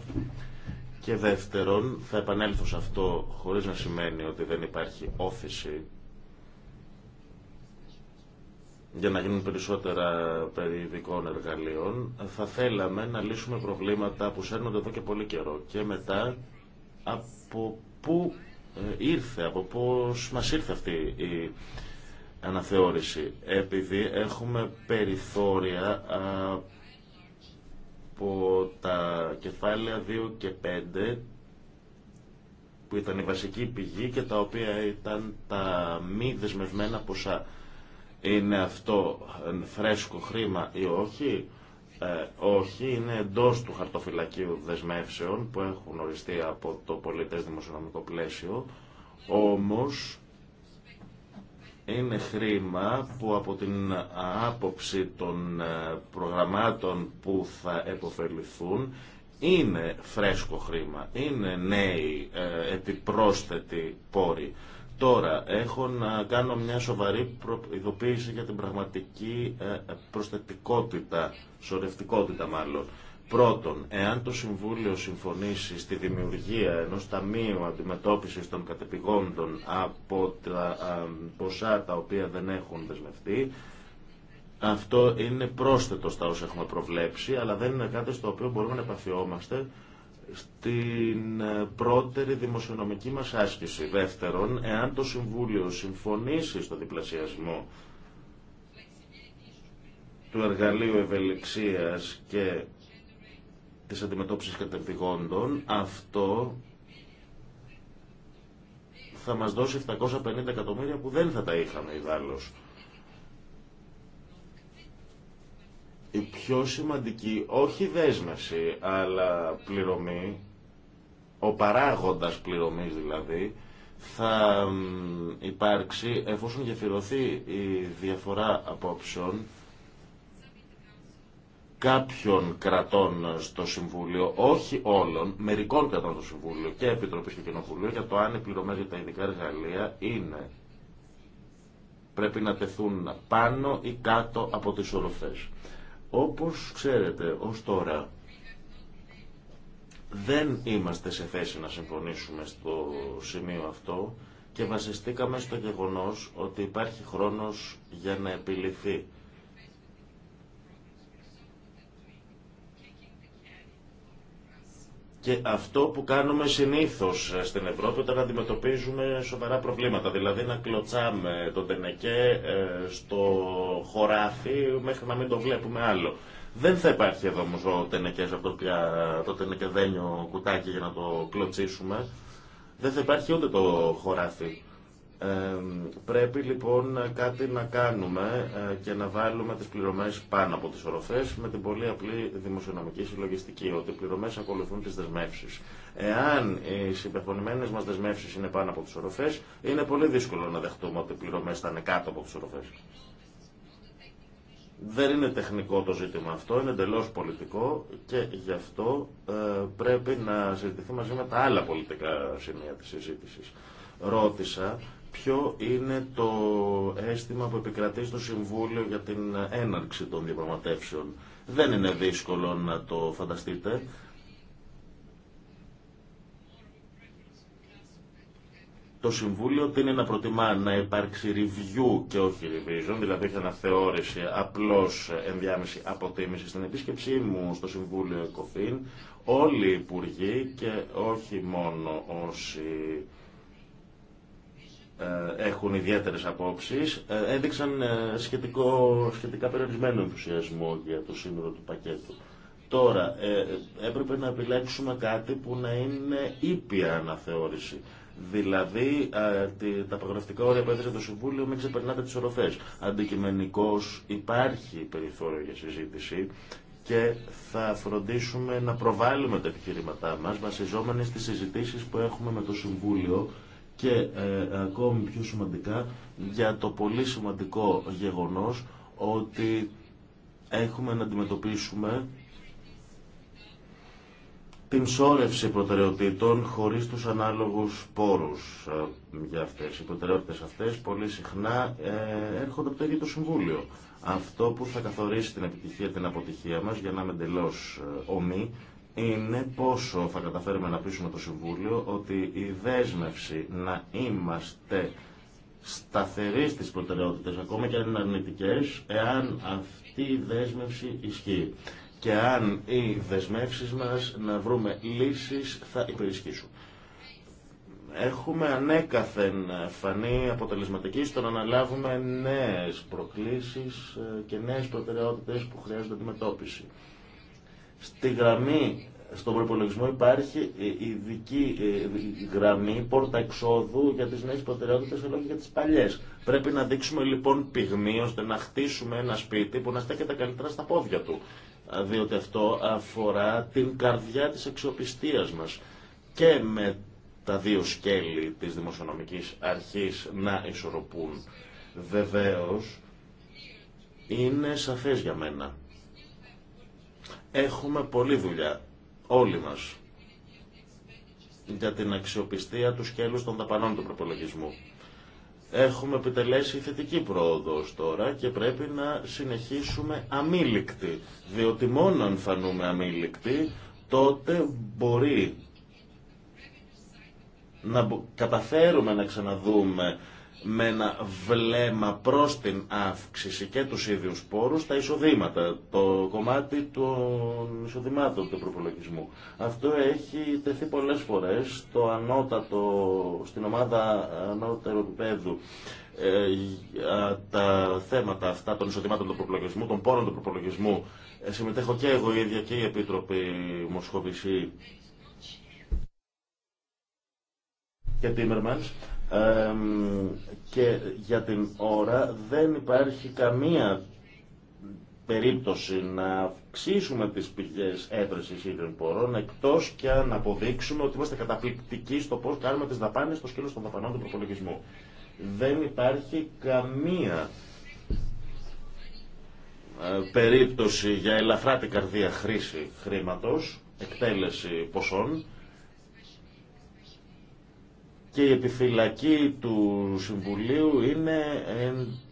Και δεύτερον, θα επανέλθω σε αυτό χωρίς να σημαίνει ότι δεν υπάρχει όθηση για να γίνουν περισσότερα περί ειδικών εργαλείων, θα θέλαμε να λύσουμε προβλήματα που σέρνονται εδώ και πολύ καιρό. Και μετά, από πού ε, ήρθε, από πώς μας ήρθε αυτή η αναθεώρηση. Επειδή έχουμε περιθώρια από τα κεφάλαια 2 και 5, που ήταν η βασική πηγή και τα οποία ήταν τα μη δεσμευμένα ποσά είναι αυτό φρέσκο χρήμα ή όχι. Ε, όχι, είναι εντό του χαρτοφυλακίου δεσμεύσεων που έχουν οριστεί από το πολιτέ δημοσιονομικό πλαίσιο. Όμω είναι χρήμα που από την άποψη των ε, προγραμμάτων που θα επωφεληθούν είναι φρέσκο χρήμα, είναι νέοι ε, επιπρόσθετοι πόροι. Τώρα, έχω να κάνω μια σοβαρή ειδοποίηση για την πραγματική ε, προσθετικότητα, σωρευτικότητα μάλλον. Πρώτον, εάν το Συμβούλιο συμφωνήσει στη δημιουργία ενός ταμείου αντιμετώπισης των κατεπηγόντων από τα ποσά τα οποία δεν έχουν δεσμευτεί, αυτό είναι πρόσθετο στα όσα έχουμε προβλέψει, αλλά δεν είναι κάτι στο οποίο μπορούμε να επαφιόμαστε στην ε, πρώτερη δημοσιονομική μας άσκηση. Δεύτερον, εάν το Συμβούλιο συμφωνήσει στο διπλασιασμό του εργαλείου ευελιξίας και της αντιμετώπισης κατευθυγόντων, αυτό θα μας δώσει 750 εκατομμύρια που δεν θα τα είχαμε ιδάλλως. η πιο σημαντική, όχι δέσμευση, αλλά πληρωμή, ο παράγοντας πληρωμής δηλαδή, θα υπάρξει εφόσον γεφυρωθεί η διαφορά απόψεων κάποιων κρατών στο Συμβούλιο, όχι όλων, μερικών κρατών στο Συμβούλιο και Επιτροπής και Κοινοβουλίου για το αν οι πληρωμές για τα ειδικά εργαλεία είναι πρέπει να τεθούν πάνω ή κάτω από τις οροφές. Όπως ξέρετε, ως τώρα δεν είμαστε σε θέση να συμφωνήσουμε στο σημείο αυτό και βασιστήκαμε στο γεγονός ότι υπάρχει χρόνος για να επιληθεί Και αυτό που κάνουμε συνήθως ε, στην Ευρώπη όταν αντιμετωπίζουμε σοβαρά προβλήματα, δηλαδή να κλωτσάμε τον τενεκέ ε, στο χωράφι μέχρι να μην το βλέπουμε άλλο. Δεν θα υπάρχει εδώ όμω ο τενεκέ το, πια, το τενεκεδένιο κουτάκι για να το κλωτσίσουμε. Δεν θα υπάρχει ούτε το χωράφι πρέπει λοιπόν κάτι να κάνουμε ε, και να βάλουμε τις πληρωμές πάνω από τις οροφές με την πολύ απλή δημοσιονομική συλλογιστική, ότι οι πληρωμές ακολουθούν τις δεσμεύσεις. Εάν οι συμπεφωνημένες μας δεσμεύσεις είναι πάνω από τις οροφές, είναι πολύ δύσκολο να δεχτούμε ότι οι πληρωμές θα είναι κάτω από τις οροφές. Δεν είναι τεχνικό το ζήτημα αυτό, είναι εντελώ πολιτικό και γι' αυτό ε, πρέπει να συζητηθεί μαζί με τα άλλα πολιτικά σημεία της συζήτησης. Ρώτησα ποιο είναι το αίσθημα που επικρατεί στο Συμβούλιο για την έναρξη των διαπραγματεύσεων. Δεν είναι δύσκολο να το φανταστείτε. Το Συμβούλιο τίνει να προτιμά να υπάρξει review και όχι revision, δηλαδή να αναθεώρηση, απλώ ενδιάμεση αποτίμηση. Στην επίσκεψή μου στο Συμβούλιο ΕΚΟΦΗΝ, όλοι οι υπουργοί και όχι μόνο όσοι ε, έχουν ιδιαίτερες απόψεις ε, έδειξαν ε, σχετικό, σχετικά περιορισμένο ενθουσιασμό για το σύνολο του πακέτου. Τώρα, έπρεπε να επιλέξουμε κάτι που να είναι ήπια αναθεώρηση. Δηλαδή, τα προγραφτικά όρια που έδειξε το Συμβούλιο μην ξεπερνάτε τις οροφές. Αντικειμενικώς υπάρχει περιθώριο για συζήτηση και θα φροντίσουμε να προβάλλουμε τα επιχειρήματά μας βασιζόμενοι στις συζητήσεις που έχουμε με το Συμβούλιο και ε, ακόμη πιο σημαντικά για το πολύ σημαντικό γεγονός ότι έχουμε να αντιμετωπίσουμε την σώρευση προτεραιοτήτων χωρίς τους ανάλογους πόρους ε, για αυτές. Οι προτεραιότητες αυτές πολύ συχνά ε, έρχονται από το ίδιο το Συμβούλιο. Αυτό που θα καθορίσει την επιτυχία την αποτυχία μας, για να είμαι εντελώ ε, ομοί, είναι πόσο θα καταφέρουμε να πείσουμε το Συμβούλιο ότι η δέσμευση να είμαστε σταθεροί στις προτεραιότητες, ακόμα και αν είναι αρνητικές, εάν αυτή η δέσμευση ισχύει. Και αν οι δεσμεύσεις μας να βρούμε λύσεις θα υπερισχύσουν. Έχουμε ανέκαθεν φανεί αποτελεσματική στο να αναλάβουμε νέες προκλήσεις ε, και νέες προτεραιότητες που χρειάζονται αντιμετώπιση. Στη γραμμή στον προπολογισμό υπάρχει ε, ειδική ε, γραμμή, πόρτα εξόδου για τις νέες προτεραιότητες αλλά και για τις παλιές. Πρέπει να δείξουμε λοιπόν πυγμή ώστε να χτίσουμε ένα σπίτι που να στέκεται καλύτερα στα πόδια του. Διότι αυτό αφορά την καρδιά της αξιοπιστίας μας. Και με τα δύο σκέλη της δημοσιονομικής αρχής να ισορροπούν. Βεβαίως, είναι σαφές για μένα. Έχουμε πολλή δουλειά όλοι μας για την αξιοπιστία του σκέλους των δαπανών του προπολογισμού. Έχουμε επιτελέσει θετική πρόοδο τώρα και πρέπει να συνεχίσουμε αμήλικτοι, διότι μόνο αν φανούμε αμήλικτοι, τότε μπορεί να καταφέρουμε να ξαναδούμε με ένα βλέμμα προς την αύξηση και τους ίδιους πόρους τα εισοδήματα, το κομμάτι των εισοδημάτων του προπολογισμού. Αυτό έχει τεθεί πολλές φορές στο ανώτατο, στην ομάδα ανώτερου επίπεδου ε, τα θέματα αυτά των εισοδημάτων του προπολογισμού, των πόρων του προπολογισμού. Ε, συμμετέχω και εγώ ίδια και η Επίτροπη Μοσχοβησή και Τίμερμανς και για την ώρα δεν υπάρχει καμία περίπτωση να αυξήσουμε τις πηγές έβρεσης ίδιων πορών εκτός και αν αποδείξουμε ότι είμαστε καταπληκτικοί στο πώς κάνουμε τις δαπάνες στο σκέλος των δαπανών του προπολογισμού. Δεν υπάρχει καμία ε, περίπτωση για ελαφρά την καρδία χρήση χρήματος, εκτέλεση ποσών και η επιφυλακή του Συμβουλίου είναι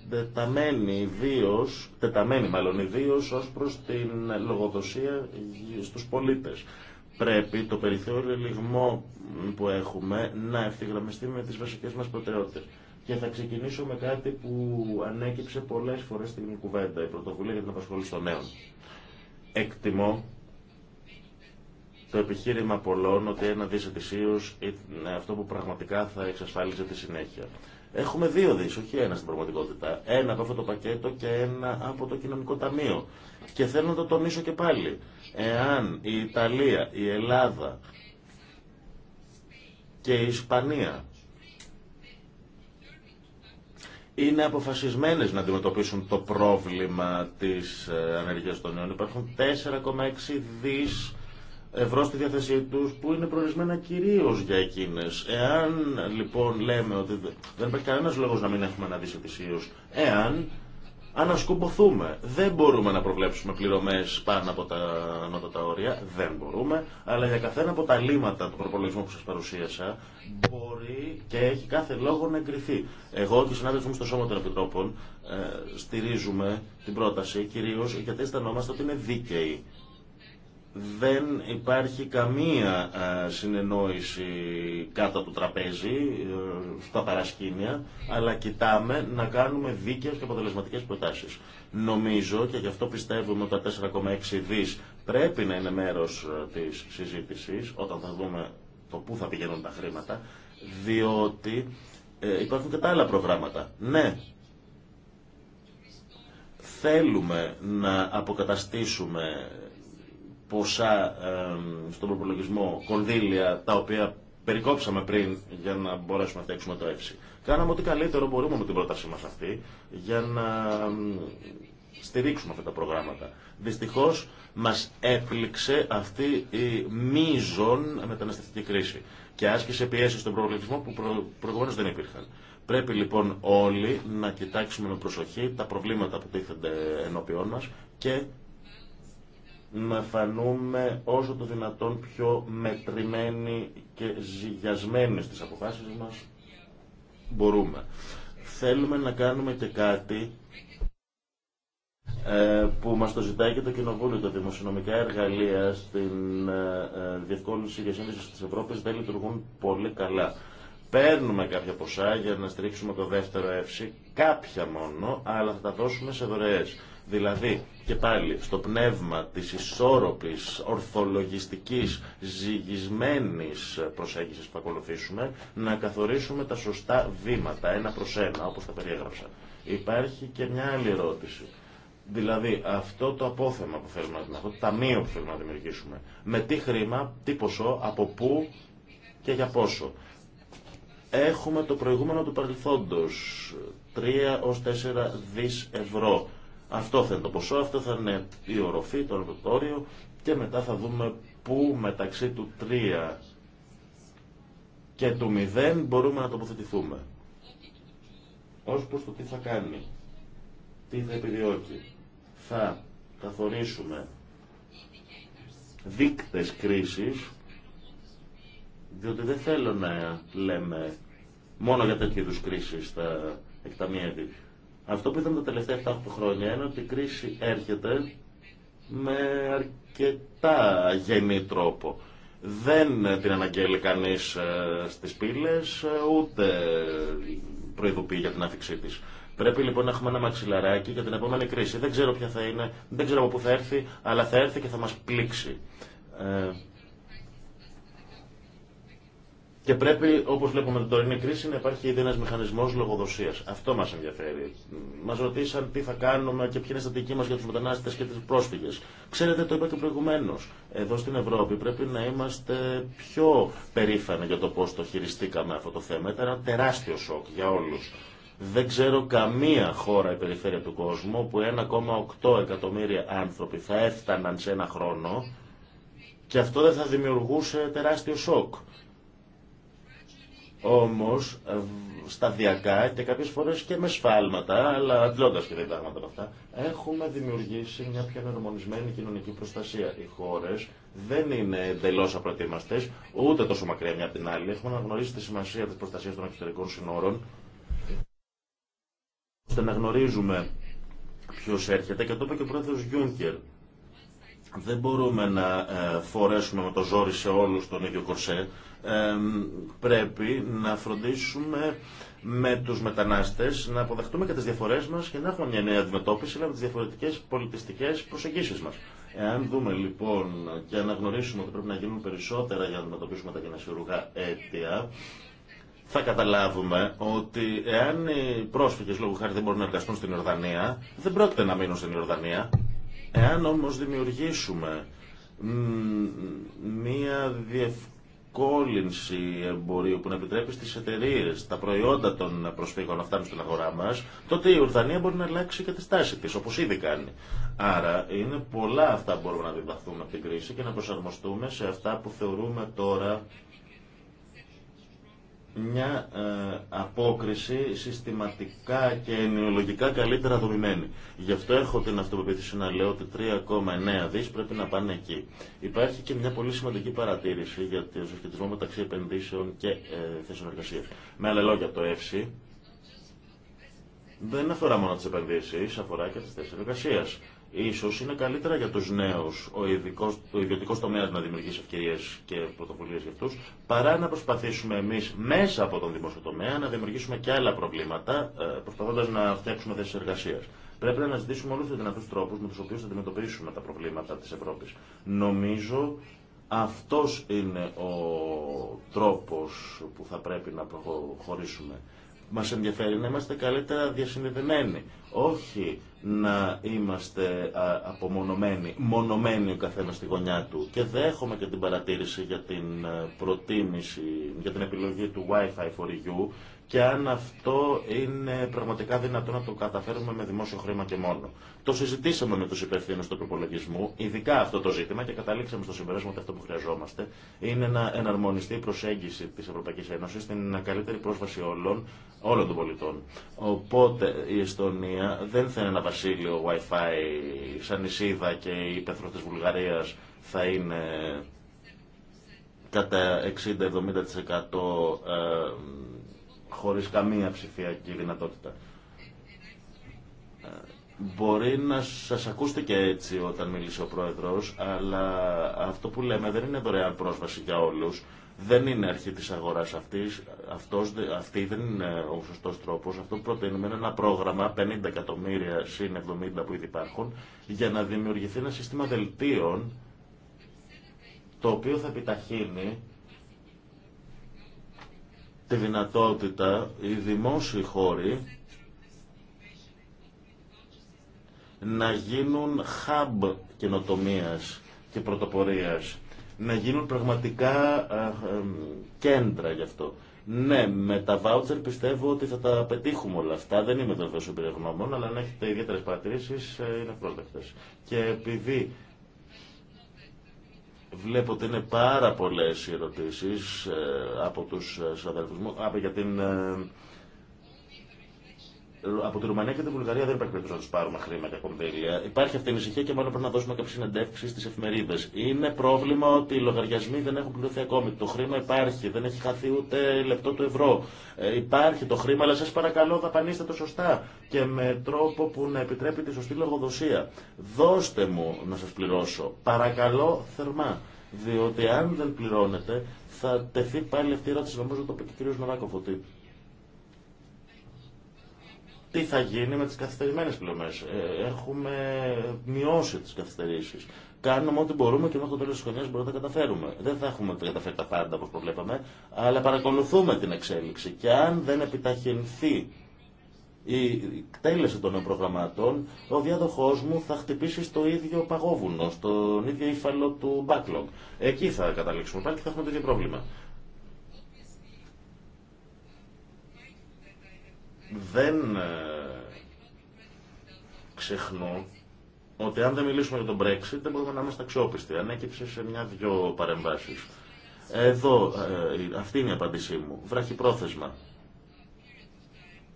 τεταμένη ιδίω, τεταμένη μάλλον ιδίως ως προς την λογοδοσία στους πολίτες. Πρέπει το περιθώριο λιγμό που έχουμε να ευθυγραμμιστεί με τις βασικές μας προτεραιότητες. Και θα ξεκινήσω με κάτι που ανέκυψε πολλές φορές στην κουβέντα, η πρωτοβουλία για την απασχόληση των νέων. Εκτιμώ το επιχείρημα πολλών ότι ένα δις ετησίως είναι αυτό που πραγματικά θα εξασφάλιζε τη συνέχεια. Έχουμε δύο δις, όχι ένα στην πραγματικότητα. Ένα από αυτό το πακέτο και ένα από το κοινωνικό ταμείο. Και θέλω να το τονίσω και πάλι. Εάν η Ιταλία, η Ελλάδα και η Ισπανία είναι αποφασισμένες να αντιμετωπίσουν το πρόβλημα της ε, ανεργίας των νέων. Υπάρχουν 4,6 δις ευρώ στη διάθεσή του που είναι προορισμένα κυρίω για εκείνε. Εάν λοιπόν λέμε ότι δεν υπάρχει κανένα λόγο να μην έχουμε ένα ετησίως, εάν ανασκουμποθούμε. Δεν μπορούμε να προβλέψουμε πληρωμές πάνω από τα ανώτατα όρια, δεν μπορούμε, αλλά για καθένα από τα λύματα του προπολογισμού που σα παρουσίασα μπορεί και έχει κάθε λόγο να εγκριθεί. Εγώ και οι συνάδελφοι μου στο Σώμα των Επιτρόπων ε, στηρίζουμε την πρόταση κυρίω γιατί αισθανόμαστε ότι είναι δίκαιοι δεν υπάρχει καμία ε, συνεννόηση κάτω από το τραπέζι, ε, στα παρασκήνια, αλλά κοιτάμε να κάνουμε δίκαιες και αποτελεσματικές προτάσεις. Νομίζω και γι' αυτό πιστεύουμε ότι τα 4,6 δις πρέπει να είναι μέρος ε, της συζήτησης, όταν θα δούμε το πού θα πηγαίνουν τα χρήματα, διότι υπάρχουν και τα άλλα προγράμματα. Ναι, θέλουμε να αποκαταστήσουμε ποσά στον προπολογισμό κονδύλια τα οποία περικόψαμε πριν για να μπορέσουμε να φτιάξουμε το έψη. Κάναμε ό,τι καλύτερο μπορούμε με την πρότασή μας αυτή για να στηρίξουμε αυτά τα προγράμματα. Δυστυχώς μας έπληξε αυτή η μείζον μεταναστευτική κρίση και άσκησε πιέσει στον προπολογισμό που προ... προηγουμένως δεν υπήρχαν. Πρέπει λοιπόν όλοι να κοιτάξουμε με προσοχή τα προβλήματα που τίθενται ενώπιόν μας και να φανούμε όσο το δυνατόν πιο μετρημένοι και ζυγιασμένοι στις αποφάσεις μας μπορούμε. Θέλουμε να κάνουμε και κάτι ε, που μας το ζητάει και το Κοινοβούλιο. Τα δημοσιονομικά εργαλεία στην ε, ε, διευκόλυνση και σύνδεση της Ευρώπης δεν λειτουργούν πολύ καλά. Παίρνουμε κάποια ποσά για να στρίξουμε το δεύτερο εύση, κάποια μόνο, αλλά θα τα δώσουμε σε δωρεές. Δηλαδή, και πάλι, στο πνεύμα της ισόρροπης, ορθολογιστικής, ζυγισμένης προσέγγισης που ακολουθήσουμε, να καθορίσουμε τα σωστά βήματα, ένα προς ένα, όπως τα περιέγραψα. Υπάρχει και μια άλλη ερώτηση. Δηλαδή, αυτό το απόθεμα που θέλουμε να δημιουργήσουμε, αυτό το ταμείο που θέλουμε να δημιουργήσουμε, με τι χρήμα, τι ποσό, από πού και για πόσο. Έχουμε το προηγούμενο του παρελθόντος, 3 ως 4 δις ευρώ αυτό θα είναι το ποσό, αυτό θα είναι η οροφή, το εργοτόριο και μετά θα δούμε πού μεταξύ του 3 και του 0 μπορούμε να τοποθετηθούμε. Ως προς το τι θα κάνει, τι θα επιδιώκει. Θα καθορίσουμε δείκτες κρίσης, διότι δεν θέλω να λέμε μόνο για τέτοιου είδους κρίσεις τα εκταμιεύει. Αυτό που είδαμε τα τελευταία 7-8 χρόνια είναι ότι η κρίση έρχεται με αρκετά γενή τρόπο. Δεν την αναγγέλει κανείς ε, στις πύλες, ε, ούτε προειδοποιεί για την άφηξή της. Πρέπει λοιπόν να έχουμε ένα μαξιλαράκι για την επόμενη κρίση. Δεν ξέρω ποια θα είναι, δεν ξέρω από πού θα έρθει, αλλά θα έρθει και θα μας πλήξει. Ε, και πρέπει, όπω βλέπουμε την τωρινή κρίση, να υπάρχει ήδη ένα μηχανισμό λογοδοσία. Αυτό μα ενδιαφέρει. Μα ρωτήσαν τι θα κάνουμε και ποια είναι η στατική μα για του μετανάστε και τι πρόσφυγε. Ξέρετε, το είπα και προηγουμένω. Εδώ στην Ευρώπη πρέπει να είμαστε πιο περήφανοι για το πώ το χειριστήκαμε αυτό το θέμα. Ήταν ένα τεράστιο σοκ για όλου. Δεν ξέρω καμία χώρα η περιφέρεια του κόσμου που 1,8 εκατομμύρια άνθρωποι θα έφταναν σε ένα χρόνο και αυτό δεν θα δημιουργούσε τεράστιο σοκ. Όμως ε, σταδιακά και κάποιες φορές και με σφάλματα, αλλά αντλώντας και διδάγματα από αυτά, έχουμε δημιουργήσει μια πιο νερομονισμένη κοινωνική προστασία. Οι χώρες δεν είναι εντελώ απροετοίμαστε, ούτε τόσο μακριά μια από την άλλη. Έχουμε αναγνωρίσει τη σημασία της προστασίας των εξωτερικών συνόρων, ώστε να γνωρίζουμε ποιο έρχεται και το είπε και ο πρόεδρος Γιούνκερ δεν μπορούμε να ε, φορέσουμε με το ζόρι σε όλους τον ίδιο κορσέ. Ε, πρέπει να φροντίσουμε με τους μετανάστες να αποδεχτούμε και τις διαφορές μας και να έχουμε μια νέα αντιμετώπιση με τις διαφορετικές πολιτιστικές προσεγγίσεις μας. Εάν δούμε λοιπόν και αναγνωρίσουμε ότι πρέπει να γίνουμε περισσότερα για να αντιμετωπίσουμε τα γενεσιουργά αίτια, θα καταλάβουμε ότι εάν οι πρόσφυγες λόγω χάρη δεν μπορούν να εργαστούν στην Ιορδανία, δεν πρόκειται να μείνουν στην Ιορδανία, Εάν όμως δημιουργήσουμε μία διευκόλυνση εμπορίου που να επιτρέπει στις εταιρείε τα προϊόντα των προσφύγων να φτάνουν στην αγορά μας, τότε η Ορδανία μπορεί να αλλάξει και τη στάση της, όπως ήδη κάνει. Άρα είναι πολλά αυτά που μπορούμε να διδαχθούμε από την κρίση και να προσαρμοστούμε σε αυτά που θεωρούμε τώρα μια ε, απόκριση συστηματικά και ενοιολογικά καλύτερα δομημένη. Γι' αυτό έχω την αυτοπεποίθηση να λέω ότι 3,9 δις πρέπει να πάνε εκεί. Υπάρχει και μια πολύ σημαντική παρατήρηση για το συσχετισμό μεταξύ επενδύσεων και ε, θέσεων εργασία. Με άλλα λόγια, το ΕΦΣΥ δεν αφορά μόνο τις επενδύσεις, αφορά και τις θέσεις εργασίας. Ίσως είναι καλύτερα για τους νέους ο, ειδικός, ο ιδιωτικός τομέας να δημιουργήσει ευκαιρίες και πρωτοβουλίες για αυτούς, παρά να προσπαθήσουμε εμείς μέσα από τον δημόσιο τομέα να δημιουργήσουμε και άλλα προβλήματα, ε, προσπαθώντας να φτιάξουμε θέσεις εργασίας. Πρέπει να αναζητήσουμε όλους τους δυνατούς τρόπους με τους οποίους θα αντιμετωπίσουμε τα προβλήματα της Ευρώπης. Νομίζω αυτός είναι ο τρόπος που θα πρέπει να προχωρήσουμε. Μας ενδιαφέρει να είμαστε καλύτερα διασυνδεδεμένοι. Όχι να είμαστε απομονωμένοι, μονωμένοι ο καθένα στη γωνιά του. Και δέχομαι και την παρατήρηση για την ε, προτίμηση, για την επιλογή του Wi-Fi for you και αν αυτό είναι πραγματικά δυνατό να το καταφέρουμε με δημόσιο χρήμα και μόνο. Το συζητήσαμε με του υπευθύνου του προπολογισμού, ειδικά αυτό το ζήτημα, και καταλήξαμε στο συμπεράσμα ότι αυτό που χρειαζόμαστε είναι να εναρμονιστεί η προσέγγιση τη Ευρωπαϊκή Ένωση στην καλύτερη πρόσβαση όλων, όλων των πολιτών. Οπότε η Εστονία δεν θα είναι ένα βασίλειο WiFi σαν νησίδα και η πέθρο τη Βουλγαρία θα είναι κατά 60-70% χωρίς καμία ψηφιακή δυνατότητα. Ε, μπορεί να σας ακούστε και έτσι όταν μίλησε ο Πρόεδρος, αλλά αυτό που λέμε δεν είναι δωρεάν πρόσβαση για όλους. Δεν είναι αρχή της αγοράς αυτής, αυτός, αυτή δεν είναι ο σωστός τρόπος. Αυτό που προτείνουμε είναι ένα πρόγραμμα 50 εκατομμύρια συν 70 που ήδη υπάρχουν για να δημιουργηθεί ένα σύστημα δελτίων το οποίο θα επιταχύνει τη δυνατότητα οι δημόσιοι χώροι να γίνουν hub καινοτομίας και πρωτοπορίας, να γίνουν πραγματικά κέντρα γι' αυτό. Ναι, με τα voucher πιστεύω ότι θα τα πετύχουμε όλα αυτά. Δεν είμαι βεβαίω εμπειρογνώμων, αλλά αν έχετε ιδιαίτερε παρατηρήσει ε, είναι πρόσδεκτε. Και επειδή Βλέπω ότι είναι πάρα πολλές οι ερωτήσεις ε, από τους ε, αδερφούς μου. για την ε, από τη Ρουμανία και τη Βουλγαρία δεν υπάρχει περίπτωση να του πάρουμε χρήματα κομπέλια. Υπάρχει αυτή η ανησυχία και μάλλον πρέπει να δώσουμε κάποιε συνεντεύξει στι εφημερίδε. Είναι πρόβλημα ότι οι λογαριασμοί δεν έχουν πληρωθεί ακόμη. Το χρήμα υπάρχει, δεν έχει χαθεί ούτε λεπτό του ευρώ. Ε, υπάρχει το χρήμα, αλλά σα παρακαλώ δαπανίστε το σωστά και με τρόπο που να επιτρέπει τη σωστή λογοδοσία. Δώστε μου να σα πληρώσω. Παρακαλώ θερμά. Διότι αν δεν πληρώνετε θα τεθεί πάλι αυτή η ερώτηση νομίζω το είπε και ο κ. ότι τι θα γίνει με τις καθυστερημένες πληρωμές. Ε, έχουμε μειώσει τις καθυστερήσεις. Κάνουμε ό,τι μπορούμε και μέχρι το τέλο τη χρονιά μπορούμε να τα καταφέρουμε. Δεν θα έχουμε καταφέρει τα πάντα όπω προβλέπαμε, αλλά παρακολουθούμε την εξέλιξη. Και αν δεν επιταχυνθεί η εκτέλεση των προγραμμάτων, ο διάδοχό μου θα χτυπήσει στο ίδιο παγόβουνο, στον ίδιο ύφαλο του backlog. Εκεί θα καταλήξουμε πάλι και θα έχουμε το ίδιο πρόβλημα. Δεν ε, ξεχνώ ότι αν δεν μιλήσουμε για τον Brexit δεν μπορούμε να είμαστε αξιόπιστοι. Ανέκυψε σε μια-δυο παρεμβάσεις. Εδώ, ε, αυτή είναι η απάντησή μου. Βράχει πρόθεσμα.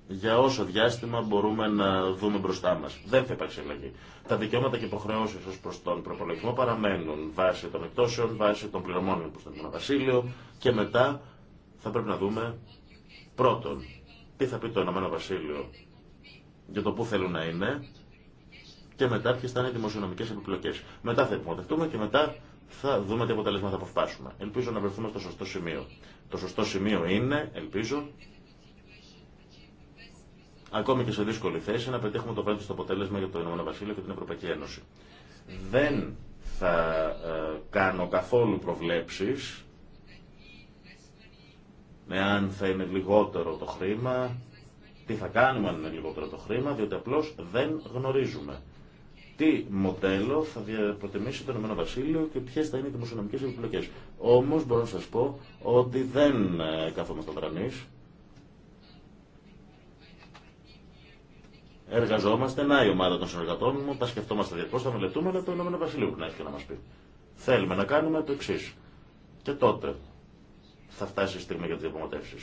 Για όσο διάστημα μπορούμε να δούμε μπροστά μα. Δεν θα υπάρξει αλλαγή. Τα δικαιώματα και υποχρεώσει ω προ τον προπολογισμό παραμένουν βάσει των εκτόσεων, βάσει των πληρωμών προ τον Βασίλειο και μετά θα πρέπει να δούμε πρώτον τι θα πει το Ηνωμένο Βασίλειο για το πού θέλουν να είναι και μετά ποιε θα είναι οι δημοσιονομικέ επιπλοκέ. Μετά θα υποδεχτούμε και μετά θα δούμε τι αποτέλεσμα θα αποφάσουμε. Ελπίζω να βρεθούμε στο σωστό σημείο. Το σωστό σημείο είναι, ελπίζω, ακόμη και σε δύσκολη θέση, να πετύχουμε το βέλτιστο αποτέλεσμα για το Ηνωμένο Βασίλειο και την Ευρωπαϊκή Ένωση. Δεν θα ε, κάνω καθόλου προβλέψεις αν θα είναι λιγότερο το χρήμα, τι θα κάνουμε αν είναι λιγότερο το χρήμα, διότι απλώς δεν γνωρίζουμε τι μοντέλο θα προτιμήσει το Ηνωμένο Βασίλειο και ποιε θα είναι οι δημοσιονομικέ επιπλοκέ. Όμω μπορώ να σα πω ότι δεν ε, καθόμαστε δρανεί. Εργαζόμαστε, να η ομάδα των συνεργατών μου, τα σκεφτόμαστε διαρκώ, τα μελετούμε, αλλά το Ηνωμένο Βασίλειο να έχει και να μα πει. Θέλουμε να κάνουμε το εξή. Και τότε θα φτάσει η στιγμή για τι διαπραγματεύσει.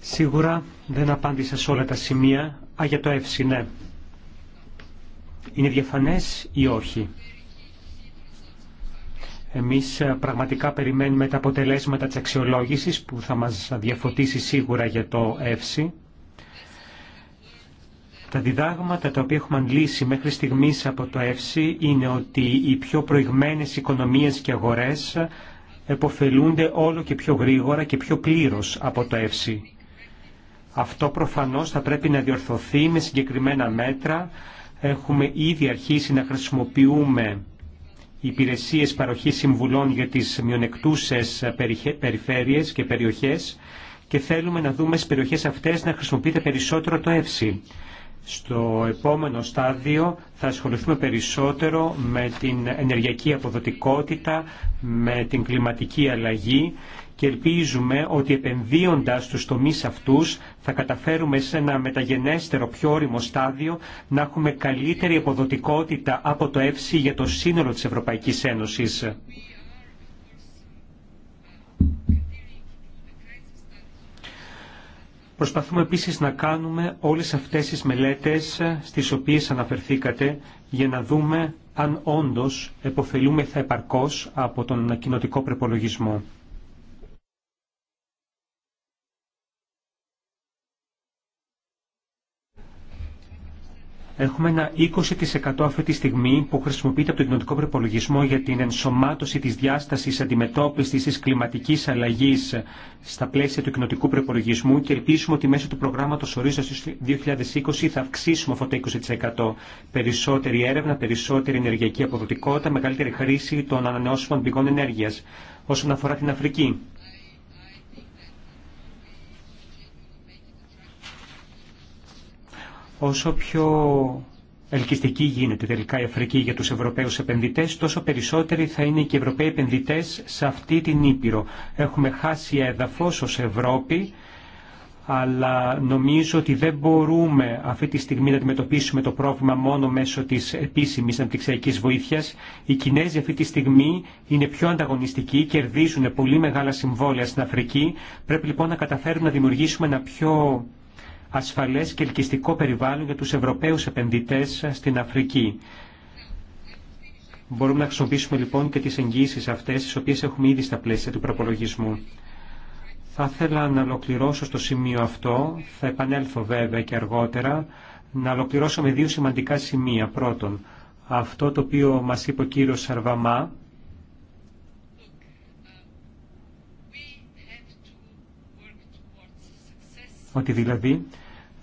Σίγουρα δεν απάντησα σε όλα τα σημεία, α για το εύση ναι. Είναι διαφανές ή όχι. Εμείς ε, πραγματικά περιμένουμε τα αποτελέσματα της αξιολόγησης που θα μας διαφωτίσει σίγουρα για το εύση. Τα διδάγματα τα οποία έχουμε αντλήσει μέχρι στιγμής από το ΕΦΣΥ είναι ότι οι πιο προηγμένες οικονομίες και αγορές εποφελούνται όλο και πιο γρήγορα και πιο πλήρως από το ΕΦΣΥ. Αυτό προφανώς θα πρέπει να διορθωθεί με συγκεκριμένα μέτρα. Έχουμε ήδη αρχίσει να χρησιμοποιούμε υπηρεσίες παροχής συμβουλών για τις μειονεκτούσες περιφέρειες και περιοχές και θέλουμε να δούμε στις περιοχές αυτές να χρησιμοποιείται περισσότερο το ΕΦΣΥ. Στο επόμενο στάδιο θα ασχοληθούμε περισσότερο με την ενεργειακή αποδοτικότητα, με την κλιματική αλλαγή και ελπίζουμε ότι επενδύοντας τους τομείς αυτούς θα καταφέρουμε σε ένα μεταγενέστερο πιο όριμο στάδιο να έχουμε καλύτερη αποδοτικότητα από το ΕΦΣΥ για το σύνολο της Ευρωπαϊκής Ένωσης. Προσπαθούμε επίσης να κάνουμε όλες αυτές τις μελέτες στις οποίες αναφερθήκατε για να δούμε αν όντως εποφελούμε θα επαρκώς από τον κοινοτικό προπολογισμό. Έχουμε ένα 20% αυτή τη στιγμή που χρησιμοποιείται από τον κοινωνικό προπολογισμό για την ενσωμάτωση της διάστασης αντιμετώπισης της κλιματικής αλλαγής στα πλαίσια του κοινωνικού προπολογισμού και ελπίζουμε ότι μέσω του προγράμματος ορίζοντας 2020 θα αυξήσουμε αυτό το 20%. Περισσότερη έρευνα, περισσότερη ενεργειακή αποδοτικότητα, μεγαλύτερη χρήση των ανανεώσιμων πηγών ενέργειας. Όσον αφορά την Αφρική, Όσο πιο ελκυστική γίνεται τελικά η Αφρική για τους Ευρωπαίους επενδυτές, τόσο περισσότεροι θα είναι και οι Ευρωπαίοι επενδυτές σε αυτή την Ήπειρο. Έχουμε χάσει έδαφος ως Ευρώπη, αλλά νομίζω ότι δεν μπορούμε αυτή τη στιγμή να αντιμετωπίσουμε το πρόβλημα μόνο μέσω της επίσημης αντιξιακής βοήθειας. Οι Κινέζοι αυτή τη στιγμή είναι πιο ανταγωνιστικοί, κερδίζουν πολύ μεγάλα συμβόλαια στην Αφρική. Πρέπει λοιπόν να καταφέρουμε να δημιουργήσουμε ένα πιο ασφαλές και ελκυστικό περιβάλλον για τους Ευρωπαίους επενδυτές στην Αφρική. Μπορούμε να χρησιμοποιήσουμε λοιπόν και τις εγγύσει αυτές, τις οποίες έχουμε ήδη στα πλαίσια του προπολογισμού. Θα ήθελα να ολοκληρώσω στο σημείο αυτό, θα επανέλθω βέβαια και αργότερα, να ολοκληρώσω με δύο σημαντικά σημεία. Πρώτον, αυτό το οποίο μας είπε ο κύριος Σαρβαμά, ότι δηλαδή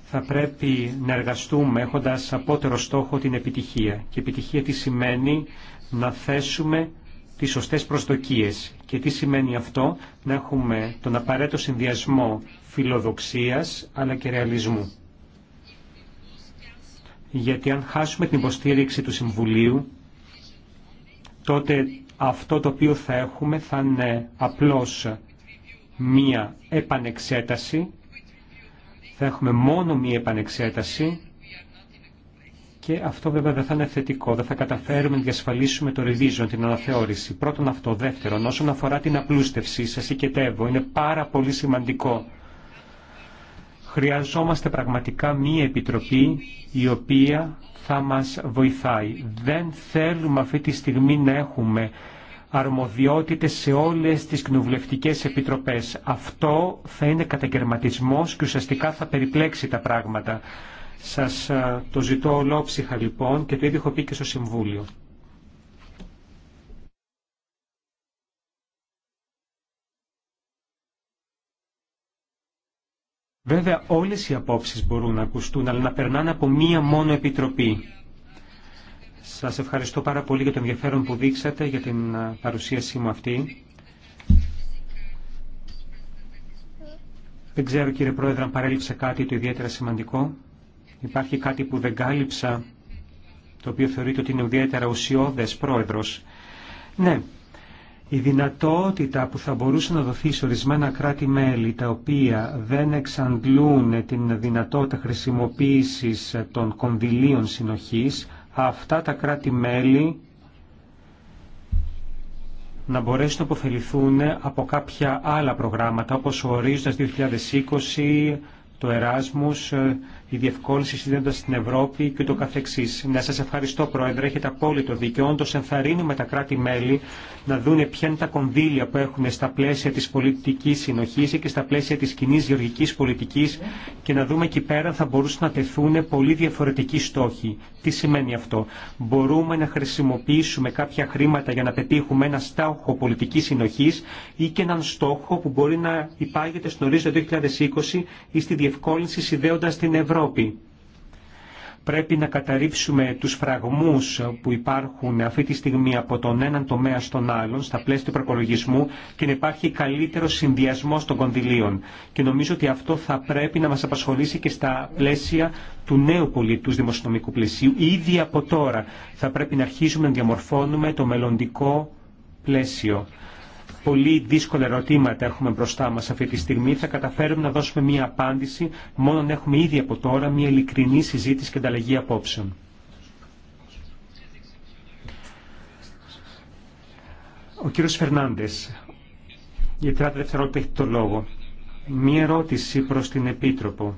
θα πρέπει να εργαστούμε έχοντας απότερο στόχο την επιτυχία. Και επιτυχία τι σημαίνει να θέσουμε τις σωστές προσδοκίες. Και τι σημαίνει αυτό, να έχουμε τον απαραίτητο συνδυασμό φιλοδοξίας αλλά και ρεαλισμού. Γιατί αν χάσουμε την υποστήριξη του Συμβουλίου, τότε αυτό το οποίο θα έχουμε θα είναι απλώς μία επανεξέταση θα έχουμε μόνο μία επανεξέταση και αυτό βέβαια δεν θα είναι θετικό. Δεν θα καταφέρουμε να διασφαλίσουμε το revision, την αναθεώρηση. Πρώτον αυτό. Δεύτερον, όσον αφορά την απλούστευση, σα οικετεύω, είναι πάρα πολύ σημαντικό. Χρειαζόμαστε πραγματικά μία επιτροπή η οποία θα μας βοηθάει. Δεν θέλουμε αυτή τη στιγμή να έχουμε αρμοδιότητες σε όλες τις κοινοβουλευτικές επιτροπές. Αυτό θα είναι καταγερματισμός και ουσιαστικά θα περιπλέξει τα πράγματα. Σας το ζητώ ολόψυχα λοιπόν και το ίδιο έχω πει και στο Συμβούλιο. Βέβαια όλες οι απόψεις μπορούν να ακουστούν, αλλά να περνάνε από μία μόνο επιτροπή. Σας ευχαριστώ πάρα πολύ για το ενδιαφέρον που δείξατε για την ε, παρουσίασή μου αυτή. Δεν ξέρω κύριε Πρόεδρε αν παρέλειψα κάτι το ιδιαίτερα σημαντικό. Υπάρχει κάτι που δεν κάλυψα, το οποίο θεωρείται ότι είναι ιδιαίτερα ουσιώδες πρόεδρος. Ναι, η δυνατότητα που θα μπορούσε να δοθεί σε ορισμένα κράτη-μέλη τα οποία δεν εξαντλούν την δυνατότητα χρησιμοποίησης των κονδυλίων συνοχής αυτά τα κράτη-μέλη να μπορέσουν να αποφεληθούν από κάποια άλλα προγράμματα όπως ο Ορίζοντας 2020, το Εράσμους η διευκόλυνση συνδέοντα στην Ευρώπη και το καθεξή. Να σα ευχαριστώ, Πρόεδρε, έχετε απόλυτο δίκιο. Όντω, ενθαρρύνουμε τα κράτη-μέλη να δούνε ποια είναι τα κονδύλια που έχουν στα πλαίσια τη πολιτική συνοχή και στα πλαίσια τη κοινή γεωργική πολιτική και να δούμε εκεί πέρα θα μπορούσαν να τεθούν πολύ διαφορετικοί στόχοι. Τι σημαίνει αυτό. Μπορούμε να χρησιμοποιήσουμε κάποια χρήματα για να πετύχουμε ένα στόχο πολιτική συνοχή ή και έναν στόχο που μπορεί να υπάγεται στον ορίζοντα 2020 ή στη διευκόλυνση συνδέοντα την Ευρώπη. Πρέπει να καταρρύψουμε τους φραγμούς που υπάρχουν αυτή τη στιγμή από τον έναν τομέα στον άλλον, στα πλαίσια του προπολογισμού και να υπάρχει καλύτερο συνδυασμός των κονδυλίων. Και νομίζω ότι αυτό θα πρέπει να μας απασχολήσει και στα πλαίσια του νέου πολιτού δημοσιονομικού πλαισίου. Ήδη από τώρα θα πρέπει να αρχίσουμε να διαμορφώνουμε το μελλοντικό πλαίσιο πολύ δύσκολα ερωτήματα έχουμε μπροστά μα αυτή τη στιγμή. Θα καταφέρουμε να δώσουμε μία απάντηση, μόνο να έχουμε ήδη από τώρα μία ειλικρινή συζήτηση και ανταλλαγή απόψεων. Ο κύριος Φερνάντες, για 30 δευτερόλεπτα έχει το λόγο. Μία ερώτηση προς την Επίτροπο.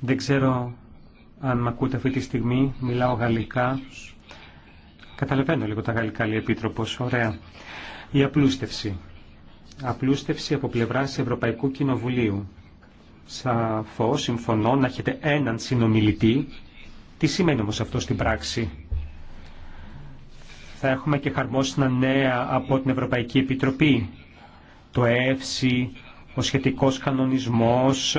Δεν ξέρω αν με ακούτε αυτή τη στιγμή, μιλάω γαλλικά. Καταλαβαίνω λίγο τα γαλλικά, λέει Επίτροπος. Ωραία. Η απλούστευση. Απλούστευση από πλευρά Ευρωπαϊκού Κοινοβουλίου. Σαφώ, συμφωνώ, να έχετε έναν συνομιλητή. Τι σημαίνει όμω αυτό στην πράξη. Θα έχουμε και χαρμόσυνα νέα από την Ευρωπαϊκή Επιτροπή. Το ΕΕΦΣΥ, ο σχετικός κανονισμός,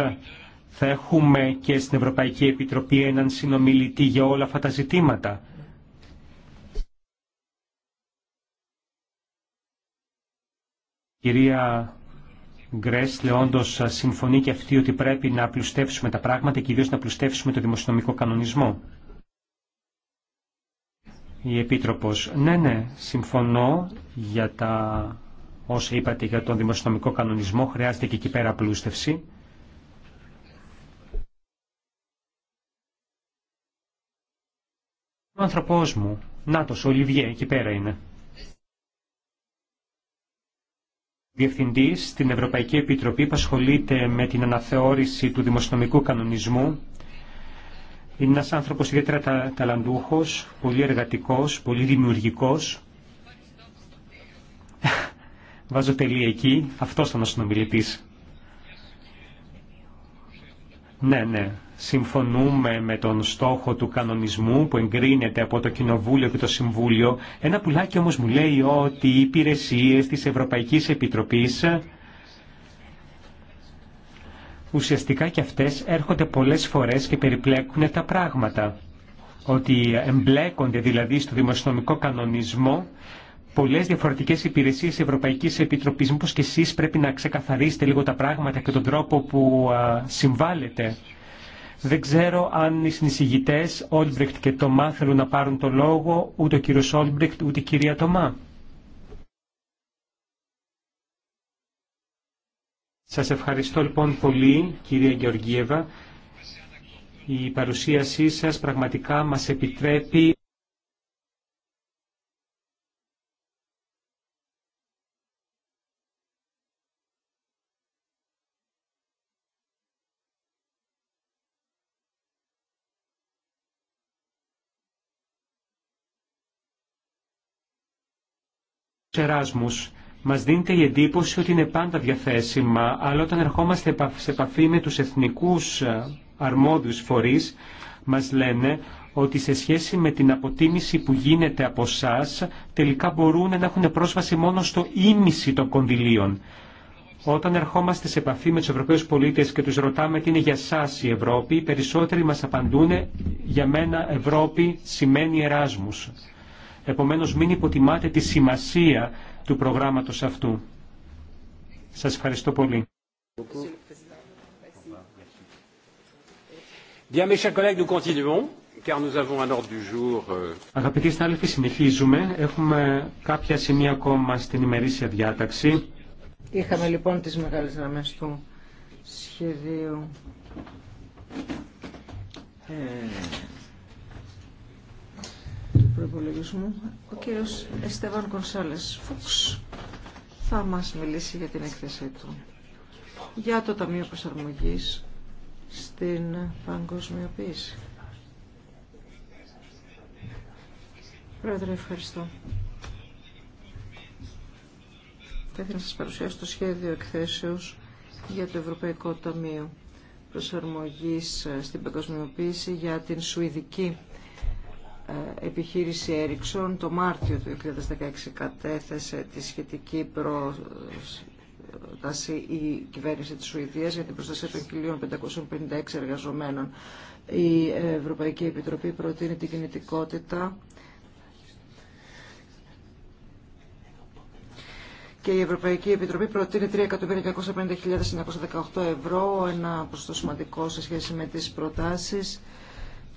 θα έχουμε και στην Ευρωπαϊκή Επιτροπή έναν συνομιλητή για όλα αυτά τα ζητήματα. Κυρία Γκρέσλε, όντω συμφωνεί και αυτή ότι πρέπει να πλουστεύσουμε τα πράγματα και ιδίω να πλουστεύσουμε το δημοσιονομικό κανονισμό. Η Επίτροπος. Ναι, ναι, συμφωνώ για τα όσα είπατε για τον δημοσιονομικό κανονισμό. Χρειάζεται και εκεί πέρα πλούστευση. Ο άνθρωπός μου, Νάτος, ο Ολιβιέ, εκεί πέρα είναι. Διευθυντή στην Ευρωπαϊκή Επιτροπή που ασχολείται με την αναθεώρηση του δημοσιονομικού κανονισμού. Είναι ένας άνθρωπος ιδιαίτερα τα, ταλαντούχος, πολύ εργατικός, πολύ δημιουργικός. Βάζω τελεία εκεί. Αυτός ήταν ο συνομιλητής. Ναι, ναι συμφωνούμε με τον στόχο του κανονισμού που εγκρίνεται από το Κοινοβούλιο και το Συμβούλιο. Ένα πουλάκι όμως μου λέει ότι οι υπηρεσίες της Ευρωπαϊκής Επιτροπής ουσιαστικά και αυτές έρχονται πολλές φορές και περιπλέκουν τα πράγματα. Ότι εμπλέκονται δηλαδή στο δημοσιονομικό κανονισμό πολλές διαφορετικές υπηρεσίες Ευρωπαϊκής Επιτροπής. Μήπως και εσείς πρέπει να ξεκαθαρίσετε λίγο τα πράγματα και τον τρόπο που συμβάλλετε δεν ξέρω αν οι συνεισηγητέ Όλμπρεχτ και Τωμά θέλουν να πάρουν το λόγο, ούτε ο κύριο Όλμπρεχτ ούτε η κυρία Τωμά. Σας ευχαριστώ λοιπόν πολύ κυρία Γεωργίευα. Η παρουσίασή σας πραγματικά μας επιτρέπει Εράσμους. Μας δίνεται η εντύπωση ότι είναι πάντα διαθέσιμα, αλλά όταν ερχόμαστε σε επαφή με τους εθνικούς ε, αρμόδιους φορείς, μας λένε ότι σε σχέση με την αποτίμηση που γίνεται από εσά, τελικά μπορούν να έχουν πρόσβαση μόνο στο ίμιση των κονδυλίων. Όταν ερχόμαστε σε επαφή με τους Ευρωπαίους πολίτες και τους ρωτάμε τι είναι για εσά η Ευρώπη, οι περισσότεροι μας απαντούν «Για μένα Ευρώπη σημαίνει Εράσμους». Επομένως μην υποτιμάτε τη σημασία του προγράμματος αυτού. Σας ευχαριστώ πολύ. Αγαπητοί συνάδελφοι, συνεχίζουμε. Έχουμε κάποια σημεία ακόμα στην ημερήσια διάταξη. Είχαμε λοιπόν τις μεγάλες γραμμές του σχεδίου. Ε, προπολογισμού, ο κύριος Εστεβάν Κονσάλες Φούξ θα μας μιλήσει για την έκθεσή του. Για το Ταμείο Προσαρμογής στην παγκοσμιοποίηση. Πρόεδρε, ευχαριστώ. Θα ήθελα να σας παρουσιάσω το σχέδιο εκθέσεως για το Ευρωπαϊκό Ταμείο Προσαρμογής στην Παγκοσμιοποίηση για την Σουηδική ε, επιχείρηση Ericsson το Μάρτιο του 2016 κατέθεσε τη σχετική πρόταση η κυβέρνηση της Σουηδίας για την προστασία των 1556 εργαζομένων. Η Ευρωπαϊκή Επιτροπή προτείνει την κινητικότητα και η Ευρωπαϊκή Επιτροπή προτείνει 3.250.918 ευρώ, ένα ποσοστό σημαντικό σε σχέση με τις προτάσεις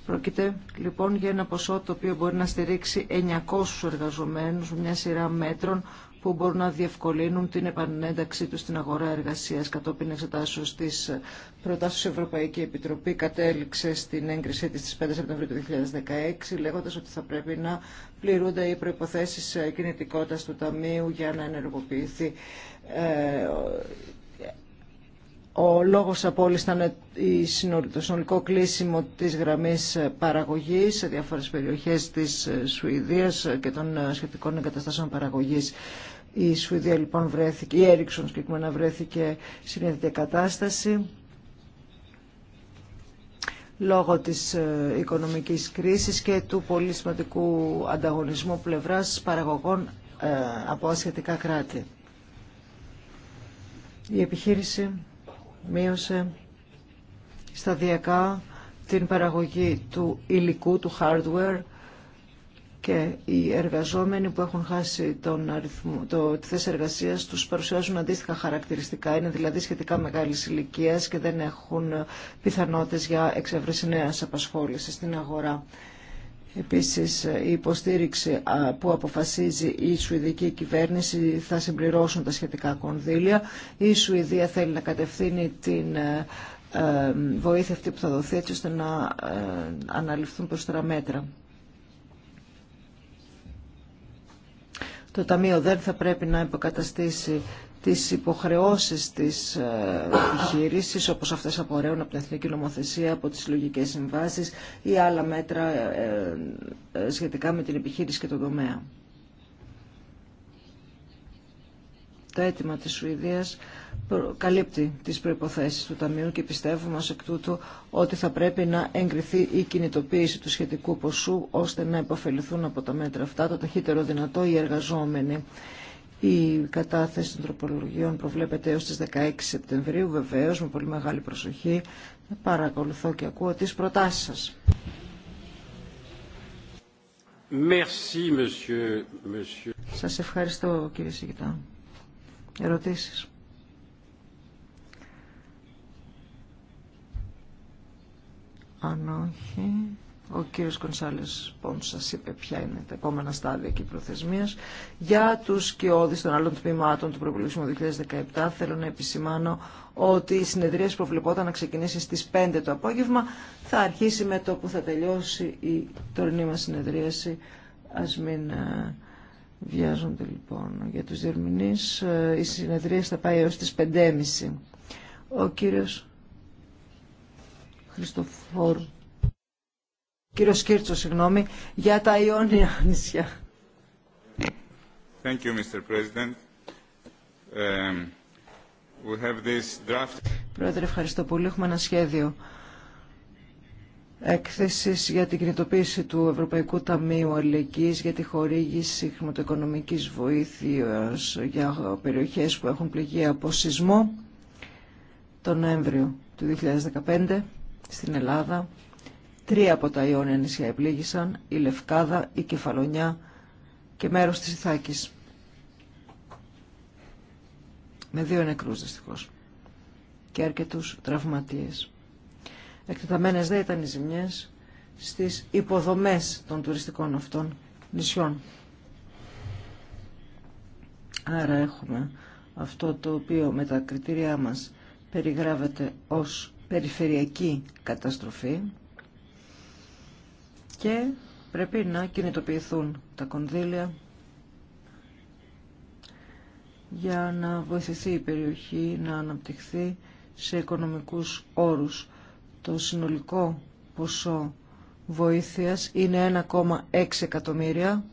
Πρόκειται λοιπόν για ένα ποσό το οποίο μπορεί να στηρίξει 900 εργαζομένους με μια σειρά μέτρων που μπορούν να διευκολύνουν την επανένταξή του στην αγορά εργασίας κατόπιν εξετάσεως της προτάσεως Ευρωπαϊκή Επιτροπή κατέληξε στην έγκρισή της στις 5 Σεπτεμβρίου του 2016 λέγοντας ότι θα πρέπει να πληρούνται οι προϋποθέσεις κινητικότητας του Ταμείου για να ενεργοποιηθεί ε, ο λόγος από όλες ήταν το συνολικό κλείσιμο της γραμμής παραγωγής σε διάφορες περιοχές της Σουηδίας και των σχετικών εγκαταστάσεων παραγωγής. Η Σουηδία λοιπόν βρέθηκε, η Έριξον συγκεκριμένα βρέθηκε συνέδεια κατάσταση λόγω της ε, οικονομικής κρίσης και του πολύ σημαντικού ανταγωνισμού πλευράς παραγωγών ε, από ασχετικά κράτη. Η επιχείρηση μείωσε σταδιακά την παραγωγή του υλικού, του hardware και οι εργαζόμενοι που έχουν χάσει τον αριθμό, το, τη θέση εργασία του παρουσιάζουν αντίστοιχα χαρακτηριστικά. Είναι δηλαδή σχετικά μεγάλη ηλικία και δεν έχουν πιθανότητε για εξεύρεση νέα απασχόληση στην αγορά. Επίσης η υποστήριξη που αποφασίζει η Σουηδική κυβέρνηση θα συμπληρώσουν τα σχετικά κονδύλια. Η Σουηδία θέλει να κατευθύνει την ε, ε, βοήθεια αυτή που θα δοθεί έτσι ώστε να ε, αναλυφθούν τα μέτρα. Το Ταμείο δεν θα πρέπει να υποκαταστήσει τις υποχρεώσεις της ε, επιχείρησης, όπως αυτές απορρέουν από την Εθνική Νομοθεσία, από τις λογικές συμβάσεις ή άλλα μέτρα ε, ε, σχετικά με την επιχείρηση και τον τομέα. Το αίτημα της Σουηδίας καλύπτει τις προϋποθέσεις του Ταμείου και πιστεύουμε ως εκ τούτου ότι θα πρέπει να εγκριθεί η κινητοποίηση του σχετικού ποσού ώστε να υποφεληθούν από τα μέτρα αυτά το ταχύτερο δυνατό οι εργαζόμενοι. Η κατάθεση των τροπολογιών προβλέπεται έως τις 16 Σεπτεμβρίου, βεβαίως, με πολύ μεγάλη προσοχή. Παρακολουθώ και ακούω τις προτάσεις σας. Merci, monsieur, monsieur. Σας ευχαριστώ, κύριε Σιγητά. Ερωτήσεις. Αν όχι ο κύριος Κονσάλης Πόντς σας είπε ποια είναι τα επόμενα στάδια και προθεσμίες. Για τους σκιώδεις των άλλων τμήματων του προπολογισμού 2017 θέλω να επισημάνω ότι η συνεδρία προβλεπόταν να ξεκινήσει στις 5 το απόγευμα. Θα αρχίσει με το που θα τελειώσει η τωρινή μας συνεδρίαση. Ας μην ε, βιάζονται λοιπόν για τους διερμηνείς. Ε, η συνεδρία θα πάει έως τις 5.30. Ο κύριος Χριστοφόρου κύριο Σκύρτσο, συγγνώμη, για τα Ιόνια νησιά. Thank you, Mr. President. Um, Πρόεδρε, ευχαριστώ πολύ. Έχουμε ένα σχέδιο έκθεσης για την κινητοποίηση του Ευρωπαϊκού Ταμείου Αλληλεγγύης για τη χορήγηση χρηματοοικονομικής βοήθειας για περιοχές που έχουν πληγεί από σεισμό τον Νοέμβριο του 2015 στην Ελλάδα. Τρία από τα Ιόνια νησιά επλήγησαν, η Λευκάδα, η Κεφαλονιά και μέρος της Ιθάκης. Με δύο νεκρούς δυστυχώς και αρκετούς τραυματίες. Εκτεταμένες δεν ήταν οι ζημιές στις υποδομές των τουριστικών αυτών νησιών. Άρα έχουμε αυτό το οποίο με τα κριτήριά μας περιγράφεται ως περιφερειακή καταστροφή και πρέπει να κινητοποιηθούν τα κονδύλια για να βοηθηθεί η περιοχή να αναπτυχθεί σε οικονομικούς όρους. Το συνολικό ποσό βοήθειας είναι 1,6 εκατομμύρια.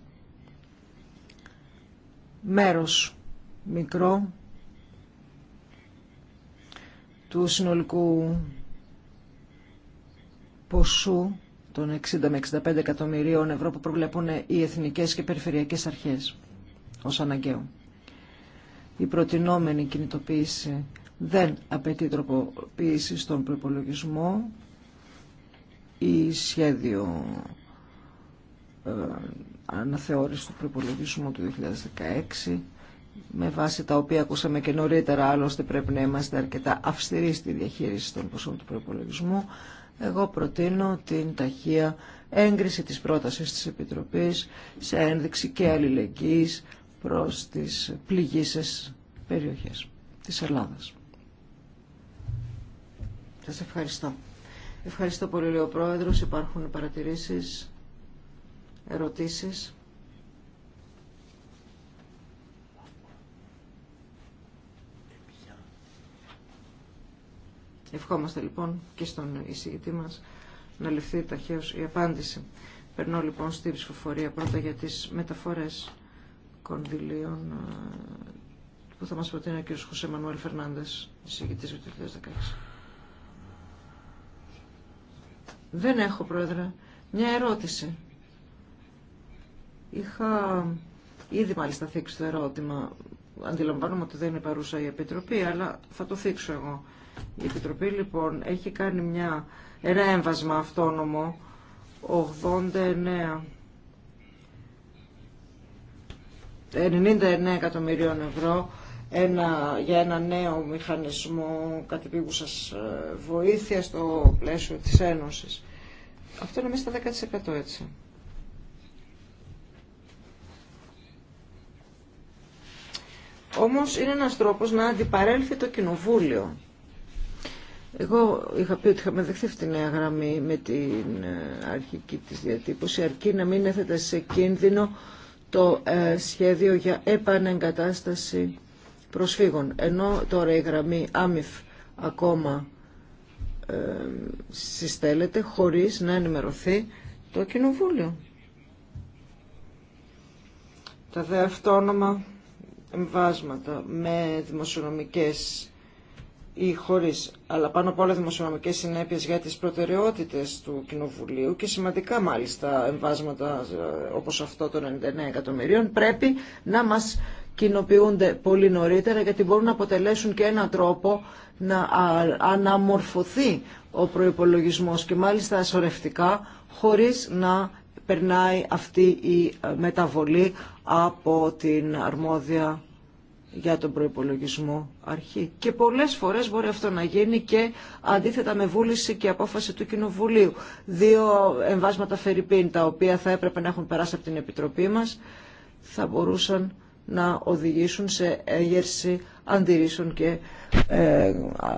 Μέρος μικρό του συνολικού ποσού των 60 με 65 εκατομμυρίων ευρώ που προβλέπουν οι εθνικές και περιφερειακές αρχές ως αναγκαίο. Η προτινόμενη κινητοποίηση δεν απαιτεί τροποποίηση στον προπολογισμό ή σχέδιο ε, αναθεώρηση του προπολογισμού του 2016 με βάση τα οποία ακούσαμε και νωρίτερα άλλωστε πρέπει να είμαστε αρκετά αυστηροί στη διαχείριση των ποσών του προπολογισμού εγώ προτείνω την ταχεία έγκριση της πρότασης της Επιτροπής σε ένδειξη και αλληλεγγύης προς τις πληγήσεις περιοχές της Ελλάδας. Σας ευχαριστώ. Ευχαριστώ πολύ, λέει ο Πρόεδρος. Υπάρχουν παρατηρήσεις, ερωτήσεις. Ευχόμαστε λοιπόν και στον εισηγητή μας να ληφθεί ταχαίως η απάντηση. Περνώ λοιπόν στη ψηφοφορία πρώτα για τις μεταφορές κονδυλίων ε, που θα μας προτείνει ο κ. Χωσέ Μανουέλ Φερνάνδες, εισηγητής του 2016. Δεν έχω, Πρόεδρε, μια ερώτηση. Είχα ήδη μάλιστα θίξει το ερώτημα. Αντιλαμβάνομαι ότι δεν είναι παρούσα η Επιτροπή, αλλά θα το θίξω εγώ. Η Επιτροπή λοιπόν έχει κάνει μια, ένα έμβασμα αυτόνομο 89 99 εκατομμυρίων ευρώ ένα, για ένα νέο μηχανισμό κατεπίγουσας ε, βοήθεια στο πλαίσιο της Ένωσης. Αυτό είναι μέσα στα 10% έτσι. Όμως είναι ένας τρόπος να αντιπαρέλθει το κοινοβούλιο εγώ είχα πει ότι είχαμε δεχθεί αυτή τη νέα γραμμή με την ε, αρχική της διατύπωση, αρκεί να μην έθετε σε κίνδυνο το ε, σχέδιο για επανεγκατάσταση προσφύγων. Ενώ τώρα η γραμμή άμυφ ακόμα ε, συστέλλεται χωρίς να ενημερωθεί το Κοινοβούλιο. Τα δε αυτόνομα εμβάσματα με δημοσιονομικές ή αλλά πάνω απ' όλα δημοσιονομικές συνέπειες για τι προτεραιότητες του Κοινοβουλίου και σημαντικά μάλιστα εμβάσματα ε, όπως αυτό των 99 εκατομμυρίων πρέπει να μας κοινοποιούνται πολύ νωρίτερα γιατί μπορούν να αποτελέσουν και έναν τρόπο να αναμορφωθεί ο προϋπολογισμός και μάλιστα ασορευτικά χωρίς να περνάει αυτή η ε, μεταβολή από την αρμόδια για τον προϋπολογισμό αρχή. Και πολλές φορές μπορεί αυτό να γίνει και αντίθετα με βούληση και απόφαση του Κοινοβουλίου. Δύο εμβάσματα Φερρυπίν, τα οποία θα έπρεπε να έχουν περάσει από την Επιτροπή μας, θα μπορούσαν να οδηγήσουν σε έγερση αντιρρήσεων και ε,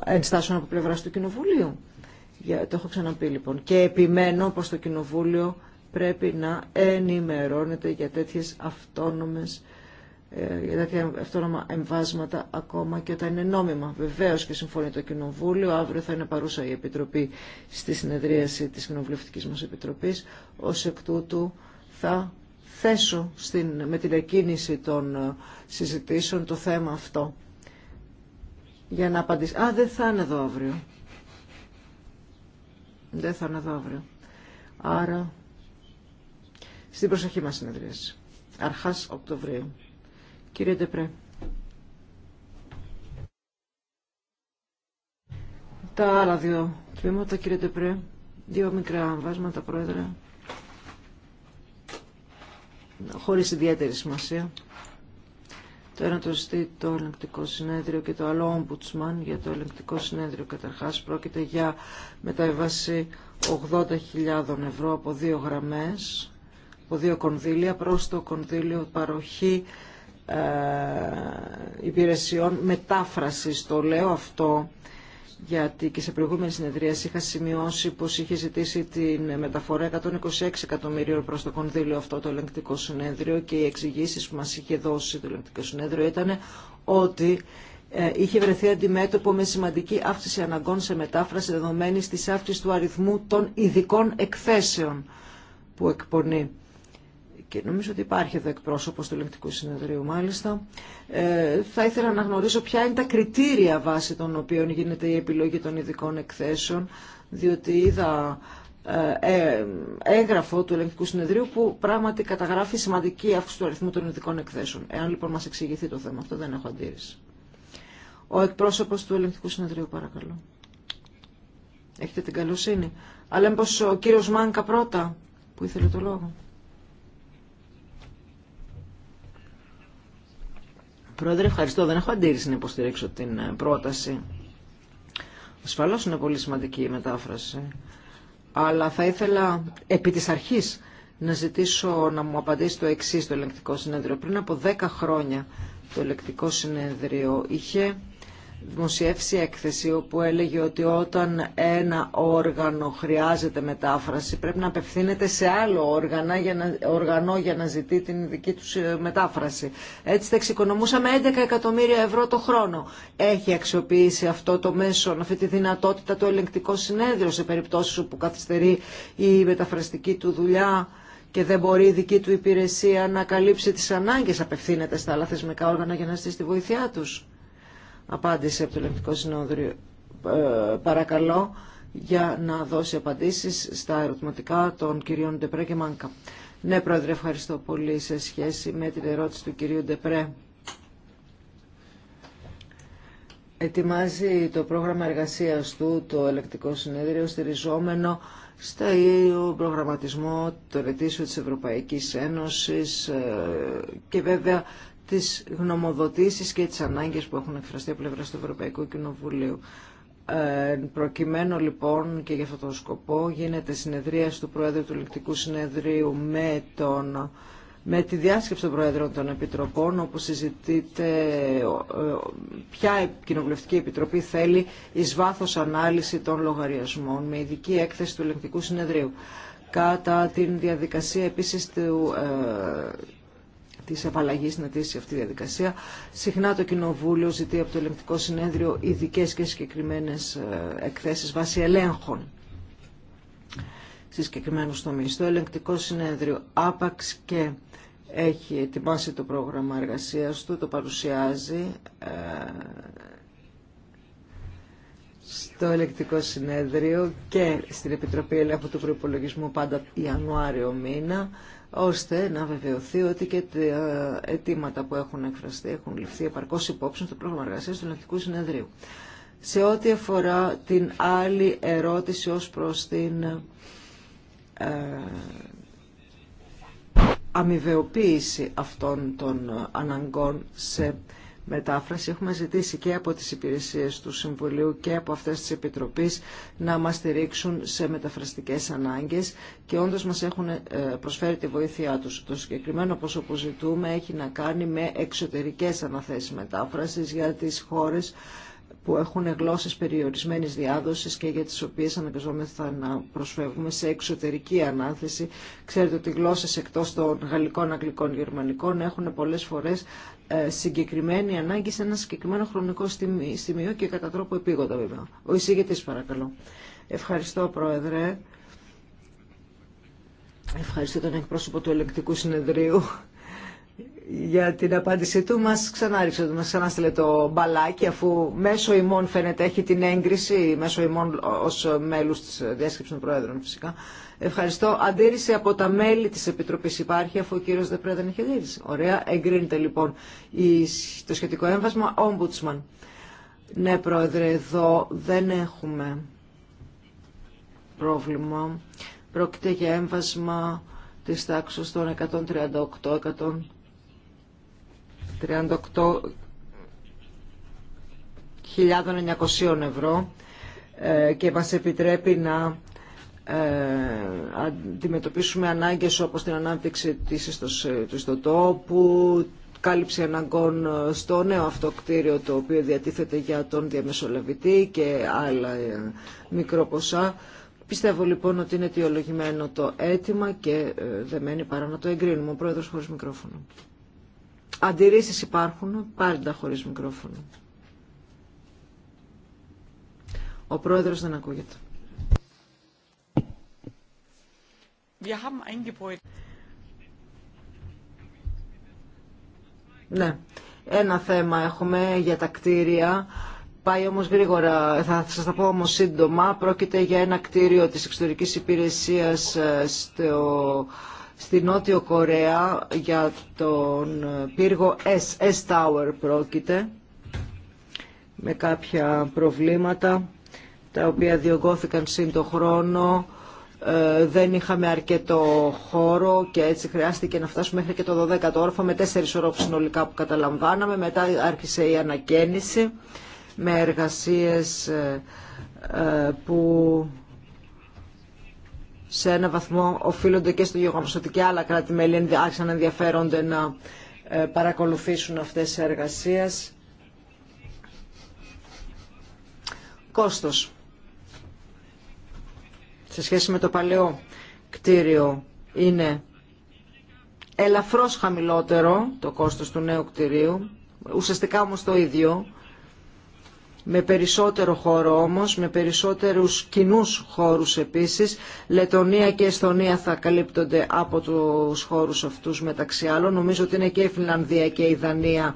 ενστάσεων από πλευρά του Κοινοβουλίου. Για, το έχω ξαναπεί λοιπόν. Και επιμένω πως το Κοινοβούλιο πρέπει να ενημερώνεται για τέτοιες αυτόνομες τέτοια ε, αυτόνομα εμβάσματα ακόμα και όταν είναι νόμιμα. Βεβαίω και συμφωνεί το Κοινοβούλιο. Αύριο θα είναι παρούσα η Επιτροπή στη συνεδρίαση τη Κοινοβουλευτική μα Επιτροπή. Ω εκ τούτου θα θέσω στην, με την εκκίνηση των ε, συζητήσεων το θέμα αυτό. Για να απαντήσω. Α, δεν θα είναι εδώ αύριο. Δεν θα είναι εδώ αύριο. Άρα, στην προσοχή μας συνεδρίαση. Αρχάς Οκτωβρίου. Κύριε Ντεπρέ. Τα άλλα δύο τμήματα, κύριε Ντεπρέ. Δύο μικρά βάσματα, πρόεδρε. Χωρίς ιδιαίτερη σημασία. Το ένα το ζητεί το ελεγκτικό συνέδριο και το άλλο ομπουτσμάν για το ελεγκτικό συνέδριο. Καταρχάς πρόκειται για μεταβάση 80.000 ευρώ από δύο γραμμές, από δύο κονδύλια προς το κονδύλιο παροχή ε, υπηρεσιών μετάφρασης. Το λέω αυτό γιατί και σε προηγούμενη συνεδρία είχα σημειώσει πως είχε ζητήσει την μεταφορά 126 εκατομμυρίων προς το κονδύλιο αυτό το ελεγκτικό συνέδριο και οι εξηγήσει που μας είχε δώσει το ελεγκτικό συνέδριο ήταν ότι ε, είχε βρεθεί αντιμέτωπο με σημαντική αύξηση αναγκών σε μετάφραση δεδομένη της αύξησης του αριθμού των ειδικών εκθέσεων που εκπονεί και νομίζω ότι υπάρχει εδώ εκπρόσωπο του Ελεκτικού Συνεδρίου μάλιστα, ε, θα ήθελα να γνωρίσω ποια είναι τα κριτήρια βάσει των οποίων γίνεται η επιλογή των ειδικών εκθέσεων, διότι είδα ε, ε έγγραφο του Ελεκτικού Συνεδρίου που πράγματι καταγράφει σημαντική αύξηση του αριθμού των ειδικών εκθέσεων. Εάν λοιπόν μας εξηγηθεί το θέμα αυτό δεν έχω αντίρρηση. Ο εκπρόσωπος του Ελεκτικού Συνεδρίου παρακαλώ. Έχετε την καλοσύνη. Αλλά μήπως κύριος Μάνκα πρώτα που ήθελε το λόγο. Πρόεδρε, ευχαριστώ. Δεν έχω αντίρρηση να υποστηρίξω την ε, πρόταση. ασφαλώ είναι πολύ σημαντική η μετάφραση. Αλλά θα ήθελα επί της αρχής να ζητήσω να μου απαντήσει το εξή το ελεκτικό συνέδριο. Πριν από 10 χρόνια το ελεκτικό συνέδριο είχε δημοσιεύσει έκθεση όπου έλεγε ότι όταν ένα όργανο χρειάζεται μετάφραση πρέπει να απευθύνεται σε άλλο όργανα για να, όργανο για να ζητεί την δική του ε, μετάφραση. Έτσι θα εξοικονομούσαμε 11 εκατομμύρια ευρώ το χρόνο. Έχει αξιοποιήσει αυτό το μέσο, αυτή τη δυνατότητα το ελεγκτικό συνέδριο σε περιπτώσεις όπου καθυστερεί η μεταφραστική του δουλειά και δεν μπορεί η δική του υπηρεσία να καλύψει τις ανάγκες απευθύνεται στα άλλα θεσμικά όργανα για να στήσει τη βοήθειά τους απάντηση από το Ελεκτικό Συνόδριο. Ε, παρακαλώ για να δώσει απαντήσεις στα ερωτηματικά των κυρίων Ντεπρέ και Μάνκα. Ναι, Πρόεδρε, ευχαριστώ πολύ σε σχέση με την ερώτηση του κυρίου Ντεπρέ. Ετοιμάζει το πρόγραμμα εργασίας του το Ελεκτικό Συνέδριο στηριζόμενο στα προγραμματισμό το ετήσιων της Ευρωπαϊκής Ένωσης ε, και βέβαια τις γνωμοδοτήσεις και τις ανάγκες που έχουν εκφραστεί από πλευρά του Ευρωπαϊκού Κοινοβουλίου. Ε, προκειμένου λοιπόν και για αυτόν τον σκοπό γίνεται συνεδρία του Πρόεδρου του Λεκτικού Συνεδρίου με, τον, με τη διάσκεψη των Πρόεδρων των Επιτροπών όπου συζητείται ε, ποια κοινοβουλευτική επιτροπή θέλει εις βάθος ανάλυση των λογαριασμών με ειδική έκθεση του Λεκτικού Συνεδρίου. Κατά την διαδικασία επίσης του, ε, τη απαλλαγή να τήσει αυτή η διαδικασία. Συχνά το Κοινοβούλιο ζητεί από το Ελεγκτικό Συνέδριο ειδικέ και συγκεκριμένε ε, εκθέσει βάσει ελέγχων σε συγκεκριμένου τομεί. Το Ελεγκτικό Συνέδριο άπαξ και έχει ετοιμάσει το πρόγραμμα εργασία του, το παρουσιάζει ε, στο ελεκτικό συνέδριο και στην Επιτροπή Ελέγχου του Προϋπολογισμού πάντα Ιανουάριο μήνα ώστε να βεβαιωθεί ότι και τα αιτήματα που έχουν εκφραστεί έχουν ληφθεί επαρκώ υπόψη στο πρόγραμμα εργασία του Ελληνικού Συνεδρίου. Σε ό,τι αφορά την άλλη ερώτηση ως προς την ε, αμοιβεοποίηση αυτών των αναγκών σε μετάφραση. Έχουμε ζητήσει και από τις υπηρεσίες του Συμβουλίου και από αυτές τις επιτροπές να μας στηρίξουν σε μεταφραστικές ανάγκες και όντως μας έχουν ε, προσφέρει τη βοήθειά τους. Το συγκεκριμένο πόσο που ζητούμε έχει να κάνει με εξωτερικές αναθέσεις μετάφρασης για τις χώρες που έχουν γλώσσες περιορισμένης διάδοσης και για τις οποίες αναγκαζόμεθα να προσφεύγουμε σε εξωτερική ανάθεση. Ξέρετε ότι γλώσσες εκτός των γαλλικών, αγγλικών, γερμανικών έχουν πολλές φορές ε, συγκεκριμένη ανάγκη σε ένα συγκεκριμένο χρονικό σημείο και κατά τρόπο επίγοντα βέβαια. Ο εισηγητής παρακαλώ. Ευχαριστώ Πρόεδρε. Ευχαριστώ τον εκπρόσωπο του ελεκτικού συνεδρίου για την απάντησή του. Μας ξανάριξε, μας ξανάστελε το μπαλάκι αφού μέσω ημών φαίνεται έχει την έγκριση, μέσω ημών ω μέλου τη διάσκεψη των Πρόεδρων φυσικά, Ευχαριστώ. Αντίρρηση από τα μέλη της Επιτροπής υπάρχει, αφού ο κύριο Δεπρέ δεν έχει αντίρρηση. Ωραία. Εγκρίνεται λοιπόν το σχετικό έμβασμα. Ομπουτσμαν, Ναι, Πρόεδρε, εδώ δεν έχουμε πρόβλημα. Πρόκειται για έμβασμα της τάξης των 138, 138 1.900 ευρώ ε, και μας επιτρέπει να ε, αντιμετωπίσουμε ανάγκες όπως την ανάπτυξη της του ιστοτόπου, κάλυψη αναγκών στο νέο αυτό το οποίο διατίθεται για τον διαμεσολαβητή και άλλα ε, μικροποσά. Πιστεύω λοιπόν ότι είναι αιτιολογημένο το αίτημα και ε, δεν μένει παρά να το εγκρίνουμε. Ο πρόεδρος χωρίς μικρόφωνο. Αντιρρήσεις υπάρχουν, πάντα χωρίς μικρόφωνο. Ο πρόεδρος δεν ακούγεται. Wir Ναι, ένα θέμα έχουμε για τα κτίρια. Πάει όμως γρήγορα, θα σας τα πω όμως σύντομα. Πρόκειται για ένα κτίριο της εξωτερικής υπηρεσίας ε, στο, στη Νότιο Κορέα για τον πύργο S, S Tower πρόκειται με κάποια προβλήματα τα οποία διωγγώθηκαν σύντο χρόνο ε, δεν είχαμε αρκετό χώρο και έτσι χρειάστηκε να φτάσουμε μέχρι και το 12ο όροφο με τέσσερις όροφους συνολικά που καταλαμβάναμε. Μετά άρχισε η ανακαίνιση με εργασίες ε, ε, που σε ένα βαθμό οφείλονται και στο γεγονό ότι και άλλα κράτη-μέλη άρχισαν να ενδιαφέρονται να παρακολουθήσουν αυτές τις εργασίες. Κόστος σε σχέση με το παλαιό κτίριο είναι ελαφρώς χαμηλότερο το κόστος του νέου κτιρίου, ουσιαστικά όμως το ίδιο, με περισσότερο χώρο όμως, με περισσότερους κοινού χώρους επίσης. Λετωνία και εσθονία θα καλύπτονται από τους χώρους αυτούς μεταξύ άλλων. Νομίζω ότι είναι και η Φιλανδία και η Δανία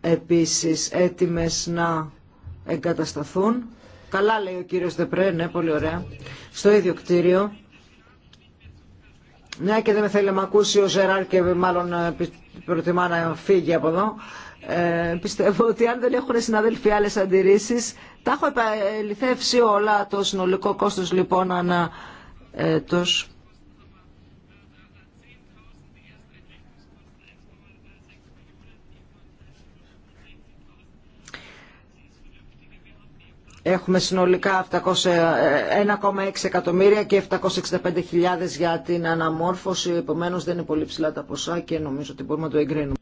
επίσης έτοιμες να εγκατασταθούν. Καλά λέει ο κύριος Δεπρέ, ναι, πολύ ωραία. Στο ίδιο κτίριο. Ναι και δεν με θέλει να ακούσει ο Ζεράρ και μάλλον ε, προτιμά να φύγει από εδώ. Ε, πιστεύω ότι αν δεν έχουν συναδέλφοι άλλες αντιρρήσεις, τα έχω επαληθεύσει ε, όλα το συνολικό κόστος λοιπόν ανά ε, τόσο. Έχουμε συνολικά 1,6 ε, εκατομμύρια και 765.000 για την αναμόρφωση, Επομένω δεν είναι πολύ ψηλά τα ποσά και νομίζω ότι μπορούμε να το εγκρίνουμε.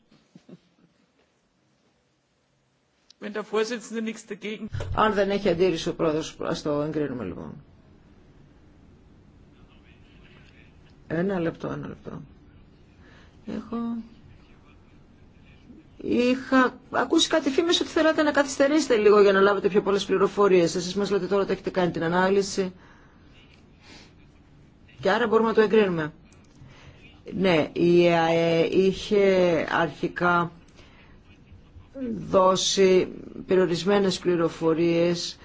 Αν δεν έχει αντίρρηση ο πρόεδρος, ας το εγκρίνουμε λοιπόν. Ένα λεπτό, ένα λεπτό. Έχω Είχα ακούσει κάτι φήμες ότι θέλατε να καθυστερήσετε λίγο για να λάβετε πιο πολλές πληροφορίες. Εσείς μας λέτε τώρα ότι έχετε κάνει την ανάλυση και άρα μπορούμε να το εγκρίνουμε. Ναι, η ΕΑΕ είχε αρχικά δώσει περιορισμένες πληροφορίες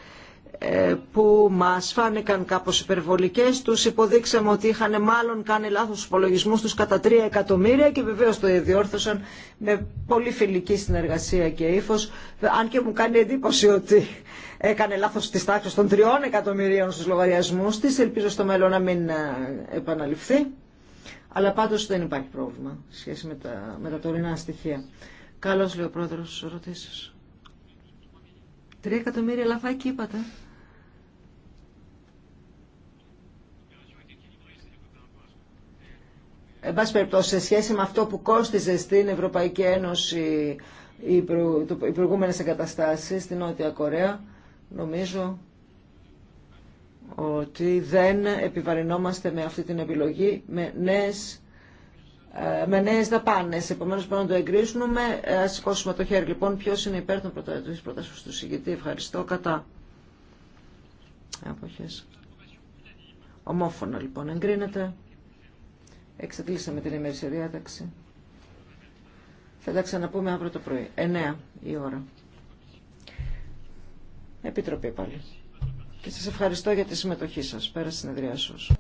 που μας φάνηκαν κάπως υπερβολικές. Τους υποδείξαμε ότι είχαν μάλλον κάνει λάθος τους υπολογισμούς τους κατά 3 εκατομμύρια και βεβαίως το διόρθωσαν με πολύ φιλική συνεργασία και ύφος. Αν και μου κάνει εντύπωση ότι έκανε λάθος της τάξεις των 3 εκατομμυρίων στους λογαριασμούς της. Ελπίζω στο μέλλον να μην ε, επαναληφθεί. Αλλά πάντως δεν υπάρχει πρόβλημα σχέση με τα, με τα τωρινά στοιχεία. Καλώς λέει ο πρόεδρος Τρία εκατομμύρια λαφάκι είπατε. εν πάση περιπτώσει σε σχέση με αυτό που κόστιζε στην Ευρωπαϊκή Ένωση οι, προ, οι προηγούμενες εγκαταστάσεις στην Νότια Κορέα, νομίζω ότι δεν επιβαρυνόμαστε με αυτή την επιλογή με νέες ε, με νέε δαπάνε. Επομένω, πρέπει να το εγκρίσουμε. Ε, Α σηκώσουμε το χέρι. Λοιπόν, ποιο είναι υπέρ των προτάσεων του συγκητή. Ευχαριστώ. Κατά. Αποχέ. Ομόφωνα, λοιπόν, εγκρίνεται. Εξαντλήσαμε την ημερήσια διάταξη. Θα τα ξαναπούμε αύριο το πρωί. 9 η ώρα. Επιτροπή πάλι. Και σας ευχαριστώ για τη συμμετοχή σας. Πέρα συνεδριάσεως.